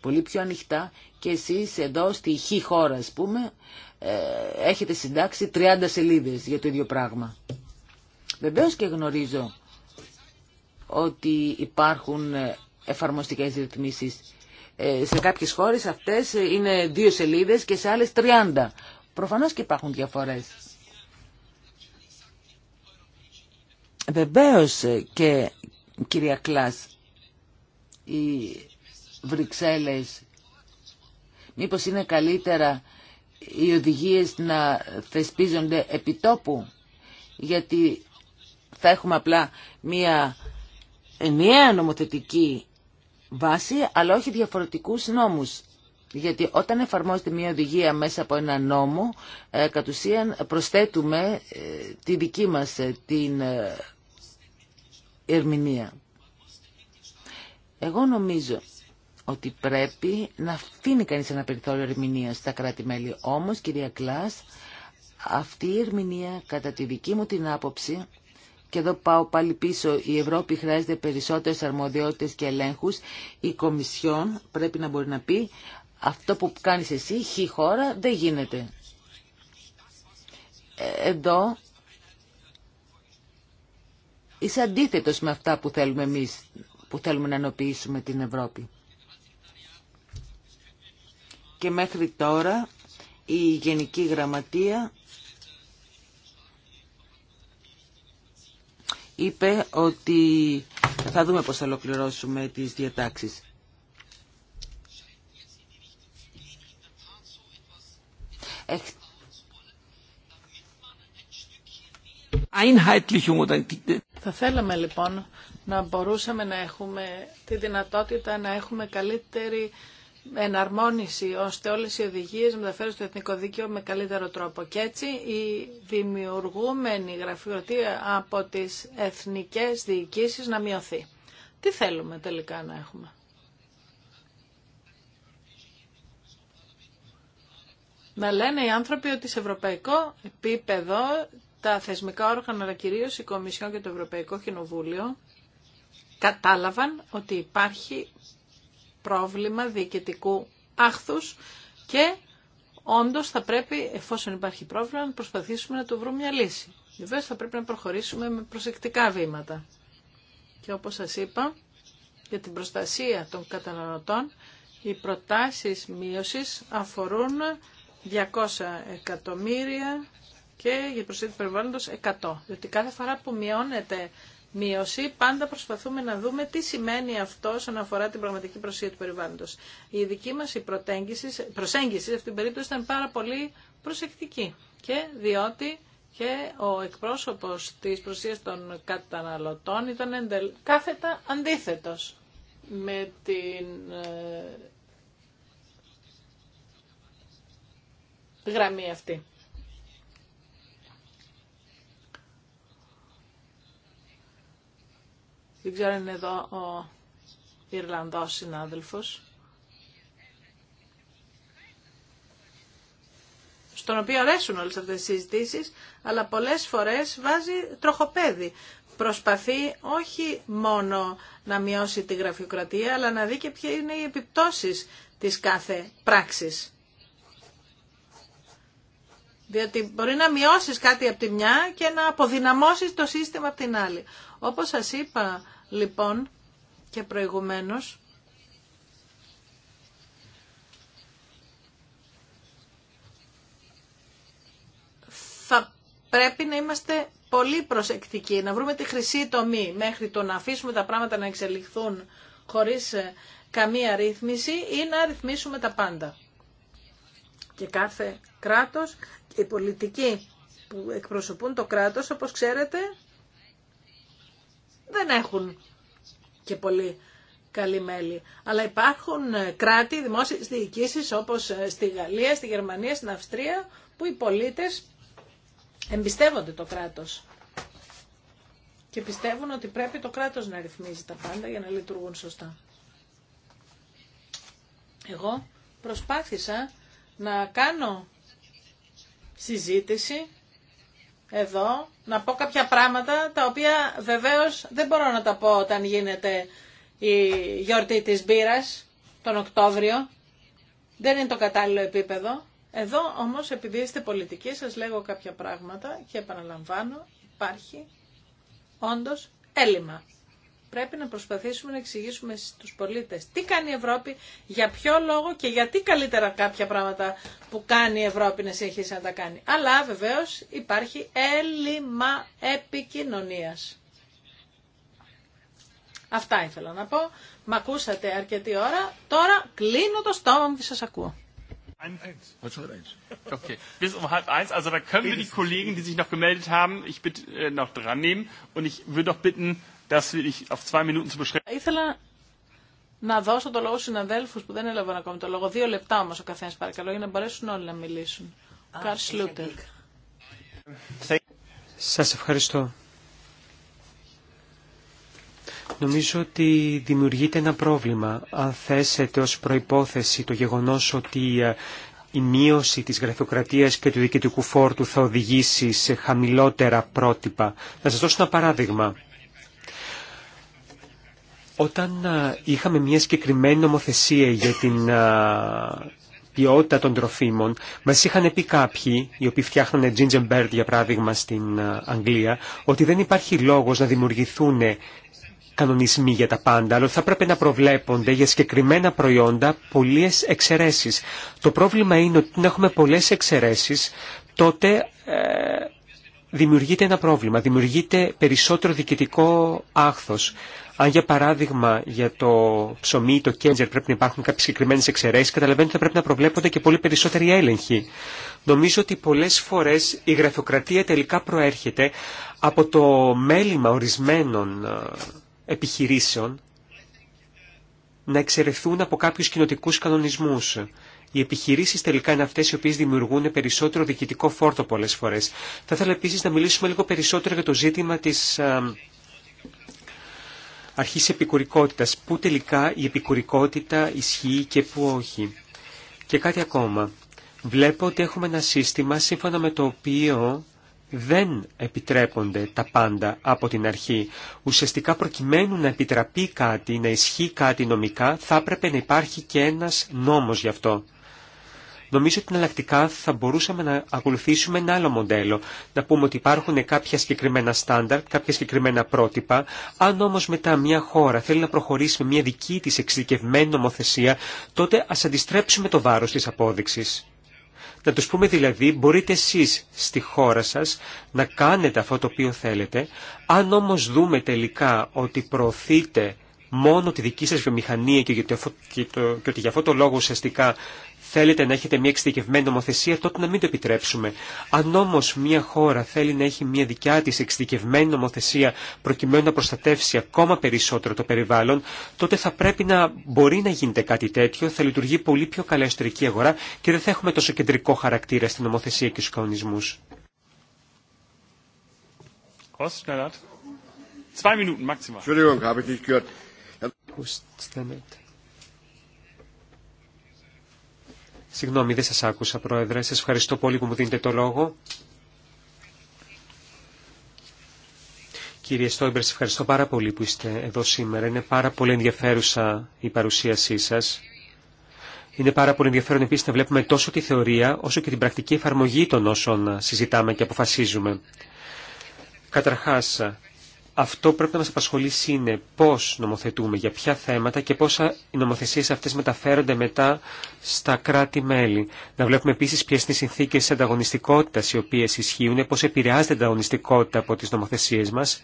πολύ πιο ανοιχτά και εσείς εδώ στη χή χώρα ας πούμε ε, έχετε συντάξει 30 σελίδες για το ίδιο πράγμα. Βεβαίως και γνωρίζω ότι υπάρχουν ε, εφαρμοστικές ρυθμίσεις. Ε, σε κάποιες χώρες αυτές ε, είναι δύο σελίδες και σε άλλες 30. Προφανώς και υπάρχουν διαφορές. Βεβαίως και κυρία Κλάς, οι Βρυξέλλες, μήπως είναι καλύτερα οι οδηγίες να θεσπίζονται επιτόπου, γιατί θα έχουμε απλά μία ενιαία νομοθετική βάση, αλλά όχι διαφορετικούς νόμους. Γιατί όταν εφαρμόζεται μια οδηγία μέσα από ένα νόμο, ε, κατ' ουσίαν προσθέτουμε ε, τη δική μας ε, την ερμηνεία. Εγώ νομίζω ότι πρέπει να αφήνει κανείς ένα περιθώριο ερμηνεία στα κράτη-μέλη. Όμως, κυρία Κλάς, αυτή η ερμηνεία, κατά τη δική μου την άποψη, και εδώ πάω πάλι πίσω, η Ευρώπη χρειάζεται περισσότερες αρμοδιότητες και ελέγχους. Η Κομισιόν πρέπει να μπορεί να πει αυτό που κάνεις εσύ, χι χώρα, δεν γίνεται. Ε, εδώ είσαι αντίθετος με αυτά που θέλουμε εμείς, που θέλουμε να ενοποιήσουμε την Ευρώπη. Και μέχρι τώρα η Γενική Γραμματεία είπε ότι θα δούμε πώς θα ολοκληρώσουμε τις διατάξεις. Θα θέλαμε λοιπόν να μπορούσαμε να έχουμε τη δυνατότητα να έχουμε καλύτερη εναρμόνιση ώστε όλες οι οδηγίες μεταφέρουν στο εθνικό δίκαιο με καλύτερο τρόπο. Και έτσι η δημιουργούμενη γραφειοκρατία από τις εθνικές διοικήσεις να μειωθεί. Τι θέλουμε τελικά να έχουμε. Να λένε οι άνθρωποι ότι σε ευρωπαϊκό επίπεδο τα θεσμικά όργανα, αλλά κυρίω η Κομισιόν και το Ευρωπαϊκό Κοινοβούλιο, κατάλαβαν ότι υπάρχει πρόβλημα διοικητικού άχθους και όντως θα πρέπει, εφόσον υπάρχει πρόβλημα, να προσπαθήσουμε να το βρούμε μια λύση. Βεβαίω θα πρέπει να προχωρήσουμε με προσεκτικά βήματα. Και όπως σας είπα, για την προστασία των καταναλωτών, οι προτάσεις μείωσης αφορούν 200 εκατομμύρια και για προσθέτει περιβάλλοντος 100. Διότι κάθε φορά που μειώνεται μείωση, πάντα προσπαθούμε να δούμε τι σημαίνει αυτό όσον αφορά την πραγματική προσοχή του περιβάλλοντος. Η δική μας η προσέγγιση σε αυτήν την περίπτωση ήταν πάρα πολύ προσεκτική και διότι και ο εκπρόσωπος της προσίας των καταναλωτών ήταν εντελ... κάθετα αντίθετος με την ε, γραμμή αυτή. Δεν ξέρω αν είναι εδώ ο Ιρλανδός συνάδελφος. Στον οποίο αρέσουν όλες αυτές τις συζητήσεις, αλλά πολλές φορές βάζει τροχοπέδι. Προσπαθεί όχι μόνο να μειώσει τη γραφειοκρατία, αλλά να δει και ποια είναι οι επιπτώσεις της κάθε πράξης. Διότι μπορεί να μειώσεις κάτι από τη μια και να αποδυναμώσεις το σύστημα από την άλλη. Όπως σας είπα λοιπόν και προηγουμένως θα πρέπει να είμαστε πολύ προσεκτικοί, να βρούμε τη χρυσή τομή μέχρι το να αφήσουμε τα πράγματα να εξελιχθούν χωρίς ε, καμία ρύθμιση ή να ρυθμίσουμε τα πάντα. Και κάθε κράτος, οι πολιτικοί που εκπροσωπούν το κράτος, όπως ξέρετε, δεν έχουν και πολύ καλή μέλη. Αλλά υπάρχουν ε, κράτη, δημόσιες διοικήσεις όπως ε, στη Γαλλία, στη Γερμανία, στην Αυστρία που οι πολίτες εμπιστεύονται το κράτος. Και πιστεύουν ότι πρέπει το κράτος να ρυθμίζει τα πάντα για να λειτουργούν σωστά. Εγώ προσπάθησα να κάνω συζήτηση εδώ να πω κάποια πράγματα τα οποία βεβαίως δεν μπορώ να τα πω όταν γίνεται η γιορτή της μπύρας τον Οκτώβριο. Δεν είναι το κατάλληλο επίπεδο. Εδώ όμως επειδή είστε πολιτικοί σας λέγω κάποια πράγματα και επαναλαμβάνω υπάρχει όντως έλλειμμα πρέπει να προσπαθήσουμε να εξηγήσουμε στους πολίτες τι κάνει η Ευρώπη, για ποιο λόγο και γιατί καλύτερα κάποια πράγματα που κάνει η Ευρώπη να συνεχίσει να τα κάνει. Αλλά βεβαίως υπάρχει έλλειμμα επικοινωνίας. Αυτά ήθελα να πω. Μ' ακούσατε αρκετή ώρα. Τώρα κλείνω το στόμα μου και σας ακούω. Okay. Bis um halb eins. Also da können wir die Kollegen, die sich noch gemeldet haben, ich bitte äh, noch dran nehmen. Und ich würde doch bitten, Ήθελα να δώσω το λόγο συναδέλφου που δεν έλαβαν ακόμη το λόγο. Δύο λεπτά όμω ο καθένα παρακαλώ για να μπορέσουν όλοι να μιλήσουν. Καρ Σλούτερ. Σα ευχαριστώ. Νομίζω ότι δημιουργείται ένα πρόβλημα αν θέσετε ως προϋπόθεση το γεγονός ότι ε, η μείωση της γραφειοκρατίας και του διοικητικού φόρτου θα οδηγήσει σε χαμηλότερα πρότυπα. Να σας δώσω ένα παράδειγμα. Όταν είχαμε μια συγκεκριμένη νομοθεσία για την ποιότητα των τροφίμων, μα είχαν πει κάποιοι, οι οποίοι φτιάχνανε gingerbread για παράδειγμα στην Αγγλία, ότι δεν υπάρχει λόγο να δημιουργηθούν κανονισμοί για τα πάντα, αλλά θα πρέπει να προβλέπονται για συγκεκριμένα προϊόντα πολλέ εξαιρέσει. Το πρόβλημα είναι ότι αν έχουμε πολλέ εξαιρέσει, τότε ε, δημιουργείται ένα πρόβλημα, δημιουργείται περισσότερο διοικητικό άχθος. Αν για παράδειγμα για το ψωμί ή το κέντζερ πρέπει να υπάρχουν κάποιε συγκεκριμένε εξαιρέσει, καταλαβαίνετε ότι θα πρέπει να προβλέπονται και πολύ περισσότεροι έλεγχοι. Νομίζω ότι πολλέ φορέ η γραφειοκρατία τελικά προέρχεται από το μέλημα ορισμένων επιχειρήσεων να εξαιρεθούν από κάποιου κοινοτικού κανονισμού. Οι επιχειρήσει τελικά είναι αυτέ οι οποίε δημιουργούν περισσότερο διοικητικό φόρτο πολλέ φορέ. Θα ήθελα επίση να μιλήσουμε λίγο περισσότερο για το ζήτημα τη αρχής επικουρικότητας, που τελικά η επικουρικότητα ισχύει και που όχι. Και κάτι ακόμα. Βλέπω ότι έχουμε ένα σύστημα σύμφωνα με το οποίο δεν επιτρέπονται τα πάντα από την αρχή. Ουσιαστικά προκειμένου να επιτραπεί κάτι, να ισχύει κάτι νομικά, θα έπρεπε να υπάρχει και ένας νόμος γι' αυτό. Νομίζω ότι εναλλακτικά θα μπορούσαμε να ακολουθήσουμε ένα άλλο μοντέλο. Να πούμε ότι υπάρχουν κάποια συγκεκριμένα στάνταρτ, κάποια συγκεκριμένα πρότυπα. Αν όμω μετά μια χώρα θέλει να προχωρήσει με μια δική τη εξειδικευμένη νομοθεσία, τότε α αντιστρέψουμε το βάρο τη απόδειξη. Να τους πούμε δηλαδή, μπορείτε εσείς στη χώρα σας να κάνετε αυτό το οποίο θέλετε, αν όμως δούμε τελικά ότι προωθείτε μόνο τη δική σας βιομηχανία και, και, και ότι για αυτό το λόγο ουσιαστικά θέλετε να έχετε μια εξειδικευμένη νομοθεσία, τότε να μην το επιτρέψουμε. Αν όμω μια χώρα θέλει να έχει μια δικιά τη εξειδικευμένη νομοθεσία προκειμένου να προστατεύσει ακόμα περισσότερο το περιβάλλον, τότε θα πρέπει να μπορεί να γίνεται κάτι τέτοιο, θα λειτουργεί πολύ πιο καλά εσωτερική αγορά και δεν θα έχουμε τόσο κεντρικό χαρακτήρα στην νομοθεσία και στου κανονισμού. Entschuldigung, habe ich nicht gehört. Συγγνώμη, δεν σας άκουσα, Πρόεδρε. Σας ευχαριστώ πολύ που μου δίνετε το λόγο. Κύριε Στόιμπερ, σας ευχαριστώ πάρα πολύ που είστε εδώ σήμερα. Είναι πάρα πολύ ενδιαφέρουσα η παρουσίασή σας. Είναι πάρα πολύ ενδιαφέρον επίσης να βλέπουμε τόσο τη θεωρία όσο και την πρακτική εφαρμογή των όσων συζητάμε και αποφασίζουμε. Καταρχάς, αυτό πρέπει να μας απασχολήσει είναι πώς νομοθετούμε, για ποια θέματα και πώς οι νομοθεσίες αυτές μεταφέρονται μετά στα κράτη-μέλη. Να βλέπουμε επίσης ποιες είναι οι συνθήκες ανταγωνιστικότητας οι οποίες ισχύουν, πώς επηρεάζεται η ανταγωνιστικότητα από τις νομοθεσίες μας.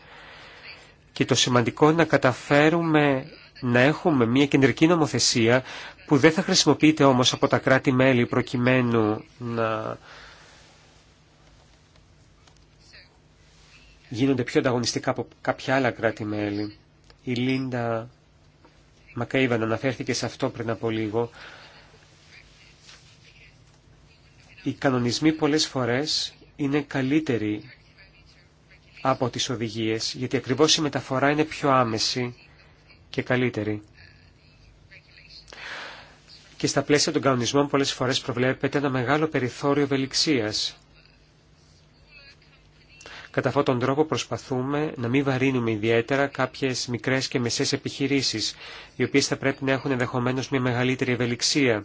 Και το σημαντικό είναι να καταφέρουμε να έχουμε μια κεντρική νομοθεσία που δεν θα χρησιμοποιείται όμως από τα κράτη-μέλη προκειμένου να γίνονται πιο ανταγωνιστικά από κάποια άλλα κράτη-μέλη. Η Λίντα Μακαΐβαν αναφέρθηκε σε αυτό πριν από λίγο. Οι κανονισμοί πολλές φορές είναι καλύτεροι από τις οδηγίες, γιατί ακριβώς η μεταφορά είναι πιο άμεση και καλύτερη. Και στα πλαίσια των κανονισμών πολλές φορές προβλέπεται ένα μεγάλο περιθώριο ευελιξίας. Κατά αυτόν τον τρόπο προσπαθούμε να μην βαρύνουμε ιδιαίτερα κάποιες μικρές και μεσές επιχειρήσεις, οι οποίες θα πρέπει να έχουν ενδεχομένω μια μεγαλύτερη ευελιξία.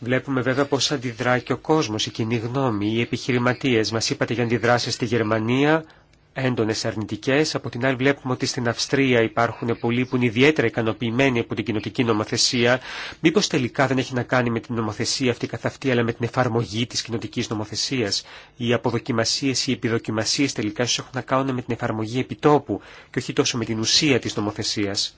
Βλέπουμε βέβαια πώς αντιδρά και ο κόσμος, η κοινή γνώμη, οι επιχειρηματίες. Μας είπατε για αντιδράσεις στη Γερμανία, έντονες αρνητικές. Από την άλλη βλέπουμε ότι στην Αυστρία υπάρχουν πολλοί που είναι ιδιαίτερα ικανοποιημένοι από την κοινοτική νομοθεσία. Μήπως τελικά δεν έχει να κάνει με την νομοθεσία αυτή καθ' αυτή, αλλά με την εφαρμογή της κοινοτική νομοθεσίας. Οι αποδοκιμασίες, οι επιδοκιμασίες τελικά έχουν να κάνουν με την εφαρμογή επιτόπου και όχι τόσο με την ουσία της νομοθεσίας.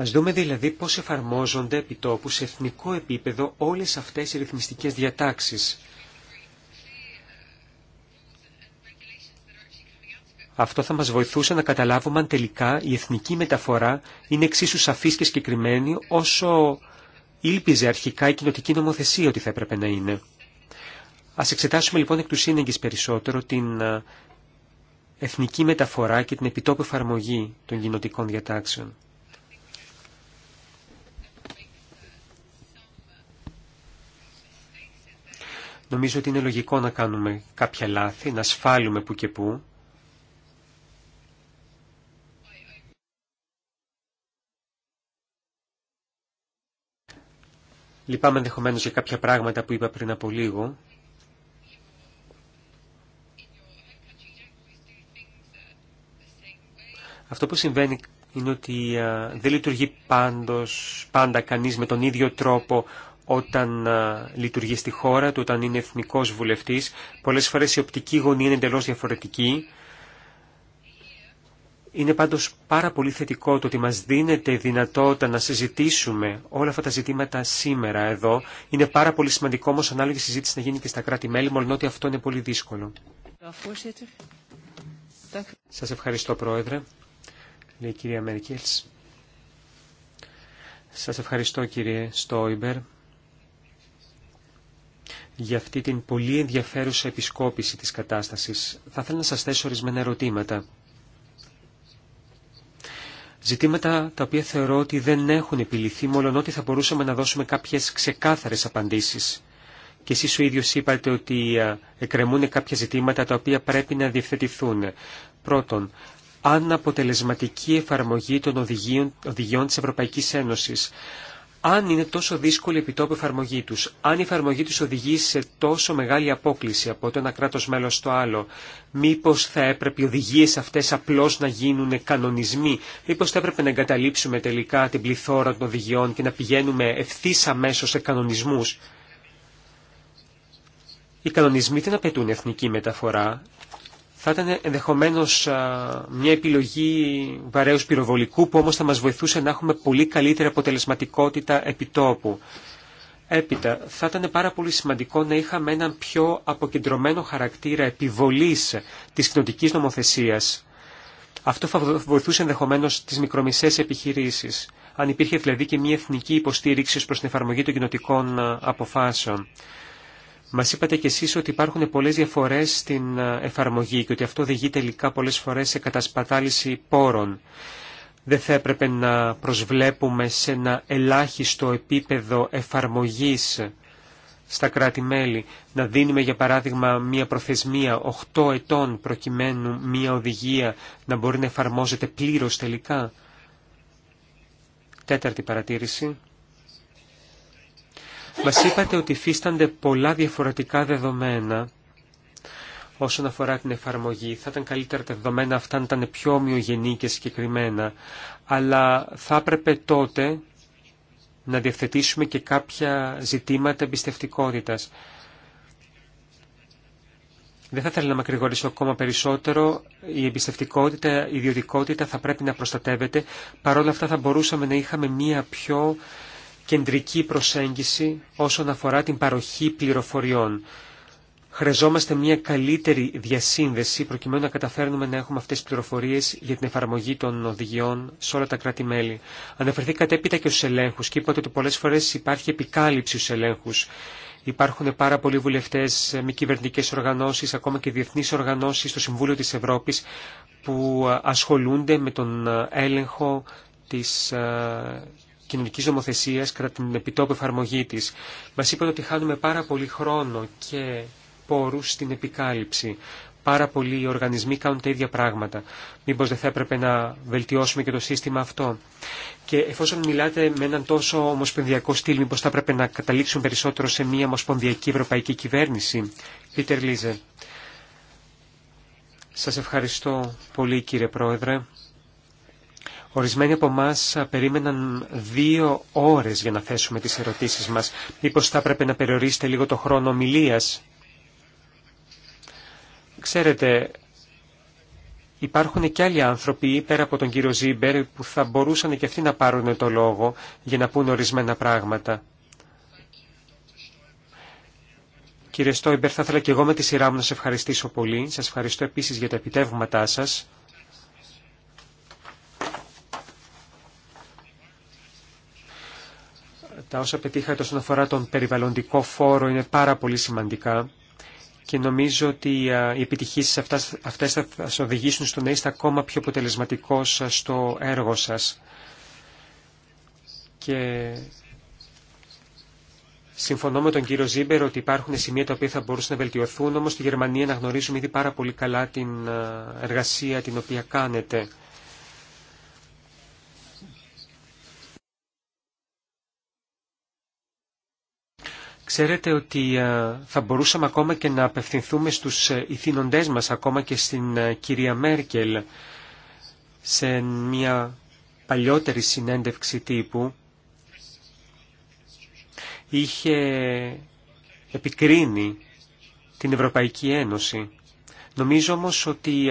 Ας δούμε δηλαδή πώς εφαρμόζονται επιτόπου σε εθνικό επίπεδο όλες αυτές οι ρυθμιστικές διατάξεις. Αυτό θα μας βοηθούσε να καταλάβουμε αν τελικά η εθνική μεταφορά είναι εξίσου σαφής και συγκεκριμένη όσο ήλπιζε αρχικά η κοινοτική νομοθεσία ότι θα έπρεπε να είναι. Ας εξετάσουμε λοιπόν εκ του σύνεγγης περισσότερο την εθνική μεταφορά και την επιτόπου εφαρμογή των κοινοτικών διατάξεων. Νομίζω ότι είναι λογικό να κάνουμε κάποια λάθη, να σφάλουμε που και που. Λυπάμαι ενδεχομένω για κάποια πράγματα που είπα πριν από λίγο. Αυτό που συμβαίνει είναι ότι ε, δεν λειτουργεί πάντως, πάντα κανείς με τον ίδιο τρόπο όταν λειτουργεί στη χώρα του, όταν είναι εθνικός βουλευτής. Πολλές φορές η οπτική γωνία είναι εντελώς διαφορετική. Είναι πάντως πάρα πολύ θετικό το ότι μας δίνεται δυνατότητα να συζητήσουμε όλα αυτά τα ζητήματα σήμερα εδώ. Είναι πάρα πολύ σημαντικό όμως ανάλογη συζήτηση να γίνει και στα κράτη-μέλη, μόνο ότι αυτό είναι πολύ δύσκολο. Σας ευχαριστώ Πρόεδρε, λέει η κυρία Μέρκελς. Σας ευχαριστώ κύριε Στόιμπερ για αυτή την πολύ ενδιαφέρουσα επισκόπηση της κατάστασης. Θα ήθελα να σας θέσω ορισμένα ερωτήματα. Ζητήματα τα οποία θεωρώ ότι δεν έχουν επιληθεί, μόλον ότι θα μπορούσαμε να δώσουμε κάποιες ξεκάθαρες απαντήσεις. Και εσείς ο ίδιος είπατε ότι εκκρεμούν κάποια ζητήματα τα οποία πρέπει να διευθετηθούν. Πρώτον, αν αποτελεσματική εφαρμογή των οδηγίων, οδηγιών της Ευρωπαϊκής Ένωσης αν είναι τόσο δύσκολη η επιτόπου εφαρμογή του, αν η εφαρμογή του οδηγεί σε τόσο μεγάλη απόκληση από το ένα κράτο μέλο στο άλλο, μήπω θα έπρεπε οι οδηγίε αυτέ απλώ να γίνουν κανονισμοί, μήπω θα έπρεπε να εγκαταλείψουμε τελικά την πληθώρα των οδηγιών και να πηγαίνουμε ευθύ αμέσω σε κανονισμού. Οι κανονισμοί δεν απαιτούν εθνική μεταφορά, θα ήταν ενδεχομένως μια επιλογή βαρέως πυροβολικού που όμως θα μας βοηθούσε να έχουμε πολύ καλύτερη αποτελεσματικότητα επιτόπου. Έπειτα, θα ήταν πάρα πολύ σημαντικό να είχαμε έναν πιο αποκεντρωμένο χαρακτήρα επιβολής της κοινοτικής νομοθεσίας. Αυτό θα βοηθούσε ενδεχομένω τις μικρομισές επιχειρήσεις. αν υπήρχε δηλαδή και μια εθνική υποστήριξη προς την εφαρμογή των κοινωτικών αποφάσεων. Μας είπατε κι εσείς ότι υπάρχουν πολλές διαφορές στην ε, εφαρμογή και ότι αυτό οδηγεί τελικά πολλές φορές σε κατασπατάληση πόρων. Δεν θα έπρεπε να προσβλέπουμε σε ένα ελάχιστο επίπεδο εφαρμογής στα κράτη-μέλη, να δίνουμε για παράδειγμα μία προθεσμία 8 ετών προκειμένου μία οδηγία να μπορεί να εφαρμόζεται πλήρως τελικά. Τέταρτη παρατήρηση. Μας είπατε ότι φύστανται πολλά διαφορετικά δεδομένα όσον αφορά την εφαρμογή. Θα ήταν καλύτερα τα δεδομένα αυτά να ήταν πιο ομοιογενή και συγκεκριμένα. Αλλά θα έπρεπε τότε να διευθετήσουμε και κάποια ζητήματα εμπιστευτικότητα. Δεν θα ήθελα να μακρηγορήσω ακόμα περισσότερο. Η εμπιστευτικότητα, η ιδιωτικότητα θα πρέπει να προστατεύεται. Παρ' όλα αυτά θα μπορούσαμε να είχαμε μία πιο κεντρική προσέγγιση όσον αφορά την παροχή πληροφοριών. Χρειαζόμαστε μια καλύτερη διασύνδεση προκειμένου να καταφέρνουμε να έχουμε αυτές τις πληροφορίες για την εφαρμογή των οδηγιών σε όλα τα κράτη-μέλη. Αναφερθήκατε έπειτα και στους ελέγχους και είπατε ότι πολλές φορές υπάρχει επικάλυψη στους ελέγχους. Υπάρχουν πάρα πολλοί βουλευτέ, μη κυβερνητικέ οργανώσει, ακόμα και διεθνεί οργανώσει στο Συμβούλιο τη Ευρώπη που ασχολούνται με τον έλεγχο της ε, Κοινωνική νομοθεσία κατά την επιτόπου εφαρμογή της. Μας είπαν ότι χάνουμε πάρα πολύ χρόνο και πόρους στην επικάλυψη. Πάρα πολλοί οργανισμοί κάνουν τα ίδια πράγματα. μήπω δεν θα έπρεπε να βελτιώσουμε και το σύστημα αυτό. Και εφόσον μιλάτε με έναν τόσο ομοσπονδιακό στυλ, μήπω θα έπρεπε να καταλήξουν περισσότερο σε μια ομοσπονδιακή ευρωπαϊκή κυβέρνηση. Πίτερ Λίζε. Σας ευχαριστώ πολύ κύριε Πρόεδρε. Ορισμένοι από εμά περίμεναν δύο ώρες για να θέσουμε τις ερωτήσεις μας. μήπω θα έπρεπε να περιορίσετε λίγο το χρόνο ομιλίας. Ξέρετε, Υπάρχουν και άλλοι άνθρωποι, πέρα από τον κύριο Ζίμπερ, που θα μπορούσαν και αυτοί να πάρουν το λόγο για να πούν ορισμένα πράγματα. Κύριε Στόιμπερ, θα ήθελα και εγώ με τη σειρά μου να σας ευχαριστήσω πολύ. Σας ευχαριστώ επίσης για τα επιτεύγματά σας. Τα όσα πετύχατε όσον αφορά τον περιβαλλοντικό φόρο είναι πάρα πολύ σημαντικά και νομίζω ότι οι επιτυχίες αυτές, αυτές θα σας οδηγήσουν στο να είστε ακόμα πιο αποτελεσματικός στο έργο σας. Και συμφωνώ με τον κύριο Ζίμπερ ότι υπάρχουν σημεία τα οποία θα μπορούσαν να βελτιωθούν, όμως στη Γερμανία να γνωρίζουμε ήδη πάρα πολύ καλά την εργασία την οποία κάνετε. Ξέρετε ότι ε, θα μπορούσαμε ακόμα και να απευθυνθούμε στους ε, ηθήνοντές μας, ακόμα και στην ε, κυρία Μέρκελ, σε μια παλιότερη συνέντευξη τύπου, είχε επικρίνει την Ευρωπαϊκή Ένωση. Νομίζω όμως ότι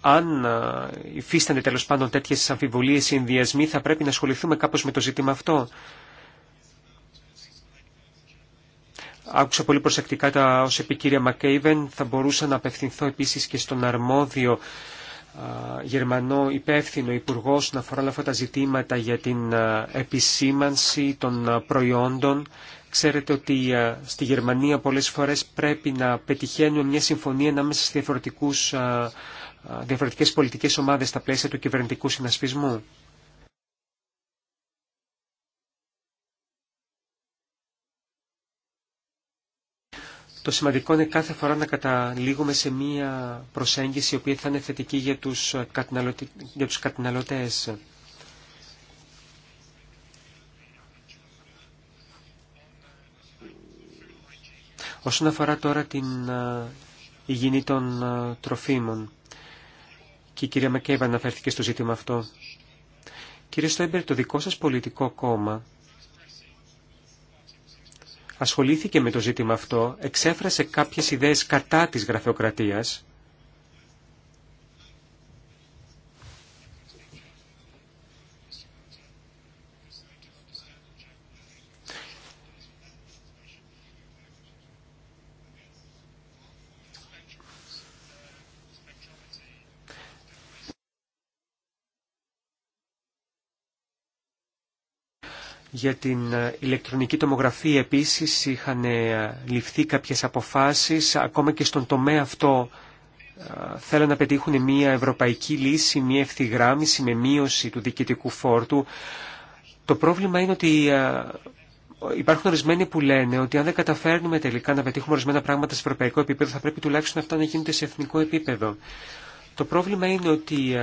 αν υφίστανται τέλος πάντων τέτοιες αμφιβολίες ή ενδιασμοί θα πρέπει να ασχοληθούμε κάπως με το ζήτημα αυτό. Άκουσα πολύ προσεκτικά τα όσα είπε η κυρία Μακέιβεν. Θα μπορούσα να απευθυνθώ επίσης και στον αρμόδιο Γερμανό υπεύθυνο υπουργό να αφορά όλα αυτά τα ζητήματα για την επισήμανση των προϊόντων. Ξέρετε ότι στη Γερμανία πολλές φορές πρέπει να πετυχαίνουμε μια συμφωνία ανάμεσα στις διαφορετικούς, διαφορετικές πολιτικές ομάδες στα πλαίσια του κυβερνητικού συνασπισμού. Το σημαντικό είναι κάθε φορά να καταλήγουμε σε μία προσέγγιση η οποία θα είναι θετική για τους, καταναλωτε... για τους Όσον αφορά τώρα την υγιεινή των τροφίμων, και η κυρία Μακέβα αναφέρθηκε στο ζήτημα αυτό. Κύριε Στόιμπερ, το δικό σας πολιτικό κόμμα ασχολήθηκε με το ζήτημα αυτό, εξέφρασε κάποιες ιδέες κατά της γραφειοκρατίας Για την ε, ηλεκτρονική τομογραφία επίσης είχαν ε, ληφθεί κάποιες αποφάσεις, ακόμα και στον τομέα αυτό ε, θέλουν να πετύχουν μια ευρωπαϊκή λύση, μια ευθυγράμμιση με μείωση του διοικητικού φόρτου. Το πρόβλημα είναι ότι υπάρχουν ορισμένοι που λένε ότι αν δεν καταφέρνουμε τελικά να πετύχουμε ορισμένα πράγματα σε ευρωπαϊκό επίπεδο θα πρέπει τουλάχιστον αυτά να γίνονται σε εθνικό επίπεδο. Το πρόβλημα είναι ότι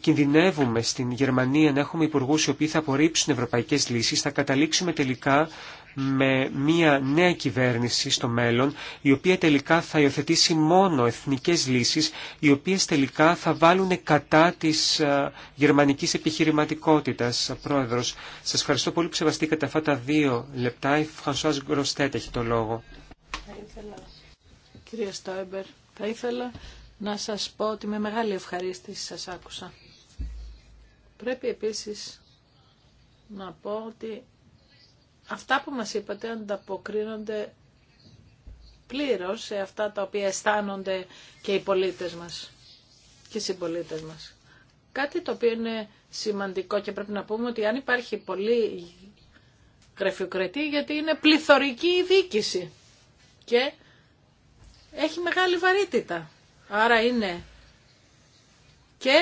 κινδυνεύουμε στην Γερμανία να έχουμε υπουργού οι οποίοι θα απορρίψουν ευρωπαϊκές λύσεις, θα καταλήξουμε τελικά με μια νέα κυβέρνηση στο μέλλον, η οποία τελικά θα υιοθετήσει μόνο εθνικές λύσεις, οι οποίες τελικά θα βάλουν κατά της γερμανικής επιχειρηματικότητας. Πρόεδρος, σας ευχαριστώ πολύ που σεβαστήκατε αυτά τα δύο λεπτά. Η Φρανσουάς Γκροστέτ έχει το λόγο. θα ήθελα να σας πω ότι με μεγάλη ευχαρίστηση σας άκουσα. Πρέπει επίσης να πω ότι αυτά που μας είπατε ανταποκρίνονται πλήρως σε αυτά τα οποία αισθάνονται και οι πολίτες μας και οι συμπολίτες μας. Κάτι το οποίο είναι σημαντικό και πρέπει να πούμε ότι αν υπάρχει πολύ γραφειοκρατή γιατί είναι πληθωρική η δίκηση και έχει μεγάλη βαρύτητα Άρα είναι και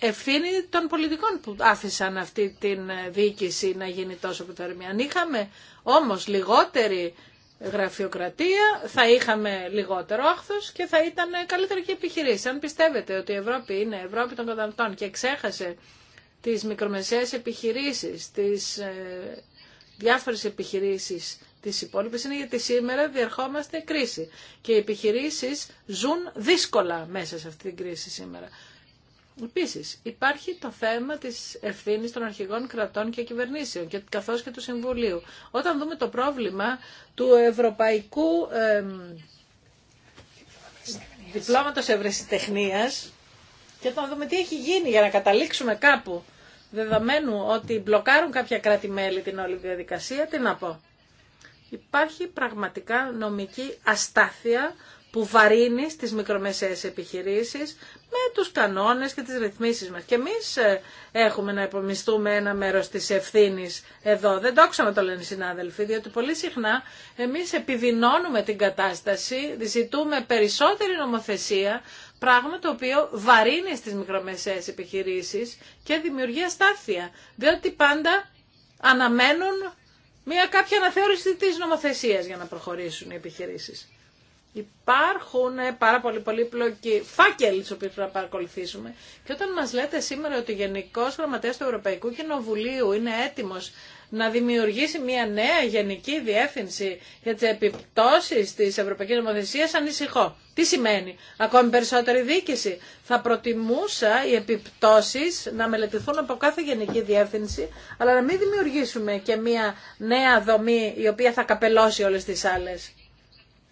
ευθύνη των πολιτικών που άφησαν αυτή την διοίκηση να γίνει τόσο επιθαρμία. Αν είχαμε όμως λιγότερη γραφειοκρατία, θα είχαμε λιγότερο άχθος και θα ήταν καλύτερη και επιχειρήση. Αν πιστεύετε ότι η Ευρώπη είναι Ευρώπη των καταναλωτών και ξέχασε τις μικρομεσαίες επιχειρήσεις, τις ε, διάφορες επιχειρήσεις της υπόλοιπης είναι γιατί σήμερα διερχόμαστε κρίση και οι επιχειρήσεις ζουν δύσκολα μέσα σε αυτή την κρίση σήμερα. Επίση, υπάρχει το θέμα της ευθύνη των αρχηγών κρατών και κυβερνήσεων και καθώς και του Συμβουλίου. Όταν δούμε το πρόβλημα του ευρωπαϊκού ε, διπλώματος ευρεσιτεχνίας και όταν δούμε τι έχει γίνει για να καταλήξουμε κάπου δεδομένου ότι μπλοκάρουν κάποια κράτη-μέλη την όλη διαδικασία, τι να πω. Υπάρχει πραγματικά νομική αστάθεια που βαρύνει στις μικρομεσαίες επιχειρήσεις με τους κανόνες και τις ρυθμίσεις μας. Και εμείς ε, έχουμε να υπομισθούμε ένα μέρος της ευθύνη εδώ. Δεν το άκουσα το λένε οι συνάδελφοι, διότι πολύ συχνά εμείς επιδεινώνουμε την κατάσταση, ζητούμε περισσότερη νομοθεσία, Πράγμα το οποίο βαρύνει στις μικρομεσαίες επιχειρήσεις και δημιουργεί αστάθεια. Διότι πάντα αναμένουν μια κάποια αναθεώρηση της νομοθεσίας για να προχωρήσουν οι επιχειρήσεις. Υπάρχουν ε, πάρα πολύ πολύπλοκοι φάκελοι του οποίου πρέπει να παρακολουθήσουμε. Και όταν μας λέτε σήμερα ότι ο Γενικός Γραμματέας του Ευρωπαϊκού Κοινοβουλίου είναι έτοιμος να δημιουργήσει μια νέα γενική διεύθυνση για τι επιπτώσει τη Ευρωπαϊκή Νομοθεσία ανησυχώ. Τι σημαίνει, ακόμη περισσότερη δίκηση. Θα προτιμούσα οι επιπτώσεις να μελετηθούν από κάθε γενική διεύθυνση, αλλά να μην δημιουργήσουμε και μια νέα δομή η οποία θα καπελώσει όλες τις άλλες.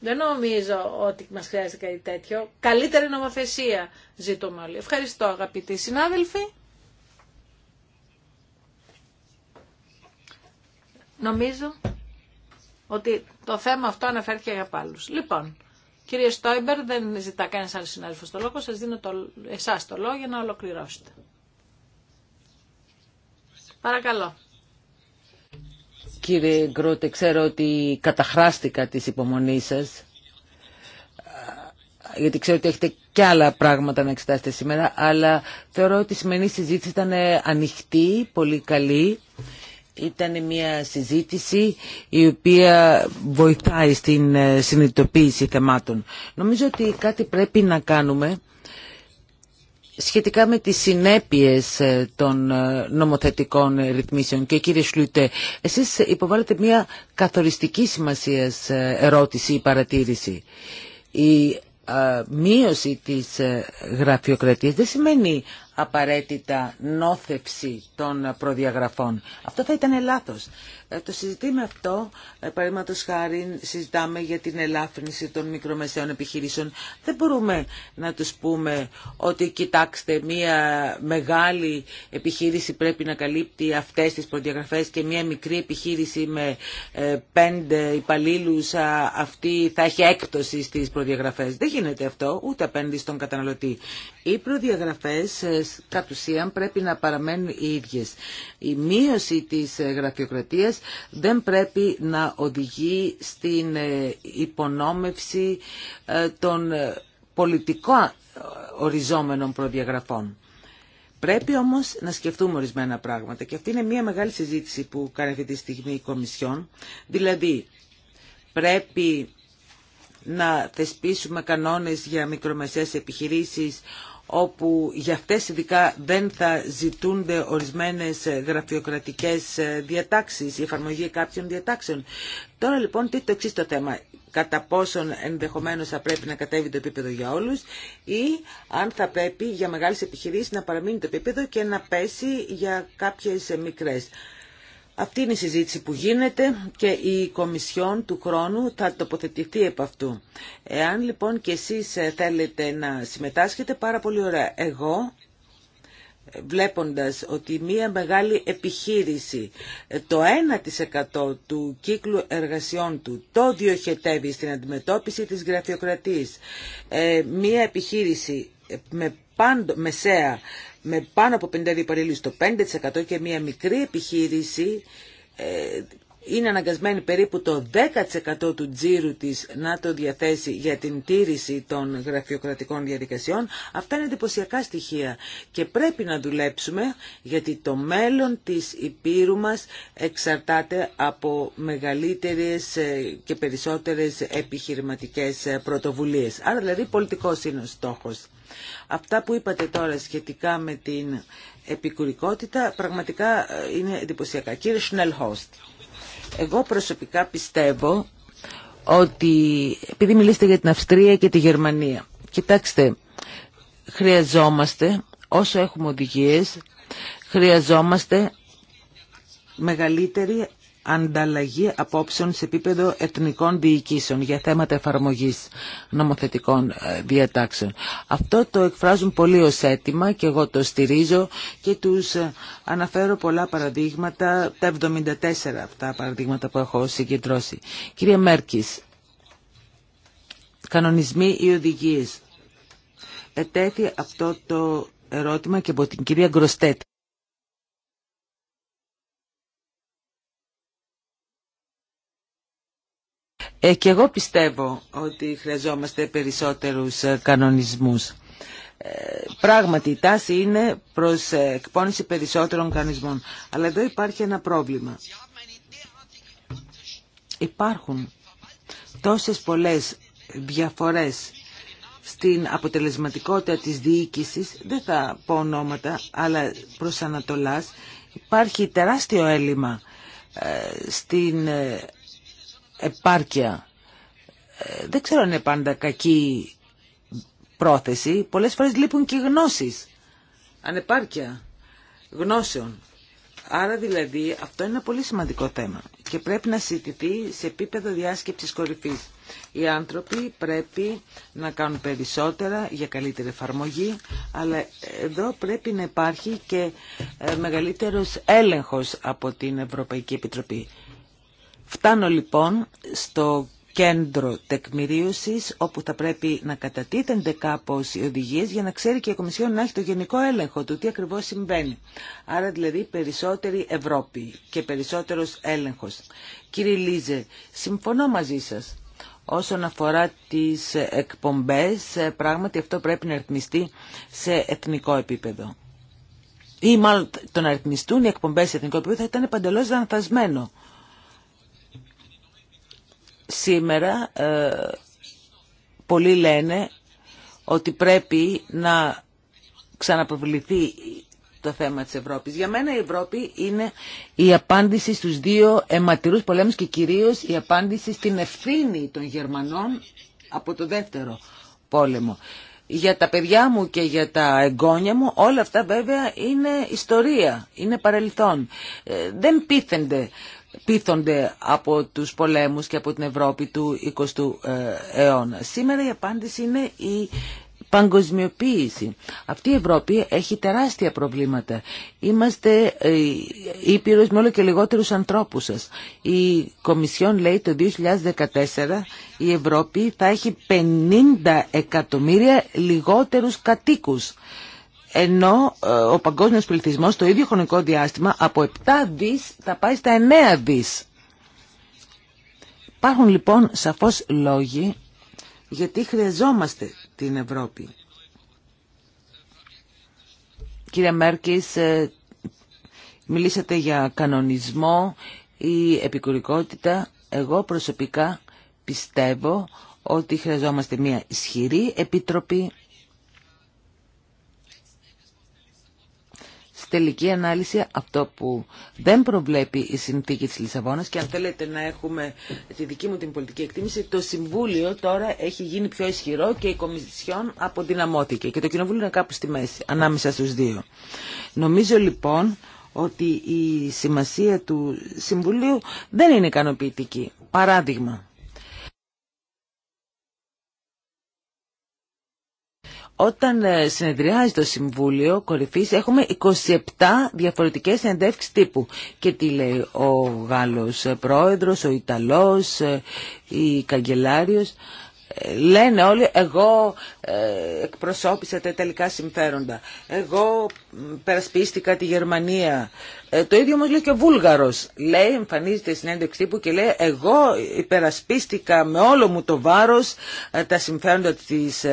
Δεν νομίζω ότι μας χρειάζεται κάτι τέτοιο. Καλύτερη νομοθεσία ζητούμε όλοι. Ευχαριστώ αγαπητοί συνάδελφοι. Νομίζω ότι το θέμα αυτό αναφέρθηκε για πάλους. Λοιπόν, κύριε Στόιμπερ, δεν ζητά κανένας άλλος συνάδελφος το λόγο, σας δίνω το, εσάς το λόγο για να ολοκληρώσετε. Παρακαλώ. Κύριε Γκρότε, ξέρω ότι καταχράστηκα τις υπομονή σας, γιατί ξέρω ότι έχετε και άλλα πράγματα να εξετάσετε σήμερα, αλλά θεωρώ ότι η σημερινή συζήτηση ήταν ανοιχτή, πολύ καλή ήταν μια συζήτηση η οποία βοηθάει στην ε, συνειδητοποίηση θεμάτων. Νομίζω ότι κάτι πρέπει να κάνουμε σχετικά με τις συνέπειες ε, των ε, νομοθετικών ρυθμίσεων. Και κύριε Σλούτε, εσείς υποβάλλετε μια καθοριστική σημασία ερώτηση ή παρατήρηση. Η μείωση της γραφειοκρατίας δεν σημαίνει απαραίτητα νόθευση των προδιαγραφών. Αυτό θα ήταν λάθος. Ε, το συζητήμε αυτό, ε, παραδείγματο χάρη συζητάμε για την ελάφρυνση των μικρομεσαίων επιχειρήσεων. Δεν μπορούμε να του πούμε ότι κοιτάξτε μια μεγάλη επιχείρηση πρέπει να καλύπτει αυτές τις προδιαγραφές και μια μικρή επιχείρηση με ε, πέντε υπαλλήλου αυτή θα έχει έκπτωση στις προδιαγραφές. Δεν γίνεται αυτό, ούτε απέναντι στον καταναλωτή. Οι προδιαγραφές κατ' ουσίαν πρέπει να παραμένουν οι ίδιες. Η μείωση της ε, γραφειοκρατίας δεν πρέπει να οδηγεί στην ε, υπονόμευση ε, των πολιτικών οριζόμενων προδιαγραφών. Πρέπει όμως να σκεφτούμε ορισμένα πράγματα και αυτή είναι μια μεγάλη συζήτηση που κάνει αυτή τη στιγμή η Κομισιόν. Δηλαδή, πρέπει να θεσπίσουμε κανόνες για μικρομεσαίες επιχειρήσεις όπου για αυτές ειδικά δεν θα ζητούνται ορισμένες γραφειοκρατικές διατάξεις, η εφαρμογή κάποιων διατάξεων. Τώρα λοιπόν τι το εξή το θέμα, κατά πόσον ενδεχομένως θα πρέπει να κατέβει το επίπεδο για όλους ή αν θα πρέπει για μεγάλες επιχειρήσεις να παραμείνει το επίπεδο και να πέσει για κάποιες μικρές. Αυτή είναι η συζήτηση που γίνεται και η Κομισιόν του χρόνου θα τοποθετηθεί επ' αυτού. Εάν λοιπόν και εσείς ε, θέλετε να συμμετάσχετε, πάρα πολύ ωραία. Εγώ, ε, βλέποντας ότι μία μεγάλη επιχείρηση, ε, το 1% του κύκλου εργασιών του, το διοχετεύει στην αντιμετώπιση της γραφειοκρατίας. Μία επιχείρηση με πάντο, μεσαία με πάνω από 52 υπαλλήλου το 5% και μια μικρή επιχείρηση ε, είναι αναγκασμένη περίπου το 10% του τζίρου της να το διαθέσει για την τήρηση των γραφειοκρατικών διαδικασιών. Αυτά είναι εντυπωσιακά στοιχεία και πρέπει να δουλέψουμε γιατί το μέλλον της Υπήρου μας εξαρτάται από μεγαλύτερες ε, και περισσότερες επιχειρηματικές ε, πρωτοβουλίες. Άρα δηλαδή πολιτικός είναι ο στόχος. Αυτά που είπατε τώρα σχετικά με την επικουρικότητα πραγματικά ε, είναι εντυπωσιακά. Κύριε Σνελχώστ. Εγώ προσωπικά πιστεύω ότι επειδή μιλήσετε για την Αυστρία και τη Γερμανία, κοιτάξτε, χρειαζόμαστε όσο έχουμε οδηγίες, χρειαζόμαστε μεγαλύτερη ανταλλαγή απόψεων σε επίπεδο εθνικών διοικήσεων για θέματα εφαρμογής νομοθετικών ε, διατάξεων. Αυτό το εκφράζουν πολύ ως αίτημα και εγώ το στηρίζω και τους ε, αναφέρω πολλά παραδείγματα, τα 74 αυτά παραδείγματα που έχω συγκεντρώσει. Κυρία Μέρκης, κανονισμοί ή οδηγίες. Ετέθη αυτό το ερώτημα και από την κυρία Γκροστέτ. Ε, και εγώ πιστεύω ότι χρειαζόμαστε περισσότερους ε, κανονισμούς. Ε, πράγματι, η τάση είναι προς εκπόνηση περισσότερων κανονισμών. Αλλά εδώ υπάρχει ένα πρόβλημα. Υπάρχουν τόσες πολλές διαφορές στην αποτελεσματικότητα της διοίκησης, δεν θα πω ονόματα, αλλά προς Ανατολάς, υπάρχει τεράστιο έλλειμμα στην επάρκεια. Ε, δεν ξέρω αν είναι πάντα κακή πρόθεση. Πολλές φορές λείπουν και γνώσεις. Ανεπάρκεια γνώσεων. Άρα δηλαδή αυτό είναι ένα πολύ σημαντικό θέμα και πρέπει να συζητηθεί σε επίπεδο διάσκεψης κορυφής. Οι άνθρωποι πρέπει να κάνουν περισσότερα για καλύτερη εφαρμογή, αλλά εδώ πρέπει να υπάρχει και ε, μεγαλύτερος έλεγχος από την Ευρωπαϊκή Επιτροπή. Φτάνω λοιπόν στο κέντρο τεκμηρίωσης όπου θα πρέπει να κατατίθενται κάπως οι οδηγίες για να ξέρει και η Κομισιόν να έχει το γενικό έλεγχο του τι ακριβώς συμβαίνει. Άρα δηλαδή περισσότερη Ευρώπη και περισσότερος έλεγχος. Κύριε Λίζε, συμφωνώ μαζί σας. Όσον αφορά τις εκπομπές, πράγματι αυτό πρέπει να ρυθμιστεί σε εθνικό επίπεδο. Ή μάλλον το να ρυθμιστούν οι εκπομπές σε εθνικό επίπεδο θα ήταν παντελώς λανθασμένο. Σήμερα ε, πολλοί λένε ότι πρέπει να ξαναπροβληθεί το θέμα της Ευρώπης. Για μένα η Ευρώπη είναι η απάντηση στους δύο αιματηρούς πολέμους και κυρίως η απάντηση στην ευθύνη των Γερμανών από το δεύτερο πόλεμο. Για τα παιδιά μου και για τα εγγόνια μου όλα αυτά βέβαια είναι ιστορία, είναι παρελθόν. Ε, δεν πείθενται πείθονται από τους πολέμους και από την Ευρώπη του 20ου ε, αιώνα. Σήμερα η απάντηση είναι η παγκοσμιοποίηση. Αυτή η Ευρώπη έχει τεράστια προβλήματα. Είμαστε ε, ήπειρος με όλο και λιγότερους ανθρώπους σας. Η Κομισιόν λέει το 2014 η Ευρώπη θα έχει 50 εκατομμύρια λιγότερους κατοίκους ενώ ε, ο παγκόσμιος πληθυσμός το ίδιο χρονικό διάστημα από 7 δις θα πάει στα 9 δις. Υπάρχουν λοιπόν σαφώς λόγοι γιατί χρειαζόμαστε την Ευρώπη. Κύριε Μέρκης, ε, μιλήσατε για κανονισμό ή επικουρικότητα. Εγώ προσωπικά πιστεύω ότι χρειαζόμαστε μια ισχυρή επιτροπή τελική ανάλυση αυτό που δεν προβλέπει η συνθήκη της Λισαβόνας και αν θέλετε να έχουμε τη δική μου την πολιτική εκτίμηση, το Συμβούλιο τώρα έχει γίνει πιο ισχυρό και η Κομισιόν αποδυναμώθηκε και το Κοινοβούλιο είναι κάπου στη μέση, ανάμεσα στους δύο. Νομίζω λοιπόν ότι η σημασία του Συμβουλίου δεν είναι ικανοποιητική. Παράδειγμα, Όταν ε, συνεδριάζει το Συμβούλιο Κορυφής έχουμε 27 διαφορετικές συνεντεύξεις τύπου. Και τι λέει ο Γάλλος πρόεδρος, ο Ιταλός, ε, η καγκελάριος λένε όλοι εγώ ε, εκπροσώπησα τα ιταλικά συμφέροντα, εγώ περασπίστηκα τη Γερμανία. Ε, το ίδιο όμως λέει και ο Βούλγαρος. Λέει, εμφανίζεται στην έντευξη τύπου και λέει εγώ υπερασπίστηκα με όλο μου το βάρος ε, τα συμφέροντα της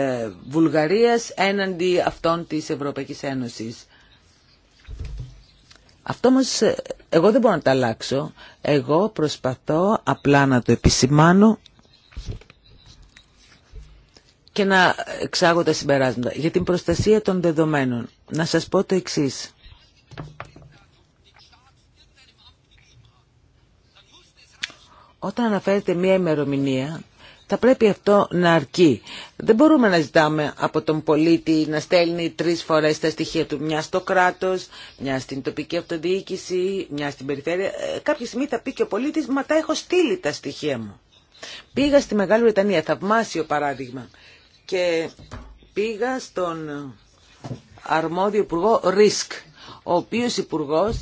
Βουλγαρίας έναντι αυτών της Ευρωπαϊκής Ένωσης. Αυτό όμως εγώ δεν μπορώ να τα αλλάξω. Εγώ προσπαθώ απλά να το επισημάνω και να εξάγω τα συμπεράσματα. Για την προστασία των δεδομένων, να σας πω το εξής. Όταν αναφέρεται μία ημερομηνία, θα πρέπει αυτό να αρκεί. Δεν μπορούμε να ζητάμε από τον πολίτη να στέλνει τρεις φορές τα στοιχεία του. Μια στο κράτος, μια στην τοπική αυτοδιοίκηση, μια στην περιφέρεια. Ε, κάποια στιγμή θα πει και ο πολίτης, μα τα έχω στείλει τα στοιχεία μου. Πήγα στη Μεγάλη Βρετανία, θαυμάσιο παράδειγμα και πήγα στον αρμόδιο υπουργό Ρίσκ, ο οποίος υπουργό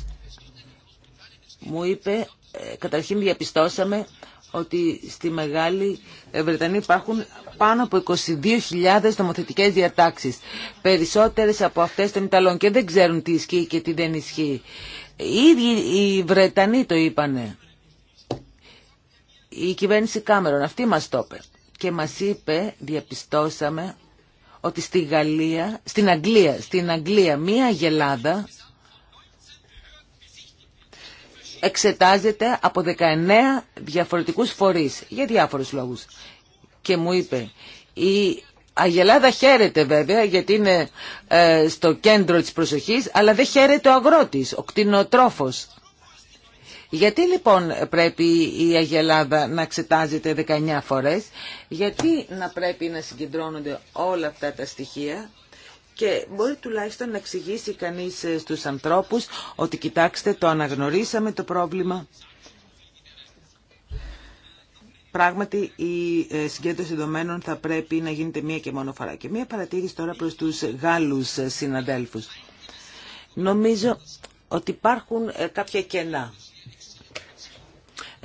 μου είπε, ε, καταρχήν διαπιστώσαμε ότι στη Μεγάλη Βρετανία υπάρχουν πάνω από 22.000 νομοθετικές διατάξεις. Περισσότερες από αυτές των Ιταλών και δεν ξέρουν τι ισχύει και τι δεν ισχύει. Ήδη οι Βρετανοί το είπανε. Η κυβέρνηση Κάμερον, αυτή μας το είπε και μας είπε, διαπιστώσαμε, ότι στη Γαλλία, στην Αγγλία, στην Αγγλία μία γελάδα εξετάζεται από 19 διαφορετικούς φορείς για διάφορους λόγους. Και μου είπε, η Αγελάδα χαίρεται βέβαια γιατί είναι ε, στο κέντρο της προσοχής, αλλά δεν χαίρεται ο αγρότης, ο κτηνοτρόφος. Γιατί λοιπόν πρέπει η Αγελάδα να εξετάζεται 19 φορές, γιατί να πρέπει να συγκεντρώνονται όλα αυτά τα στοιχεία και μπορεί τουλάχιστον να εξηγήσει κανείς ε, στους ανθρώπους ότι κοιτάξτε το αναγνωρίσαμε το πρόβλημα. Πράγματι, η ε, συγκέντρωση δεδομένων θα πρέπει να γίνεται μία και μόνο φορά. Και μία παρατήρηση τώρα προς τους Γάλλους ε, συναδέλφους. Νομίζω ότι υπάρχουν κάποια κενά.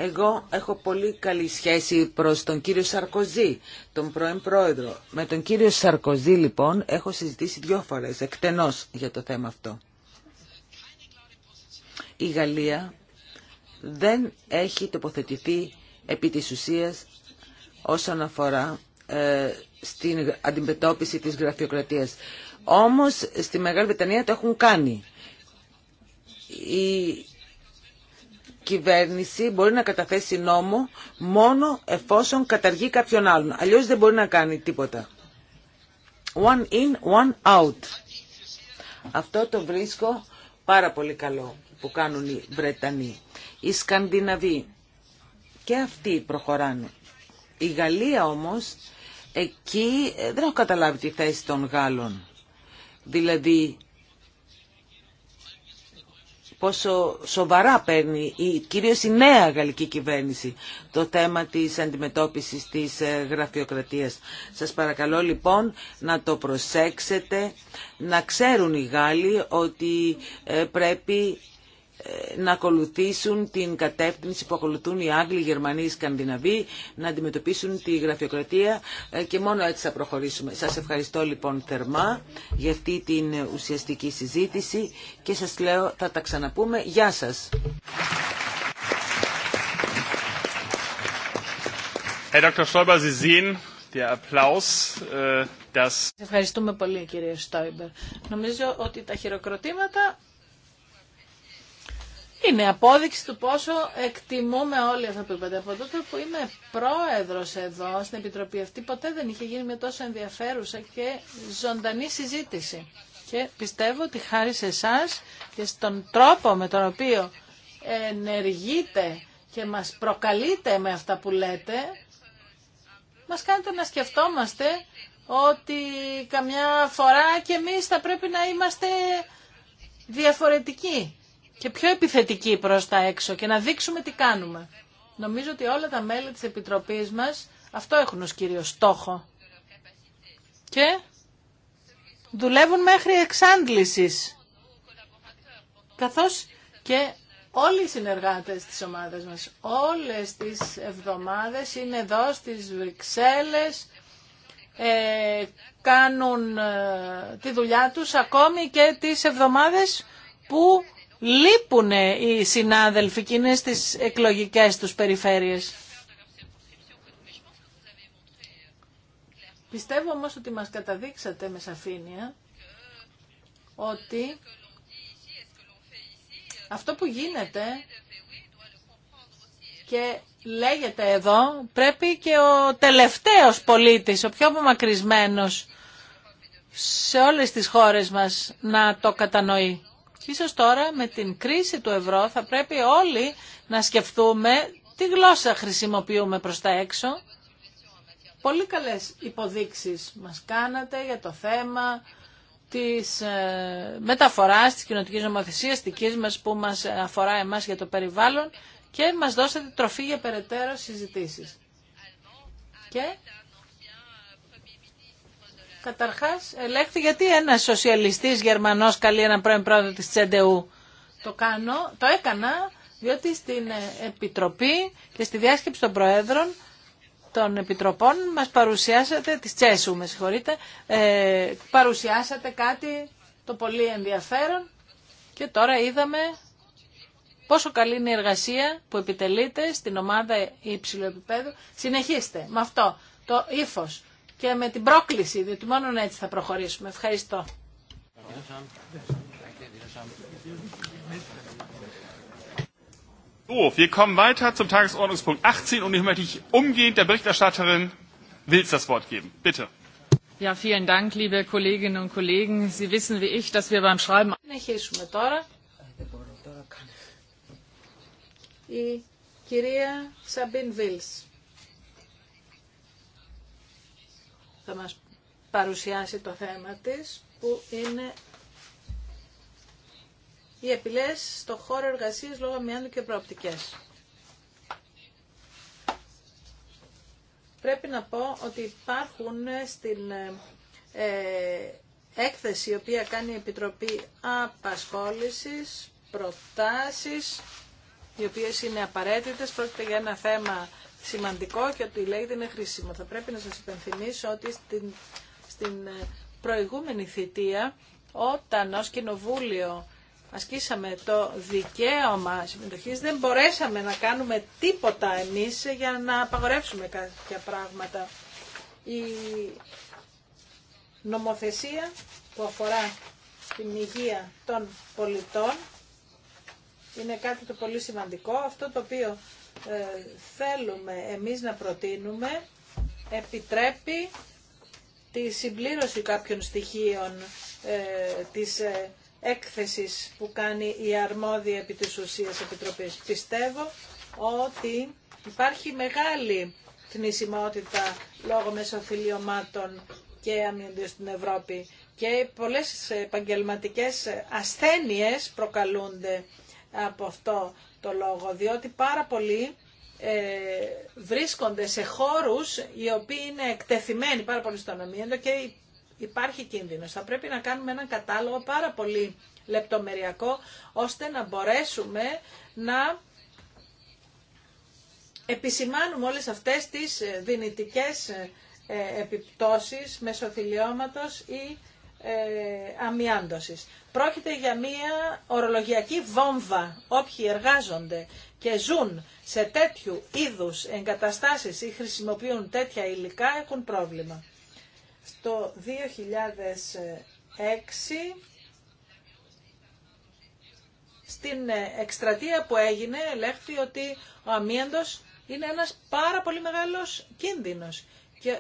Εγώ έχω πολύ καλή σχέση προς τον κύριο Σαρκοζή, τον πρώην πρόεδρο. Με τον κύριο Σαρκοζή λοιπόν έχω συζητήσει δυο φορές εκτενώς για το θέμα αυτό. Η Γαλλία δεν έχει τοποθετηθεί επί της ουσίας όσον αφορά ε, στην αντιμετώπιση της γραφειοκρατίας. Όμως στη Μεγάλη Βρετανία το έχουν κάνει κυβέρνηση μπορεί να καταθέσει νόμο μόνο εφόσον καταργεί κάποιον άλλον. Αλλιώς δεν μπορεί να κάνει τίποτα. One in, one out. Αυτό το βρίσκω πάρα πολύ καλό που κάνουν οι Βρετανοί. Οι Σκανδιναβοί και αυτοί προχωράνε. Η Γαλλία όμως, εκεί ε, δεν έχω καταλάβει τη θέση των Γάλλων. Δηλαδή πόσο σοβαρά παίρνει η, κυρίως η νέα γαλλική κυβέρνηση το θέμα της αντιμετώπισης της ε, γραφειοκρατίας. Σας παρακαλώ λοιπόν να το προσέξετε, να ξέρουν οι Γάλλοι ότι ε, πρέπει ε, να ακολουθήσουν την κατεύθυνση που ακολουθούν οι Άγγλοι, Γερμανοί, οι Σκανδιναβοί, να αντιμετωπίσουν τη γραφειοκρατία ε, και μόνο έτσι θα προχωρήσουμε. Σας ευχαριστώ λοιπόν θερμά για αυτή την ουσιαστική συζήτηση και σας λέω θα τα ξαναπούμε. Γεια σας. Äh, ευχαριστούμε πολύ κύριε Στόιμπερ. Νομίζω ότι τα χειροκροτήματα είναι απόδειξη του πόσο εκτιμούμε όλοι αυτά που είπατε. Από τότε που είμαι πρόεδρος εδώ στην Επιτροπή αυτή ποτέ δεν είχε γίνει με τόσο ενδιαφέρουσα και ζωντανή συζήτηση. Και πιστεύω ότι χάρη σε εσά και στον τρόπο με τον οποίο ενεργείτε και μας προκαλείτε με αυτά που λέτε, μας κάνετε να σκεφτόμαστε ότι καμιά φορά και εμείς θα πρέπει να είμαστε διαφορετικοί και πιο επιθετικοί προς τα έξω και να δείξουμε τι κάνουμε. Νομίζω ότι όλα τα μέλη της Επιτροπής μας αυτό έχουν ως κύριο στόχο. Και δουλεύουν μέχρι εξάντλησης. Καθώς και όλοι οι συνεργάτες της ομάδας μας, όλες τις εβδομάδες είναι εδώ στις Βρυξέλλες, ε, κάνουν ε, τη δουλειά τους ακόμη και τις εβδομάδες που λείπουν οι συνάδελφοι και είναι στις εκλογικές τους περιφέρειες. Πιστεύω όμως ότι μας καταδείξατε με σαφήνεια ότι αυτό που γίνεται και λέγεται εδώ πρέπει και ο τελευταίος πολίτης, ο πιο απομακρυσμένος σε όλες τις χώρες μας να το κατανοεί. Ίσως τώρα με την κρίση του ευρώ θα πρέπει όλοι να σκεφτούμε τι γλώσσα χρησιμοποιούμε προς τα έξω. Πολύ καλές υποδείξεις μας κάνατε για το θέμα της ε, μεταφοράς της κοινωνικής νομοθεσίας δικής μας που μας αφορά εμάς για το περιβάλλον και μας δώσατε τροφή για περαιτέρω συζητήσεις. Και Καταρχά, ελέγχθη γιατί ένας σοσιαλιστής Γερμανός καλεί έναν πρώην πρόεδρο της Τσεντεού. Το κάνω, το έκανα, διότι στην Επιτροπή και στη διάσκεψη των Προέδρων των Επιτροπών μας παρουσιάσατε, της Τσέσου με συγχωρείτε, ε, παρουσιάσατε κάτι το πολύ ενδιαφέρον και τώρα είδαμε πόσο καλή είναι η εργασία που επιτελείται στην ομάδα υψηλού επίπεδου. Συνεχίστε με αυτό το ύφο και με την πρόκληση, διότι μόνο έτσι θα προχωρήσουμε. Ευχαριστώ. So, wir kommen weiter zum Tagesordnungspunkt 18 und ich möchte ich umgehend der Berichterstatterin Wilz das Wort geben. Bitte. Ja, vielen Dank, liebe Kolleginnen und Kollegen. Sie wissen wie ich, dass wir beim Schreiben... θα μας παρουσιάσει το θέμα της, που είναι οι επιλές στο χώρο εργασίας λόγω αμοιάντου και προοπτικές. Πρέπει να πω ότι υπάρχουν στην ε, έκθεση η οποία κάνει η Επιτροπή Απασχόλησης, προτάσεις, οι οποίες είναι απαραίτητες. Πρόκειται για ένα θέμα σημαντικό και ότι λέει δεν είναι χρήσιμο. Θα πρέπει να σας υπενθυμίσω ότι στην, στην ε, προηγούμενη θητεία όταν ως κοινοβούλιο ασκήσαμε το δικαίωμα συμμετοχής δεν μπορέσαμε να κάνουμε τίποτα εμείς για να απαγορεύσουμε κάποια πράγματα. Η νομοθεσία που αφορά την υγεία των πολιτών είναι κάτι το πολύ σημαντικό. Αυτό το οποίο ε, θέλουμε εμείς να προτείνουμε επιτρέπει τη συμπλήρωση κάποιων στοιχείων ε, της ε, έκθεσης που κάνει η αρμόδια επί της ουσίας επιτροπής. Πιστεύω ότι υπάρχει μεγάλη θνησιμότητα λόγω μεσοφιλιωμάτων και αμυντίου στην Ευρώπη και πολλές επαγγελματικές ασθένειες προκαλούνται από αυτό το λόγο, διότι πάρα πολλοί ε, βρίσκονται σε χώρους οι οποίοι είναι εκτεθειμένοι πάρα πολύ στο αμύαντο και υπάρχει κίνδυνος. Θα πρέπει να κάνουμε έναν κατάλογο πάρα πολύ λεπτομεριακό, ώστε να μπορέσουμε να επισημάνουμε όλες αυτές τις δυνητικές ε, επιπτώσεις μεσοθυλιώματος ή ε, αμοιάντωσης. Πρόκειται για μια ορολογιακή βόμβα. Όποιοι εργάζονται και ζουν σε τέτοιου είδους εγκαταστάσεις ή χρησιμοποιούν τέτοια υλικά έχουν πρόβλημα. Στο 2006 στην εκστρατεία που έγινε ελέγχθη ότι ο αμύαντος είναι ένας πάρα πολύ μεγάλος κίνδυνος και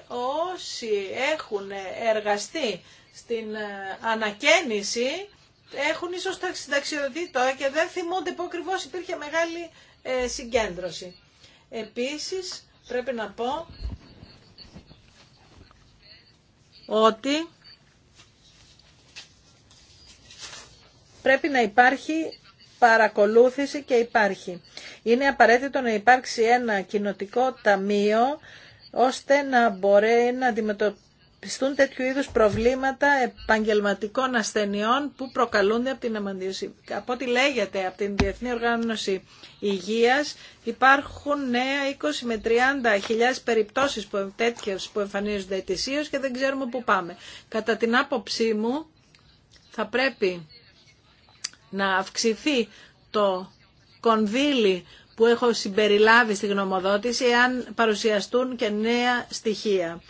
όσοι έχουν εργαστεί στην ε, ανακαίνιση έχουν ίσως τα τώρα και δεν θυμούνται που ακριβώ υπήρχε μεγάλη ε, συγκέντρωση. Επίσης πρέπει να πω ότι πρέπει να υπάρχει παρακολούθηση και υπάρχει. Είναι απαραίτητο να υπάρξει ένα κοινοτικό ταμείο ώστε να μπορεί να αντιμετωπίσει πιστούν τέτοιου είδους προβλήματα επαγγελματικών ασθενειών που προκαλούνται από την αμαντίωση. Από ό,τι λέγεται από την Διεθνή Οργάνωση Υγείας υπάρχουν νέα 20 με 30 χιλιάδες περιπτώσεις που, που εμφανίζονται ετησίως και δεν ξέρουμε πού πάμε. Κατά την άποψή μου θα πρέπει να αυξηθεί το κονδύλι που έχω συμπεριλάβει στη γνωμοδότηση εάν παρουσιαστούν και νέα στοιχεία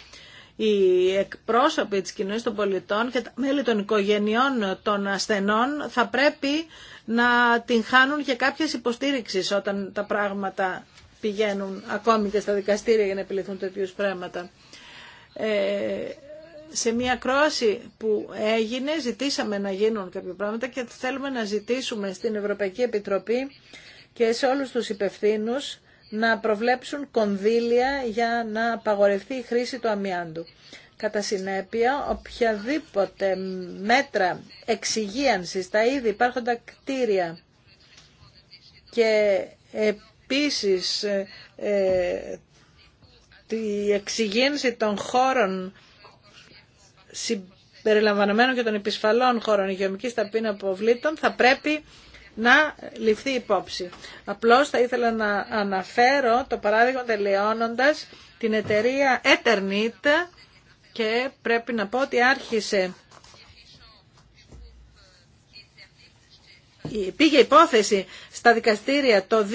οι εκπρόσωποι της κοινωνίας των πολιτών και τα μέλη των οικογενειών των ασθενών θα πρέπει να την χάνουν και κάποιες υποστήριξεις όταν τα πράγματα πηγαίνουν ακόμη και στα δικαστήρια για να επιληθούν τέτοιου πράγματα. Ε, σε μια κρόση που έγινε ζητήσαμε να γίνουν κάποια πράγματα και θέλουμε να ζητήσουμε στην Ευρωπαϊκή Επιτροπή και σε όλους τους υπευθύνους να προβλέψουν κονδύλια για να απαγορευτεί η χρήση του αμοιάντου. Κατά συνέπεια, οποιαδήποτε μέτρα εξυγίανσης στα ήδη υπάρχοντα κτίρια και επίσης ε, ε, τη εξυγίανση των χώρων συμπεριλαμβανομένων και των επισφαλών χώρων υγειομικής ταπείνων αποβλήτων θα πρέπει να ληφθεί υπόψη. Απλώς θα ήθελα να αναφέρω το παράδειγμα τελειώνοντας την εταιρεία Eternit και πρέπει να πω ότι άρχισε πήγε υπόθεση στα δικαστήρια το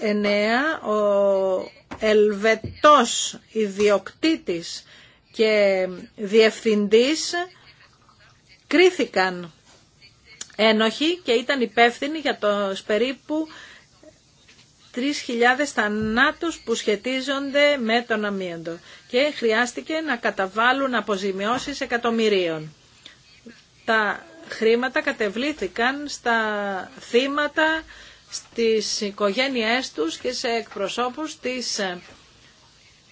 2009 ο Ελβετός ιδιοκτήτης και διευθυντής κρίθηκαν ένοχοι και ήταν υπεύθυνοι για το περίπου 3.000 θανάτους που σχετίζονται με τον αμύαντο και χρειάστηκε να καταβάλουν αποζημιώσεις εκατομμυρίων. Τα χρήματα κατεβλήθηκαν στα θύματα, στις οικογένειές τους και σε εκπροσώπους της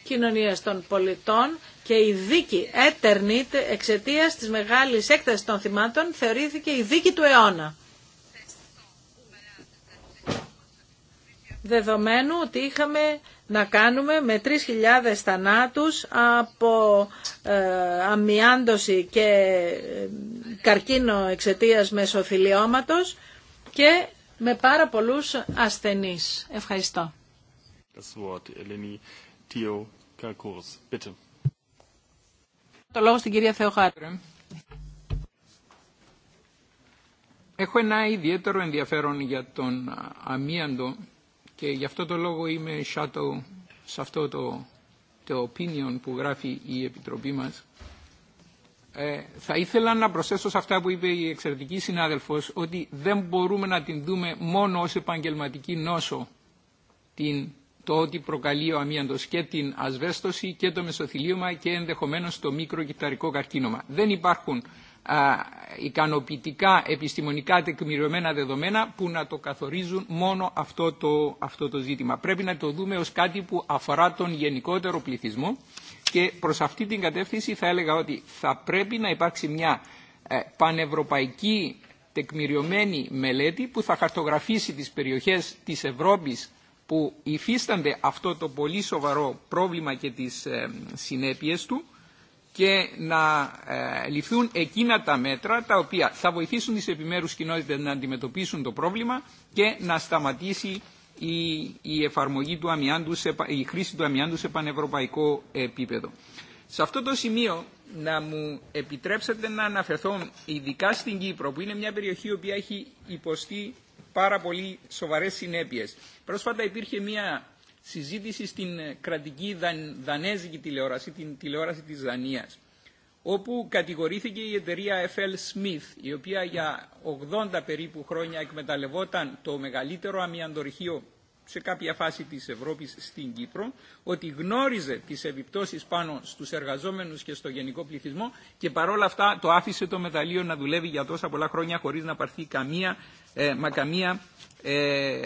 κοινωνίας των πολιτών και η δίκη έτερνη εξαιτία της μεγάλης έκταση των θυμάτων θεωρήθηκε η δίκη του αιώνα. Δεδομένου ότι είχαμε να κάνουμε με 3.000 θανάτους από ε, αμοιάντωση και ε, καρκίνο εξαιτίας μεσοφιλιώματο και με πάρα πολλούς ασθενείς. Ευχαριστώ. Das Wort, Eleni το λόγο στην κυρία Θεοχάρη. Έχω ένα ιδιαίτερο ενδιαφέρον για τον αμίαντο και γι' αυτό το λόγο είμαι shadow σε αυτό το, το opinion που γράφει η Επιτροπή μας. Ε, θα ήθελα να προσθέσω σε αυτά που είπε η εξαιρετική συνάδελφος ότι δεν μπορούμε να την δούμε μόνο ως επαγγελματική νόσο την το ότι προκαλεί ο αμύαντος και την ασβέστωση και το μεσοθυλίωμα και ενδεχομένως το μικροκυταρικό καρκίνωμα. Δεν υπάρχουν ικανοποιητικά επιστημονικά τεκμηριωμένα δεδομένα που να το καθορίζουν μόνο αυτό το, αυτό το ζήτημα. Πρέπει να το δούμε ως κάτι που αφορά τον γενικότερο πληθυσμό και προς αυτή την κατεύθυνση θα έλεγα ότι θα πρέπει να υπάρξει μια ε, πανευρωπαϊκή τεκμηριωμένη μελέτη που θα χαρτογραφήσει τις περιοχές της Ευρώπης που υφίστανται αυτό το πολύ σοβαρό πρόβλημα και τις ε, συνέπειες του και να ε, ληφθούν εκείνα τα μέτρα τα οποία θα βοηθήσουν τις επιμέρους κοινότητες να αντιμετωπίσουν το πρόβλημα και να σταματήσει η, εφαρμογή του η χρήση του αμοιάντου σε πανευρωπαϊκό επίπεδο. Σε αυτό το σημείο να μου επιτρέψετε να αναφερθώ ειδικά στην Κύπρο που είναι μια περιοχή η οποία έχει υποστεί πάρα πολύ σοβαρές συνέπειες. Πρόσφατα υπήρχε μια συζήτηση στην ε, κρατική δανέζικη τηλεόραση, την τηλεόραση της Δανίας, όπου κατηγορήθηκε η εταιρεία FL Smith, η οποία για 80 περίπου χρόνια εκμεταλλευόταν το μεγαλύτερο αμυαντορυχείο σε κάποια φάση της Ευρώπης στην Κύπρο, ότι γνώριζε τις επιπτώσεις πάνω στους εργαζόμενους και στο γενικό πληθυσμό και παρόλα αυτά το άφησε το μεταλλείο να δουλεύει για τόσα πολλά χρόνια χωρίς να πάρθει καμία ε, μα καμία ε,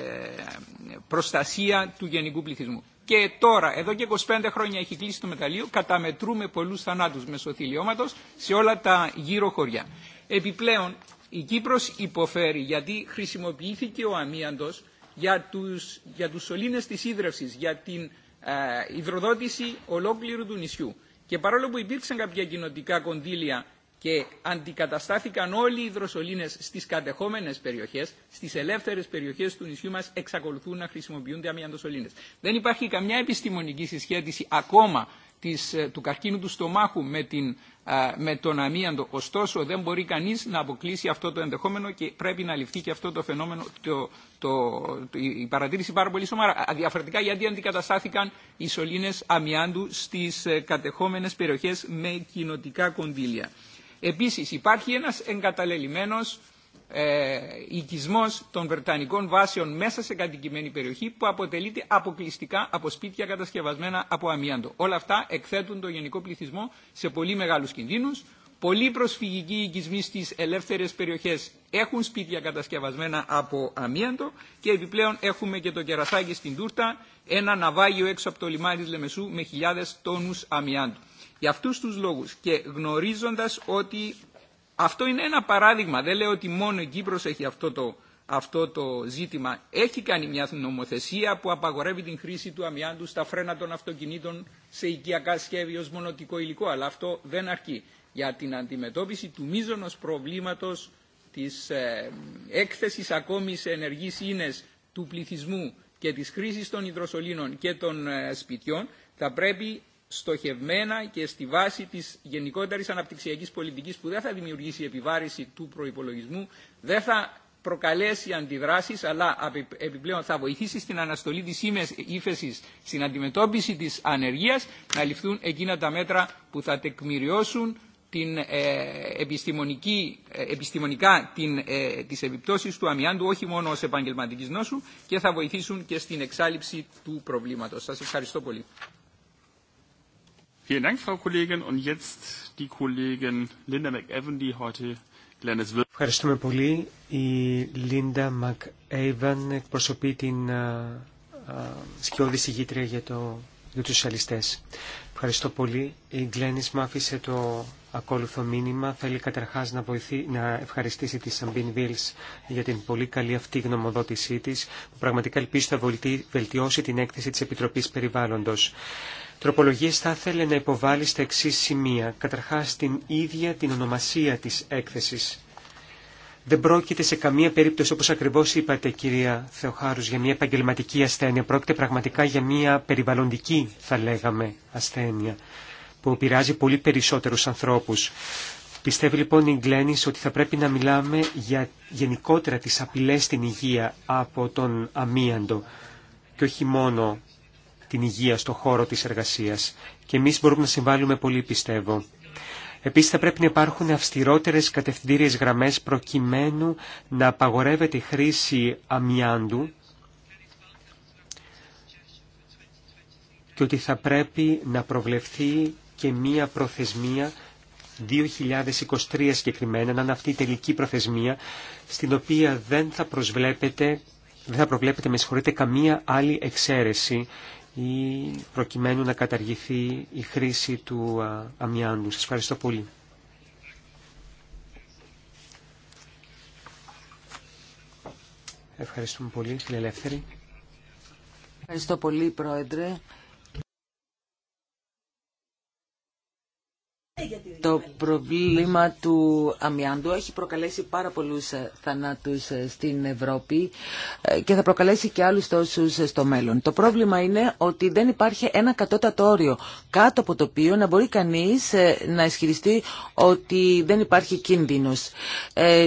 προστασία του γενικού πληθυσμού. Και τώρα, εδώ και 25 χρόνια έχει κλείσει το μεταλλείο, καταμετρούμε πολλούς θανάτους μεσοθυλιώματος σε όλα τα γύρω χωριά. Επιπλέον, η Κύπρος υποφέρει γιατί χρησιμοποιήθηκε ο αμίαντος για τους, για τους σωλήνες της ίδρευσης, για την ε, υδροδότηση ολόκληρου του νησιού. Και παρόλο που υπήρξαν κάποια κοινοτικά κονδύλια και αντικαταστάθηκαν όλοι οι δροσολίνες στις κατεχόμενες περιοχές, στις ελεύθερες περιοχές του νησιού μας εξακολουθούν να χρησιμοποιούνται αμυαντοσολίνες. Δεν υπάρχει καμιά επιστημονική συσχέτιση ακόμα της, ε, του καρκίνου του στομάχου με, την, ε, με τον αμύαντο. Ωστόσο δεν μπορεί κανείς να αποκλείσει αυτό το ενδεχόμενο και πρέπει να ληφθεί και αυτό το φαινόμενο, το, το, η παρατήρηση πάρα πολύ σοβαρά. Διαφορετικά γιατί αντικαταστάθηκαν οι σωλήνες αμοιάντου στις ε, κατεχόμενες περιοχές με κοινοτικά κονδύλια. Επίσης υπάρχει ένας εγκαταλελειμμένος ε, οικισμός των Βρετανικών βάσεων μέσα σε κατοικημένη περιοχή που αποτελείται αποκλειστικά από σπίτια κατασκευασμένα από αμίαντο. Όλα αυτά εκθέτουν τον γενικό πληθυσμό σε πολύ μεγάλους κινδύνους. Πολλοί προσφυγικοί οικισμοί στις ελεύθερες περιοχές έχουν σπίτια κατασκευασμένα από αμίαντο και επιπλέον έχουμε και το κερασάκι στην τούρτα, ένα ναυάγιο έξω από το λιμάνι της Λεμεσού με χιλιάδες τόνους αμιάντου. Για αυτούς τους λόγους και γνωρίζοντας ότι αυτό είναι ένα παράδειγμα, δεν λέω ότι μόνο η Κύπρος έχει αυτό το, αυτό το ζήτημα, έχει κάνει μια νομοθεσία που απαγορεύει την χρήση του αμοιάντου στα φρένα των αυτοκινήτων σε οικιακά σχέδια ως μονοτικό υλικό, αλλά αυτό δεν αρκεί για την αντιμετώπιση του μείζωνος προβλήματος της ε, έκθεσης ακόμη σε ενεργείς ίνες του πληθυσμού και της χρήσης των υδροσολύνων και των ε, σπιτιών, θα πρέπει στοχευμένα και στη βάση της γενικότερης αναπτυξιακής πολιτικής που δεν θα δημιουργήσει επιβάρηση του προϋπολογισμού, δεν θα προκαλέσει αντιδράσεις αλλά επιπλέον θα βοηθήσει στην αναστολή της ύφεση στην αντιμετώπιση της ανεργίας να ληφθούν εκείνα τα μέτρα που θα τεκμηριώσουν την, ε, επιστημονική, ε, επιστημονικά την, ε, τις επιπτώσεις του αμοιάντου όχι μόνο ως επαγγελματικής νόσου και θα βοηθήσουν και στην εξάλληψη του προβλήματος. Σας ευχαριστώ πολύ. Vielen Ευχαριστούμε πολύ. Η Λίντα Μακέιβαν εκπροσωπεί την ε, ε, σκιώδη συγγήτρια για, το, για τους σοσιαλιστές. Ευχαριστώ πολύ. Η Γκλένης μου άφησε το ακόλουθο μήνυμα. Θέλει καταρχάς να, βοηθεί, να ευχαριστήσει τη Σαμπίν Βίλς για την πολύ καλή αυτή γνωμοδότησή της, που πραγματικά ελπίζει να βελτιώσει την έκθεση της Επιτροπής Περιβάλλοντος τροπολογίες θα ήθελε να υποβάλει στα εξή σημεία. Καταρχάς την ίδια την ονομασία της έκθεσης. Δεν πρόκειται σε καμία περίπτωση, όπως ακριβώς είπατε κυρία Θεοχάρους, για μια επαγγελματική ασθένεια. Πρόκειται πραγματικά για μια περιβαλλοντική, θα λέγαμε, ασθένεια, που πειράζει πολύ περισσότερους ανθρώπους. Πιστεύει λοιπόν η Γκλένης ότι θα πρέπει να μιλάμε για γενικότερα τις απειλές στην υγεία από τον αμίαντο και όχι μόνο την υγεία στο χώρο της εργασίας. Και εμείς μπορούμε να συμβάλλουμε πολύ, πιστεύω. Επίσης θα πρέπει να υπάρχουν αυστηρότερες κατευθυντήριες γραμμές προκειμένου να απαγορεύεται η χρήση αμοιάντου και ότι θα πρέπει να προβλεφθεί και μία προθεσμία 2023 συγκεκριμένα, να είναι αυτή η τελική προθεσμία, στην οποία δεν θα δεν θα προβλέπετε, με καμία άλλη εξαίρεση ή προκειμένου να καταργηθεί η χρήση του αμιάντου. Σας ευχαριστώ πολύ. Ευχαριστούμε πολύ, φιλελεύθερη. Ευχαριστώ πολύ, Πρόεδρε. το προβλήμα του αμοιάντου έχει προκαλέσει πάρα πολλούς ε, θανάτους ε, στην Ευρώπη ε, και θα προκαλέσει και άλλους τόσους στο μέλλον. Το πρόβλημα είναι ότι δεν υπάρχει ένα κατώτατο όριο κάτω από το οποίο να μπορεί κανείς να ισχυριστεί ότι δεν υπάρχει κίνδυνος.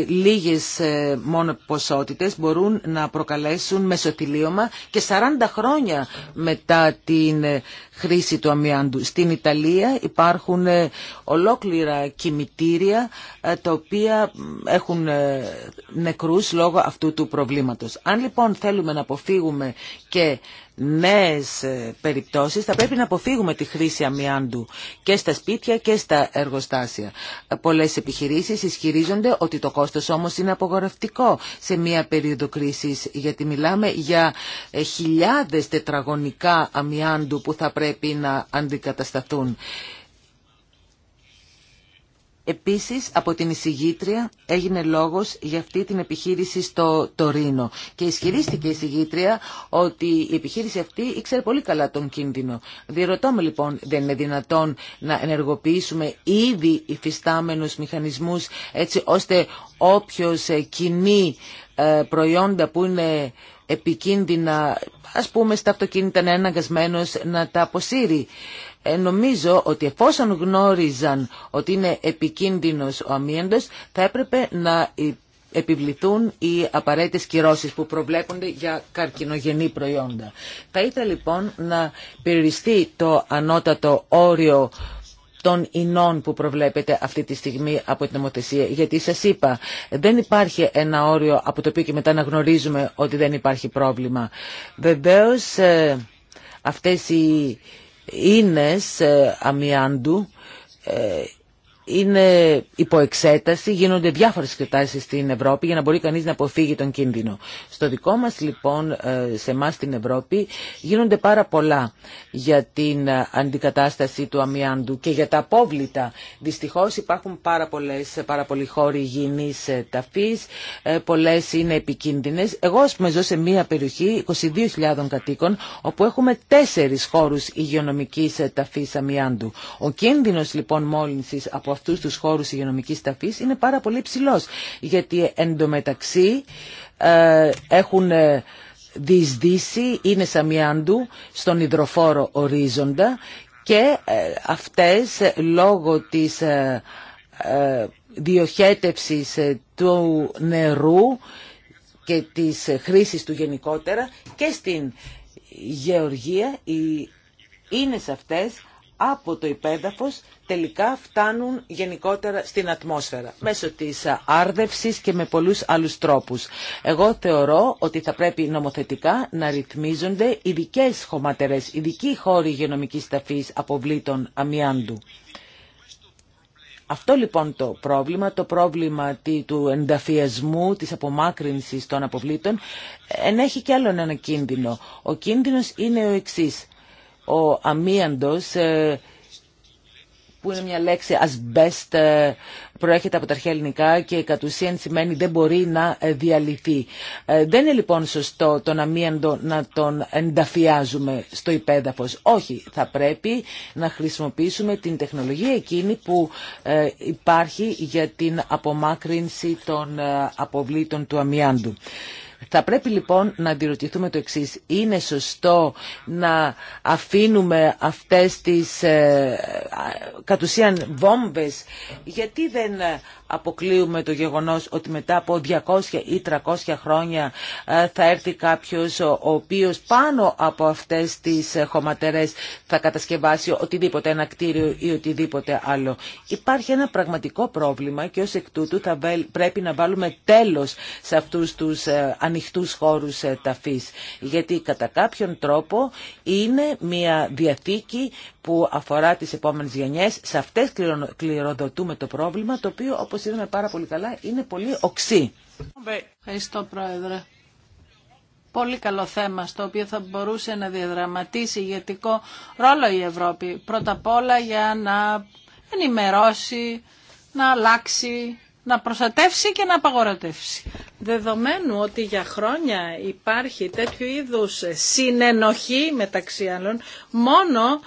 Λίγες μόνο ποσότητες μπορούν να προκαλέσουν μεσοτηλίωμα και 40 χρόνια μετά την χρήση του αμοιάντου. Στην Ιταλία υπάρχουν ολόκληρες ολόκληρα κημητήρια ε, τα οποία έχουν ε, νεκρούς λόγω αυτού του προβλήματος. Αν λοιπόν θέλουμε να αποφύγουμε και νέες ε, περιπτώσεις θα πρέπει να αποφύγουμε τη χρήση αμοιάντου και στα σπίτια και στα εργοστάσια. Πολλές επιχειρήσεις ισχυρίζονται ότι το κόστος όμως είναι απογορευτικό σε μια περίοδο κρίσης γιατί μιλάμε για χιλιάδες τετραγωνικά αμοιάντου που θα πρέπει να αντικατασταθούν. Επίσης από την εισηγήτρια έγινε λόγος για αυτή την επιχείρηση στο Τωρίνο και ισχυρίστηκε η εισηγήτρια ότι η επιχείρηση αυτή ήξερε πολύ καλά τον κίνδυνο. Διερωτώμε λοιπόν δεν είναι δυνατόν να ενεργοποιήσουμε ήδη υφιστάμενους μηχανισμούς έτσι ώστε όποιος ε, κοινεί ε, προϊόντα που είναι επικίνδυνα ας πούμε στα αυτοκίνητα να είναι να τα αποσύρει. Ε, νομίζω ότι εφόσον γνώριζαν ότι είναι επικίνδυνος ο αμύαντος θα έπρεπε να επιβληθούν οι απαραίτητες κυρώσεις που προβλέπονται για καρκινογενή προϊόντα. Θα ήθελα λοιπόν να περιοριστεί το ανώτατο όριο των ινών που προβλέπεται αυτή τη στιγμή από την νομοθεσία. Γιατί σας είπα, δεν υπάρχει ένα όριο από το οποίο και μετά να γνωρίζουμε ότι δεν υπάρχει πρόβλημα. Βεβαίως ε, αυτές οι είναι σε αμοιάντου ε, είναι υπό γίνονται διάφορες εξετάσεις στην Ευρώπη για να μπορεί κανείς να αποφύγει τον κίνδυνο. Στο δικό μας λοιπόν, ε, σε εμά στην Ευρώπη, γίνονται πάρα πολλά για την ε, αντικατάσταση του αμοιάντου και για τα απόβλητα. Δυστυχώς υπάρχουν πάρα, πολλές, πάρα πολλοί χώροι υγιεινής ε, ταφής, πολλές είναι επικίνδυνες. Εγώ ας πούμε ζω σε μια περιοχή 22.000 κατοίκων, όπου έχουμε τέσσερις χώρους υγειονομικής ταφής αμοιάντου. Ο κίνδυνος λοιπόν μόλυνσης από αυτούς τους χώρους υγειονομικής ταφής είναι πάρα πολύ ψηλός. Γιατί εντωμεταξύ ε, έχουν ε, διεισδύσει, είναι σαμιάντου στον υδροφόρο ορίζοντα και ε, αυτές λόγω της διοχέτευσης του νερού και της χρήσης του γενικότερα και στην γεωργία οι σε αυτές από το υπέδαφος τελικά φτάνουν γενικότερα στην ατμόσφαιρα μέσω της άρδευσης και με πολλούς άλλους τρόπους. Εγώ θεωρώ ότι θα πρέπει νομοθετικά να ρυθμίζονται ειδικέ χωματερές, ειδικοί χώροι γενομικής ταφής αποβλήτων αμοιάντου. Αυτό λοιπόν το πρόβλημα, το πρόβλημα του ενταφιασμού, της απομάκρυνσης των αποβλήτων, ενέχει κι άλλον ένα κίνδυνο. Ο κίνδυνος είναι ο εξής ο αμίαντος ε, που είναι μια λέξη as best ε, προέρχεται από τα αρχαία ελληνικά και κατ' ουσίαν σημαίνει δεν μπορεί να ε, διαλυθεί. Δεν είναι λοιπόν σωστό τον αμίαντο να τον ενταφιάζουμε στο υπέδαφος. Όχι, θα πρέπει να χρησιμοποιήσουμε την τεχνολογία εκείνη που υπάρχει για την απομάκρυνση των αποβλήτων του αμιάντου. Θα πρέπει λοιπόν να αντιρωτηθούμε το εξής. Είναι σωστό να αφήνουμε αυτές τις ε, κατ' ουσίαν βόμβες. Γιατί δεν αποκλείουμε το γεγονός ότι μετά από 200 ή 300 χρόνια ε, θα έρθει κάποιος ο οποίος πάνω από αυτές τις ε, χωματερές θα κατασκευάσει οτιδήποτε, ένα κτίριο ή οτιδήποτε άλλο. Υπάρχει ένα πραγματικό πρόβλημα και ως εκ τούτου θα πρέπει να βάλουμε τέλος σε αυτούς τους ε, ανοιχτούς χώρους ε, ταφής. Γιατί κατά κάποιον τρόπο είναι μια διαθήκη που αφορά τις επόμενες γενιές. Σε αυτές κληροδοτούμε το πρόβλημα, το οποίο όπως είδαμε πάρα πολύ καλά είναι πολύ οξύ. Ευχαριστώ Πρόεδρε. Πολύ καλό θέμα στο οποίο θα μπορούσε να διαδραματίσει ηγετικό ρόλο η Ευρώπη. Πρώτα απ' όλα για να ενημερώσει, να αλλάξει να προστατεύσει και να απαγορατεύσει. Δεδομένου ότι για χρόνια υπάρχει τέτοιου είδους συνενοχή μεταξύ άλλων, μόνο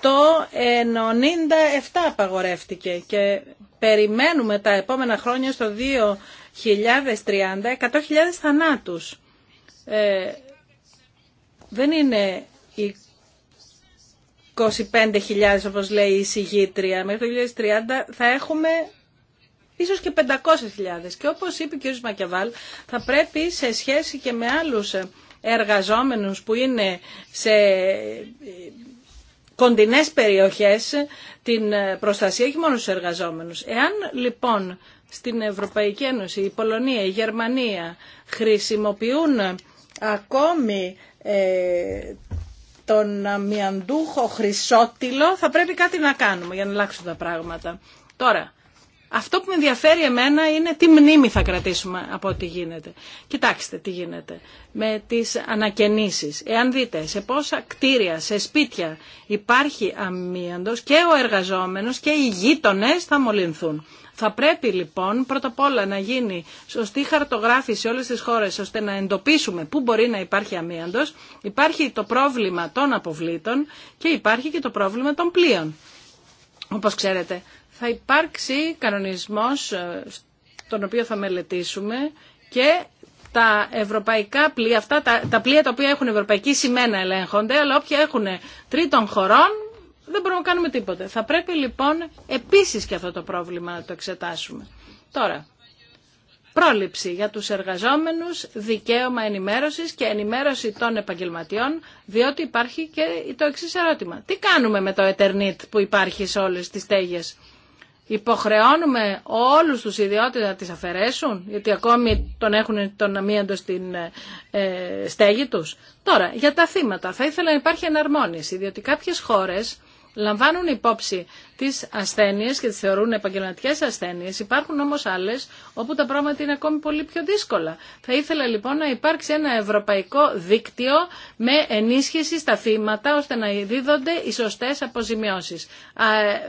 το 97 απαγορεύτηκε και περιμένουμε τα επόμενα χρόνια στο 2030 100.000 θανάτους. Ε, δεν είναι 25.000 όπως λέει η συγγήτρια. Μέχρι το 2030 θα έχουμε ίσως και 500.000. Και όπως είπε ο κ. Μακεβάλ, θα πρέπει σε σχέση και με άλλους εργαζόμενους που είναι σε κοντινές περιοχές την προστασία, όχι μόνο στους εργαζόμενους. Εάν λοιπόν στην Ευρωπαϊκή Ένωση η Πολωνία, η Γερμανία χρησιμοποιούν ακόμη ε, τον αμιαντούχο χρυσότυλο, θα πρέπει κάτι να κάνουμε για να αλλάξουν τα πράγματα. Τώρα, αυτό που με ενδιαφέρει εμένα είναι τι μνήμη θα κρατήσουμε από ό,τι γίνεται. Κοιτάξτε τι γίνεται με τις ανακαινήσεις. Εάν δείτε σε πόσα κτίρια, σε σπίτια υπάρχει αμύαντος και ο εργαζόμενος και οι γείτονε θα μολυνθούν. Θα πρέπει λοιπόν πρώτα απ' όλα να γίνει σωστή χαρτογράφηση σε όλες τις χώρες ώστε να εντοπίσουμε πού μπορεί να υπάρχει αμύαντος. Υπάρχει το πρόβλημα των αποβλήτων και υπάρχει και το πρόβλημα των πλοίων. Όπως ξέρετε θα υπάρξει κανονισμός ε, τον οποίο θα μελετήσουμε και τα ευρωπαϊκά πλοία, αυτά τα, τα πλοία τα οποία έχουν ευρωπαϊκή σημαίνα ελέγχονται, αλλά όποια έχουν τρίτων χωρών δεν μπορούμε να κάνουμε τίποτε. Θα πρέπει λοιπόν επίσης και αυτό το πρόβλημα να το εξετάσουμε. Τώρα, πρόληψη για τους εργαζόμενους, δικαίωμα ενημέρωσης και ενημέρωση των επαγγελματιών, διότι υπάρχει και το εξή ερώτημα. Τι κάνουμε με το Ethernet που υπάρχει σε όλες τις στέγες. Υποχρεώνουμε όλους τους ιδιώτες να τις αφαιρέσουν, γιατί ακόμη τον έχουν τον αμύαντο στην ε, ε, στέγη τους. Τώρα, για τα θύματα, θα ήθελα να υπάρχει εναρμόνιση, διότι κάποιες χώρες λαμβάνουν υπόψη τι ασθένειε και τι θεωρούν επαγγελματικέ ασθένειε. Υπάρχουν όμω άλλε, όπου τα πράγματα είναι ακόμη πολύ πιο δύσκολα. Θα ήθελα λοιπόν να υπάρξει ένα ευρωπαϊκό δίκτυο με ενίσχυση στα θύματα ώστε να δίδονται οι σωστέ αποζημιώσει.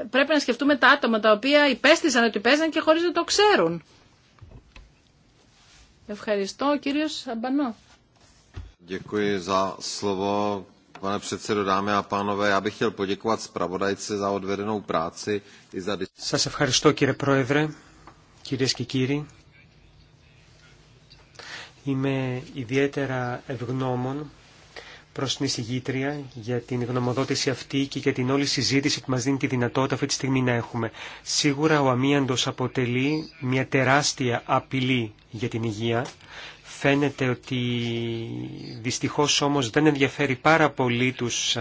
πρέπει να σκεφτούμε τα άτομα τα οποία υπέστησαν ότι παίζαν και χωρί να το ξέρουν. Ευχαριστώ, κύριος Σαμπανό. Pane Σας ευχαριστώ κύριε Πρόεδρε, κυρίες και κύριοι. Είμαι ιδιαίτερα ευγνώμων προς την εισηγήτρια για την γνωμοδότηση αυτή και για την όλη συζήτηση που μας δίνει τη δυνατότητα αυτή τη στιγμή να έχουμε. Σίγουρα ο αμίαντος αποτελεί μια τεράστια απειλή για την υγεία Φαίνεται ότι δυστυχώς όμως δεν ενδιαφέρει πάρα πολύ τους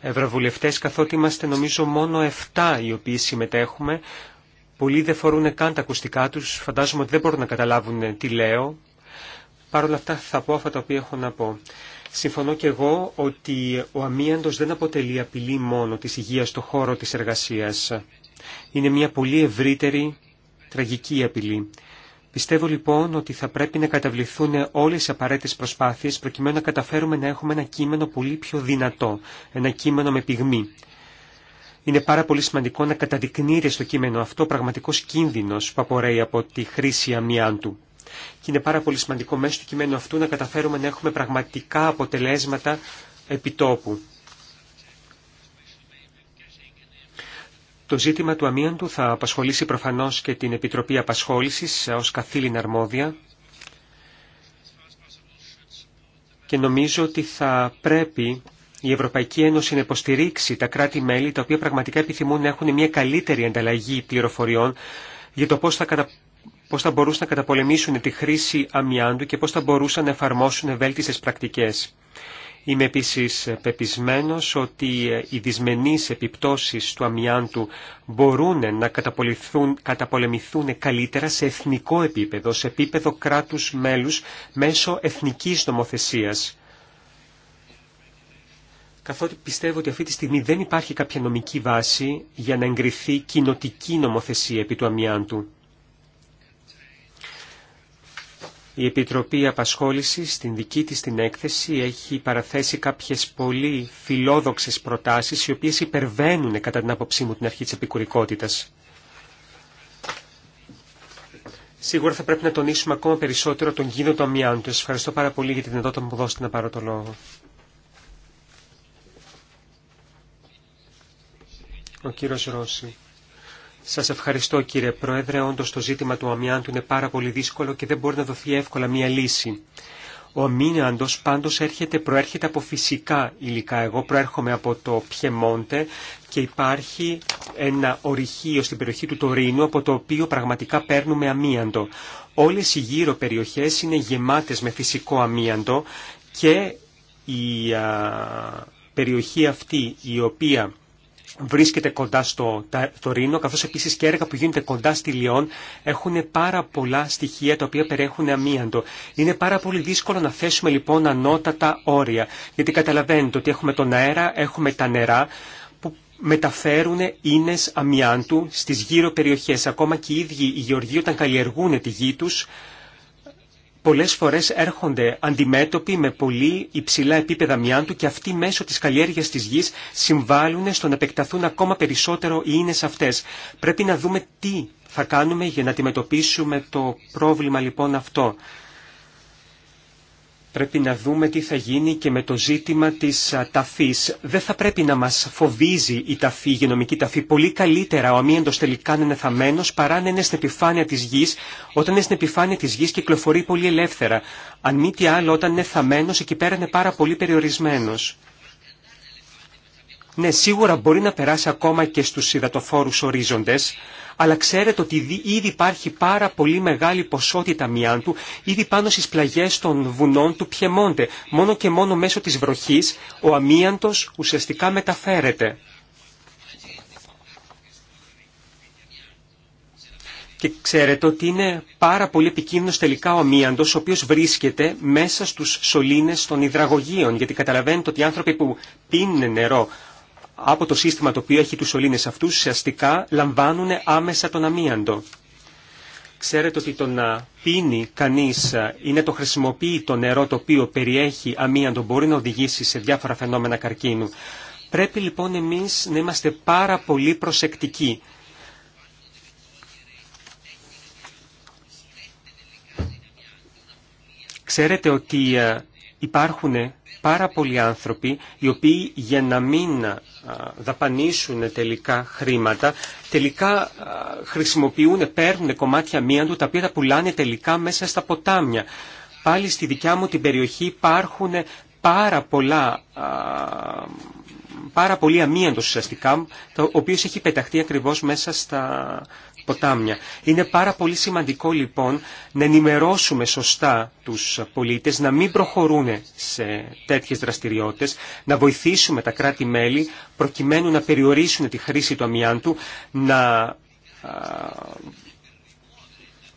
ευρωβουλευτές καθότι είμαστε νομίζω μόνο 7 οι οποίοι συμμετέχουμε. Πολλοί δεν φορούν καν τα ακουστικά τους, φαντάζομαι ότι δεν μπορούν να καταλάβουν τι λέω. Παρ' όλα αυτά θα πω αυτά τα οποία έχω να πω. Συμφωνώ και εγώ ότι ο αμίαντος δεν αποτελεί απειλή μόνο της υγείας στο χώρο της εργασίας. Είναι μια πολύ ευρύτερη τραγική απειλή. Πιστεύω λοιπόν ότι θα πρέπει να καταβληθούν όλες οι απαραίτητες προσπάθειες προκειμένου να καταφέρουμε να έχουμε ένα κείμενο πολύ πιο δυνατό, ένα κείμενο με πυγμή. Είναι πάρα πολύ σημαντικό να καταδεικνύεται στο κείμενο αυτό ο πραγματικός κίνδυνος που απορρέει από τη χρήση του Και είναι πάρα πολύ σημαντικό μέσω του κειμένου αυτού να καταφέρουμε να έχουμε πραγματικά αποτελέσματα επιτόπου. Το ζήτημα του αμίαντου θα απασχολήσει προφανώς και την Επιτροπή Απασχόλησης ως καθήλυνα αρμόδια και νομίζω ότι θα πρέπει η Ευρωπαϊκή Ένωση να υποστηρίξει τα κράτη-μέλη τα οποία πραγματικά επιθυμούν να έχουν μια καλύτερη ανταλλαγή πληροφοριών για το πώς θα, πώς θα μπορούσαν να καταπολεμήσουν τη χρήση αμοιάντου και πώς θα μπορούσαν να εφαρμόσουν ευέλτιστες πρακτικές. Είμαι επίσης πεπισμένος ότι ε, οι δυσμενείς επιπτώσεις του αμοιάντου μπορούν να καταπολεμηθούν καλύτερα σε εθνικό επίπεδο, σε επίπεδο κράτους μέλους, μέσω εθνικής νομοθεσίας. Καθότι πιστεύω ότι αυτή τη στιγμή δεν υπάρχει κάποια νομική βάση για να εγκριθεί κοινοτική νομοθεσία επί του αμοιάντου. Η Επιτροπή Απασχόλησης στην δική της την έκθεση έχει παραθέσει κάποιες πολύ φιλόδοξες προτάσεις οι οποίες υπερβαίνουν κατά την άποψή μου την αρχή της επικουρικότητας. Σίγουρα θα πρέπει να τονίσουμε ακόμα περισσότερο τον κίνδυνο του αμοιάντου. Ευχαριστώ πάρα πολύ για την δυνατότητα που μου δώσετε να πάρω το λόγο. Ο κύριος Ρώση. Σας ευχαριστώ κύριε Πρόεδρε. Όντω το ζήτημα του αμοιάντου είναι πάρα πολύ δύσκολο και δεν μπορεί να δοθεί εύκολα μία λύση. Ο αμύαντος πάντω προέρχεται από φυσικά υλικά. Εγώ προέρχομαι από το Πιεμόντε και υπάρχει ένα ορυχείο στην περιοχή του Τωρίνου από το οποίο πραγματικά παίρνουμε αμίαντο. Όλε οι γύρω περιοχέ είναι γεμάτε με φυσικό αμίαντο και η περιοχή αυτή η οποία βρίσκεται κοντά στο Ρήνο καθώς επίσης και έργα που γίνεται κοντά στη Λιόν έχουν πάρα πολλά στοιχεία τα οποία περιέχουν αμίαντο. Είναι πάρα πολύ δύσκολο να θέσουμε λοιπόν ανώτατα όρια, γιατί καταλαβαίνετε ότι έχουμε τον αέρα, έχουμε τα νερά, που μεταφέρουν ίνες αμιάντου στις γύρω περιοχές. Ακόμα και οι ίδιοι οι γεωργοί όταν καλλιεργούν τη γη τους πολλές φορές έρχονται αντιμέτωποι με πολύ υψηλά επίπεδα μιάντου και αυτοί μέσω της καλλιέργειας της γης συμβάλλουν στο να επεκταθούν ακόμα περισσότερο οι ίνες αυτές. Πρέπει να δούμε τι θα κάνουμε για να αντιμετωπίσουμε το πρόβλημα λοιπόν αυτό πρέπει να δούμε τι θα γίνει και με το ζήτημα της ταφής. Δεν θα πρέπει να μας φοβίζει η ταφή, η γενομική ταφή. Πολύ καλύτερα ο αμύαντος τελικά είναι θαμένος παρά να είναι στην επιφάνεια της γης. Όταν είναι στην επιφάνεια της γης κυκλοφορεί πολύ ελεύθερα. Αν μη τι άλλο όταν είναι θαμένος εκεί πέρα είναι πάρα πολύ περιορισμένος. Ναι, σίγουρα μπορεί να περάσει ακόμα και στους υδατοφόρους ορίζοντες, αλλά ξέρετε ότι ήδη υπάρχει πάρα πολύ μεγάλη ποσότητα αμιάντου ήδη πάνω στις πλαγιές των βουνών του Πιεμόντε. Μόνο και μόνο μέσω της βροχής ο αμίαντος ουσιαστικά μεταφέρεται. Και ξέρετε ότι είναι πάρα πολύ επικίνδυνο τελικά ο αμίαντο, ο οποίο βρίσκεται μέσα στου σωλήνε των υδραγωγείων. Γιατί καταλαβαίνετε ότι οι άνθρωποι που πίνουν νερό από το σύστημα το οποίο έχει τους σωλήνες αυτούς ουσιαστικά λαμβάνουν άμεσα τον αμίαντο. Ξέρετε ότι το να πίνει κανείς ή ε, να το χρησιμοποιεί το νερό το οποίο περιέχει αμίαντο μπορεί να οδηγήσει σε διάφορα φαινόμενα καρκίνου. Πρέπει λοιπόν εμείς να είμαστε πάρα πολύ προσεκτικοί. Ξέρετε ότι ε, υπάρχουν πάρα πολλοί άνθρωποι οι οποίοι για να μην δαπανίσουν τελικά χρήματα τελικά χρησιμοποιούν, παίρνουν κομμάτια μία του τα οποία τα πουλάνε τελικά μέσα στα ποτάμια. Πάλι στη δικιά μου την περιοχή υπάρχουν πάρα πολλά πάρα πολύ αμύαντος ουσιαστικά, ο οποίος έχει πεταχτεί ακριβώς μέσα στα, ποτάμια. Είναι πάρα πολύ σημαντικό λοιπόν να ενημερώσουμε σωστά τους πολίτες, να μην προχωρούν σε τέτοιες δραστηριότητες, να βοηθήσουμε τα κράτη-μέλη προκειμένου να περιορίσουν τη χρήση του αμοιάντου, να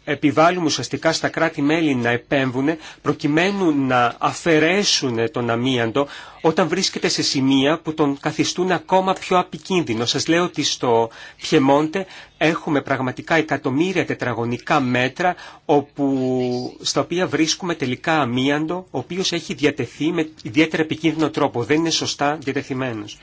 επιβάλλουμε ουσιαστικά στα κράτη-μέλη να επέμβουν προκειμένου να αφαιρέσουν τον αμίαντο όταν βρίσκεται σε σημεία που τον καθιστούν ακόμα πιο απικίνδυνο. Σας λέω ότι στο Πιεμόντε έχουμε πραγματικά εκατομμύρια τετραγωνικά μέτρα όπου, στα οποία βρίσκουμε τελικά αμίαντο ο οποίος έχει διατεθεί με ιδιαίτερα επικίνδυνο τρόπο. Δεν είναι σωστά διατεθειμένος.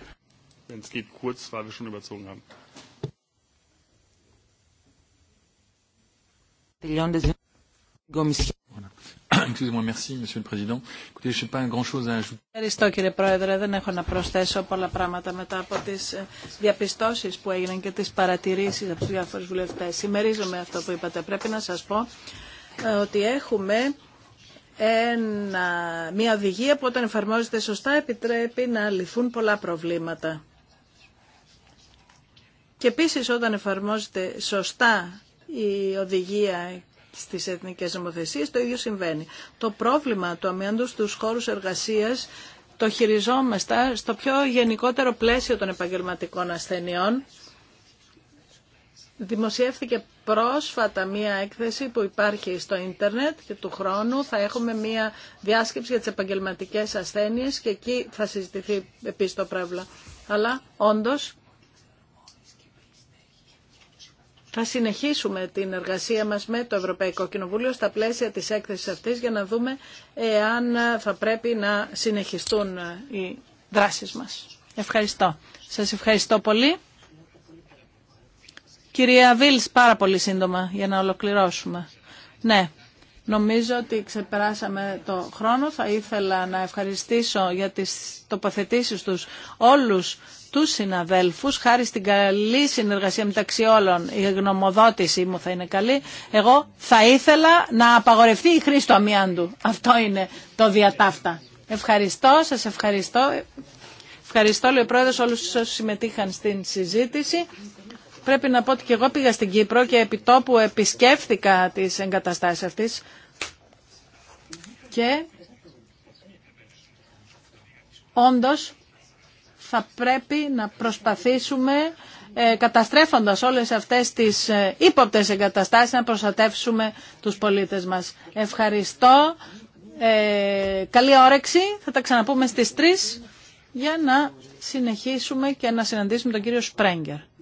Ευχαριστώ κύριε Πρόεδρε. Δεν έχω να προσθέσω πολλά πράγματα μετά από τι ε, διαπιστώσει που έγιναν και τι παρατηρήσει από του διάφορου βουλευτέ. Συμμερίζομαι αυτό που είπατε. Πρέπει να σα πω ε, ότι έχουμε ένα, μια οδηγία που όταν εφαρμόζεται σωστά επιτρέπει να λυθούν πολλά προβλήματα. Και επίση όταν εφαρμόζεται σωστά η οδηγία στις εθνικές νομοθεσίες, το ίδιο συμβαίνει. Το πρόβλημα του αμοιάντου στους χώρους εργασίας το χειριζόμαστε στο πιο γενικότερο πλαίσιο των επαγγελματικών ασθενειών. Δημοσιεύθηκε πρόσφατα μία έκθεση που υπάρχει στο ίντερνετ και του χρόνου θα έχουμε μία διάσκεψη για τις επαγγελματικές ασθένειες και εκεί θα συζητηθεί επίσης το πράγμα. Αλλά όντως Θα συνεχίσουμε την εργασία μας με το Ευρωπαϊκό Κοινοβούλιο στα πλαίσια της έκθεσης αυτής για να δούμε εάν θα πρέπει να συνεχιστούν οι δράσεις μας. Ευχαριστώ. Σας ευχαριστώ πολύ. Κυρία Βίλς, πάρα πολύ σύντομα για να ολοκληρώσουμε. Ναι, Νομίζω ότι ξεπεράσαμε το χρόνο. Θα ήθελα να ευχαριστήσω για τις τοποθετήσεις τους όλους τους συναδέλφους. Χάρη στην καλή συνεργασία μεταξύ όλων η γνωμοδότησή μου θα είναι καλή. Εγώ θα ήθελα να απαγορευτεί η χρήση του αμοιάντου. Αυτό είναι το διατάφτα. Ευχαριστώ, σας ευχαριστώ. Ευχαριστώ, λέει ο Πρόεδρος, όλους όσους συμμετείχαν στην συζήτηση πρέπει να πω ότι και εγώ πήγα στην Κύπρο και τόπου επισκέφθηκα τις εγκαταστάσεις αυτής και όντως θα πρέπει να προσπαθήσουμε ε, καταστρέφοντας όλες αυτές τις ε, ύποπτες εγκαταστάσεις να προστατεύσουμε τους πολίτες μας. Ευχαριστώ. Ε, καλή όρεξη. Θα τα ξαναπούμε στις 3 για να συνεχίσουμε και να συναντήσουμε τον κύριο Σπρέγκερ.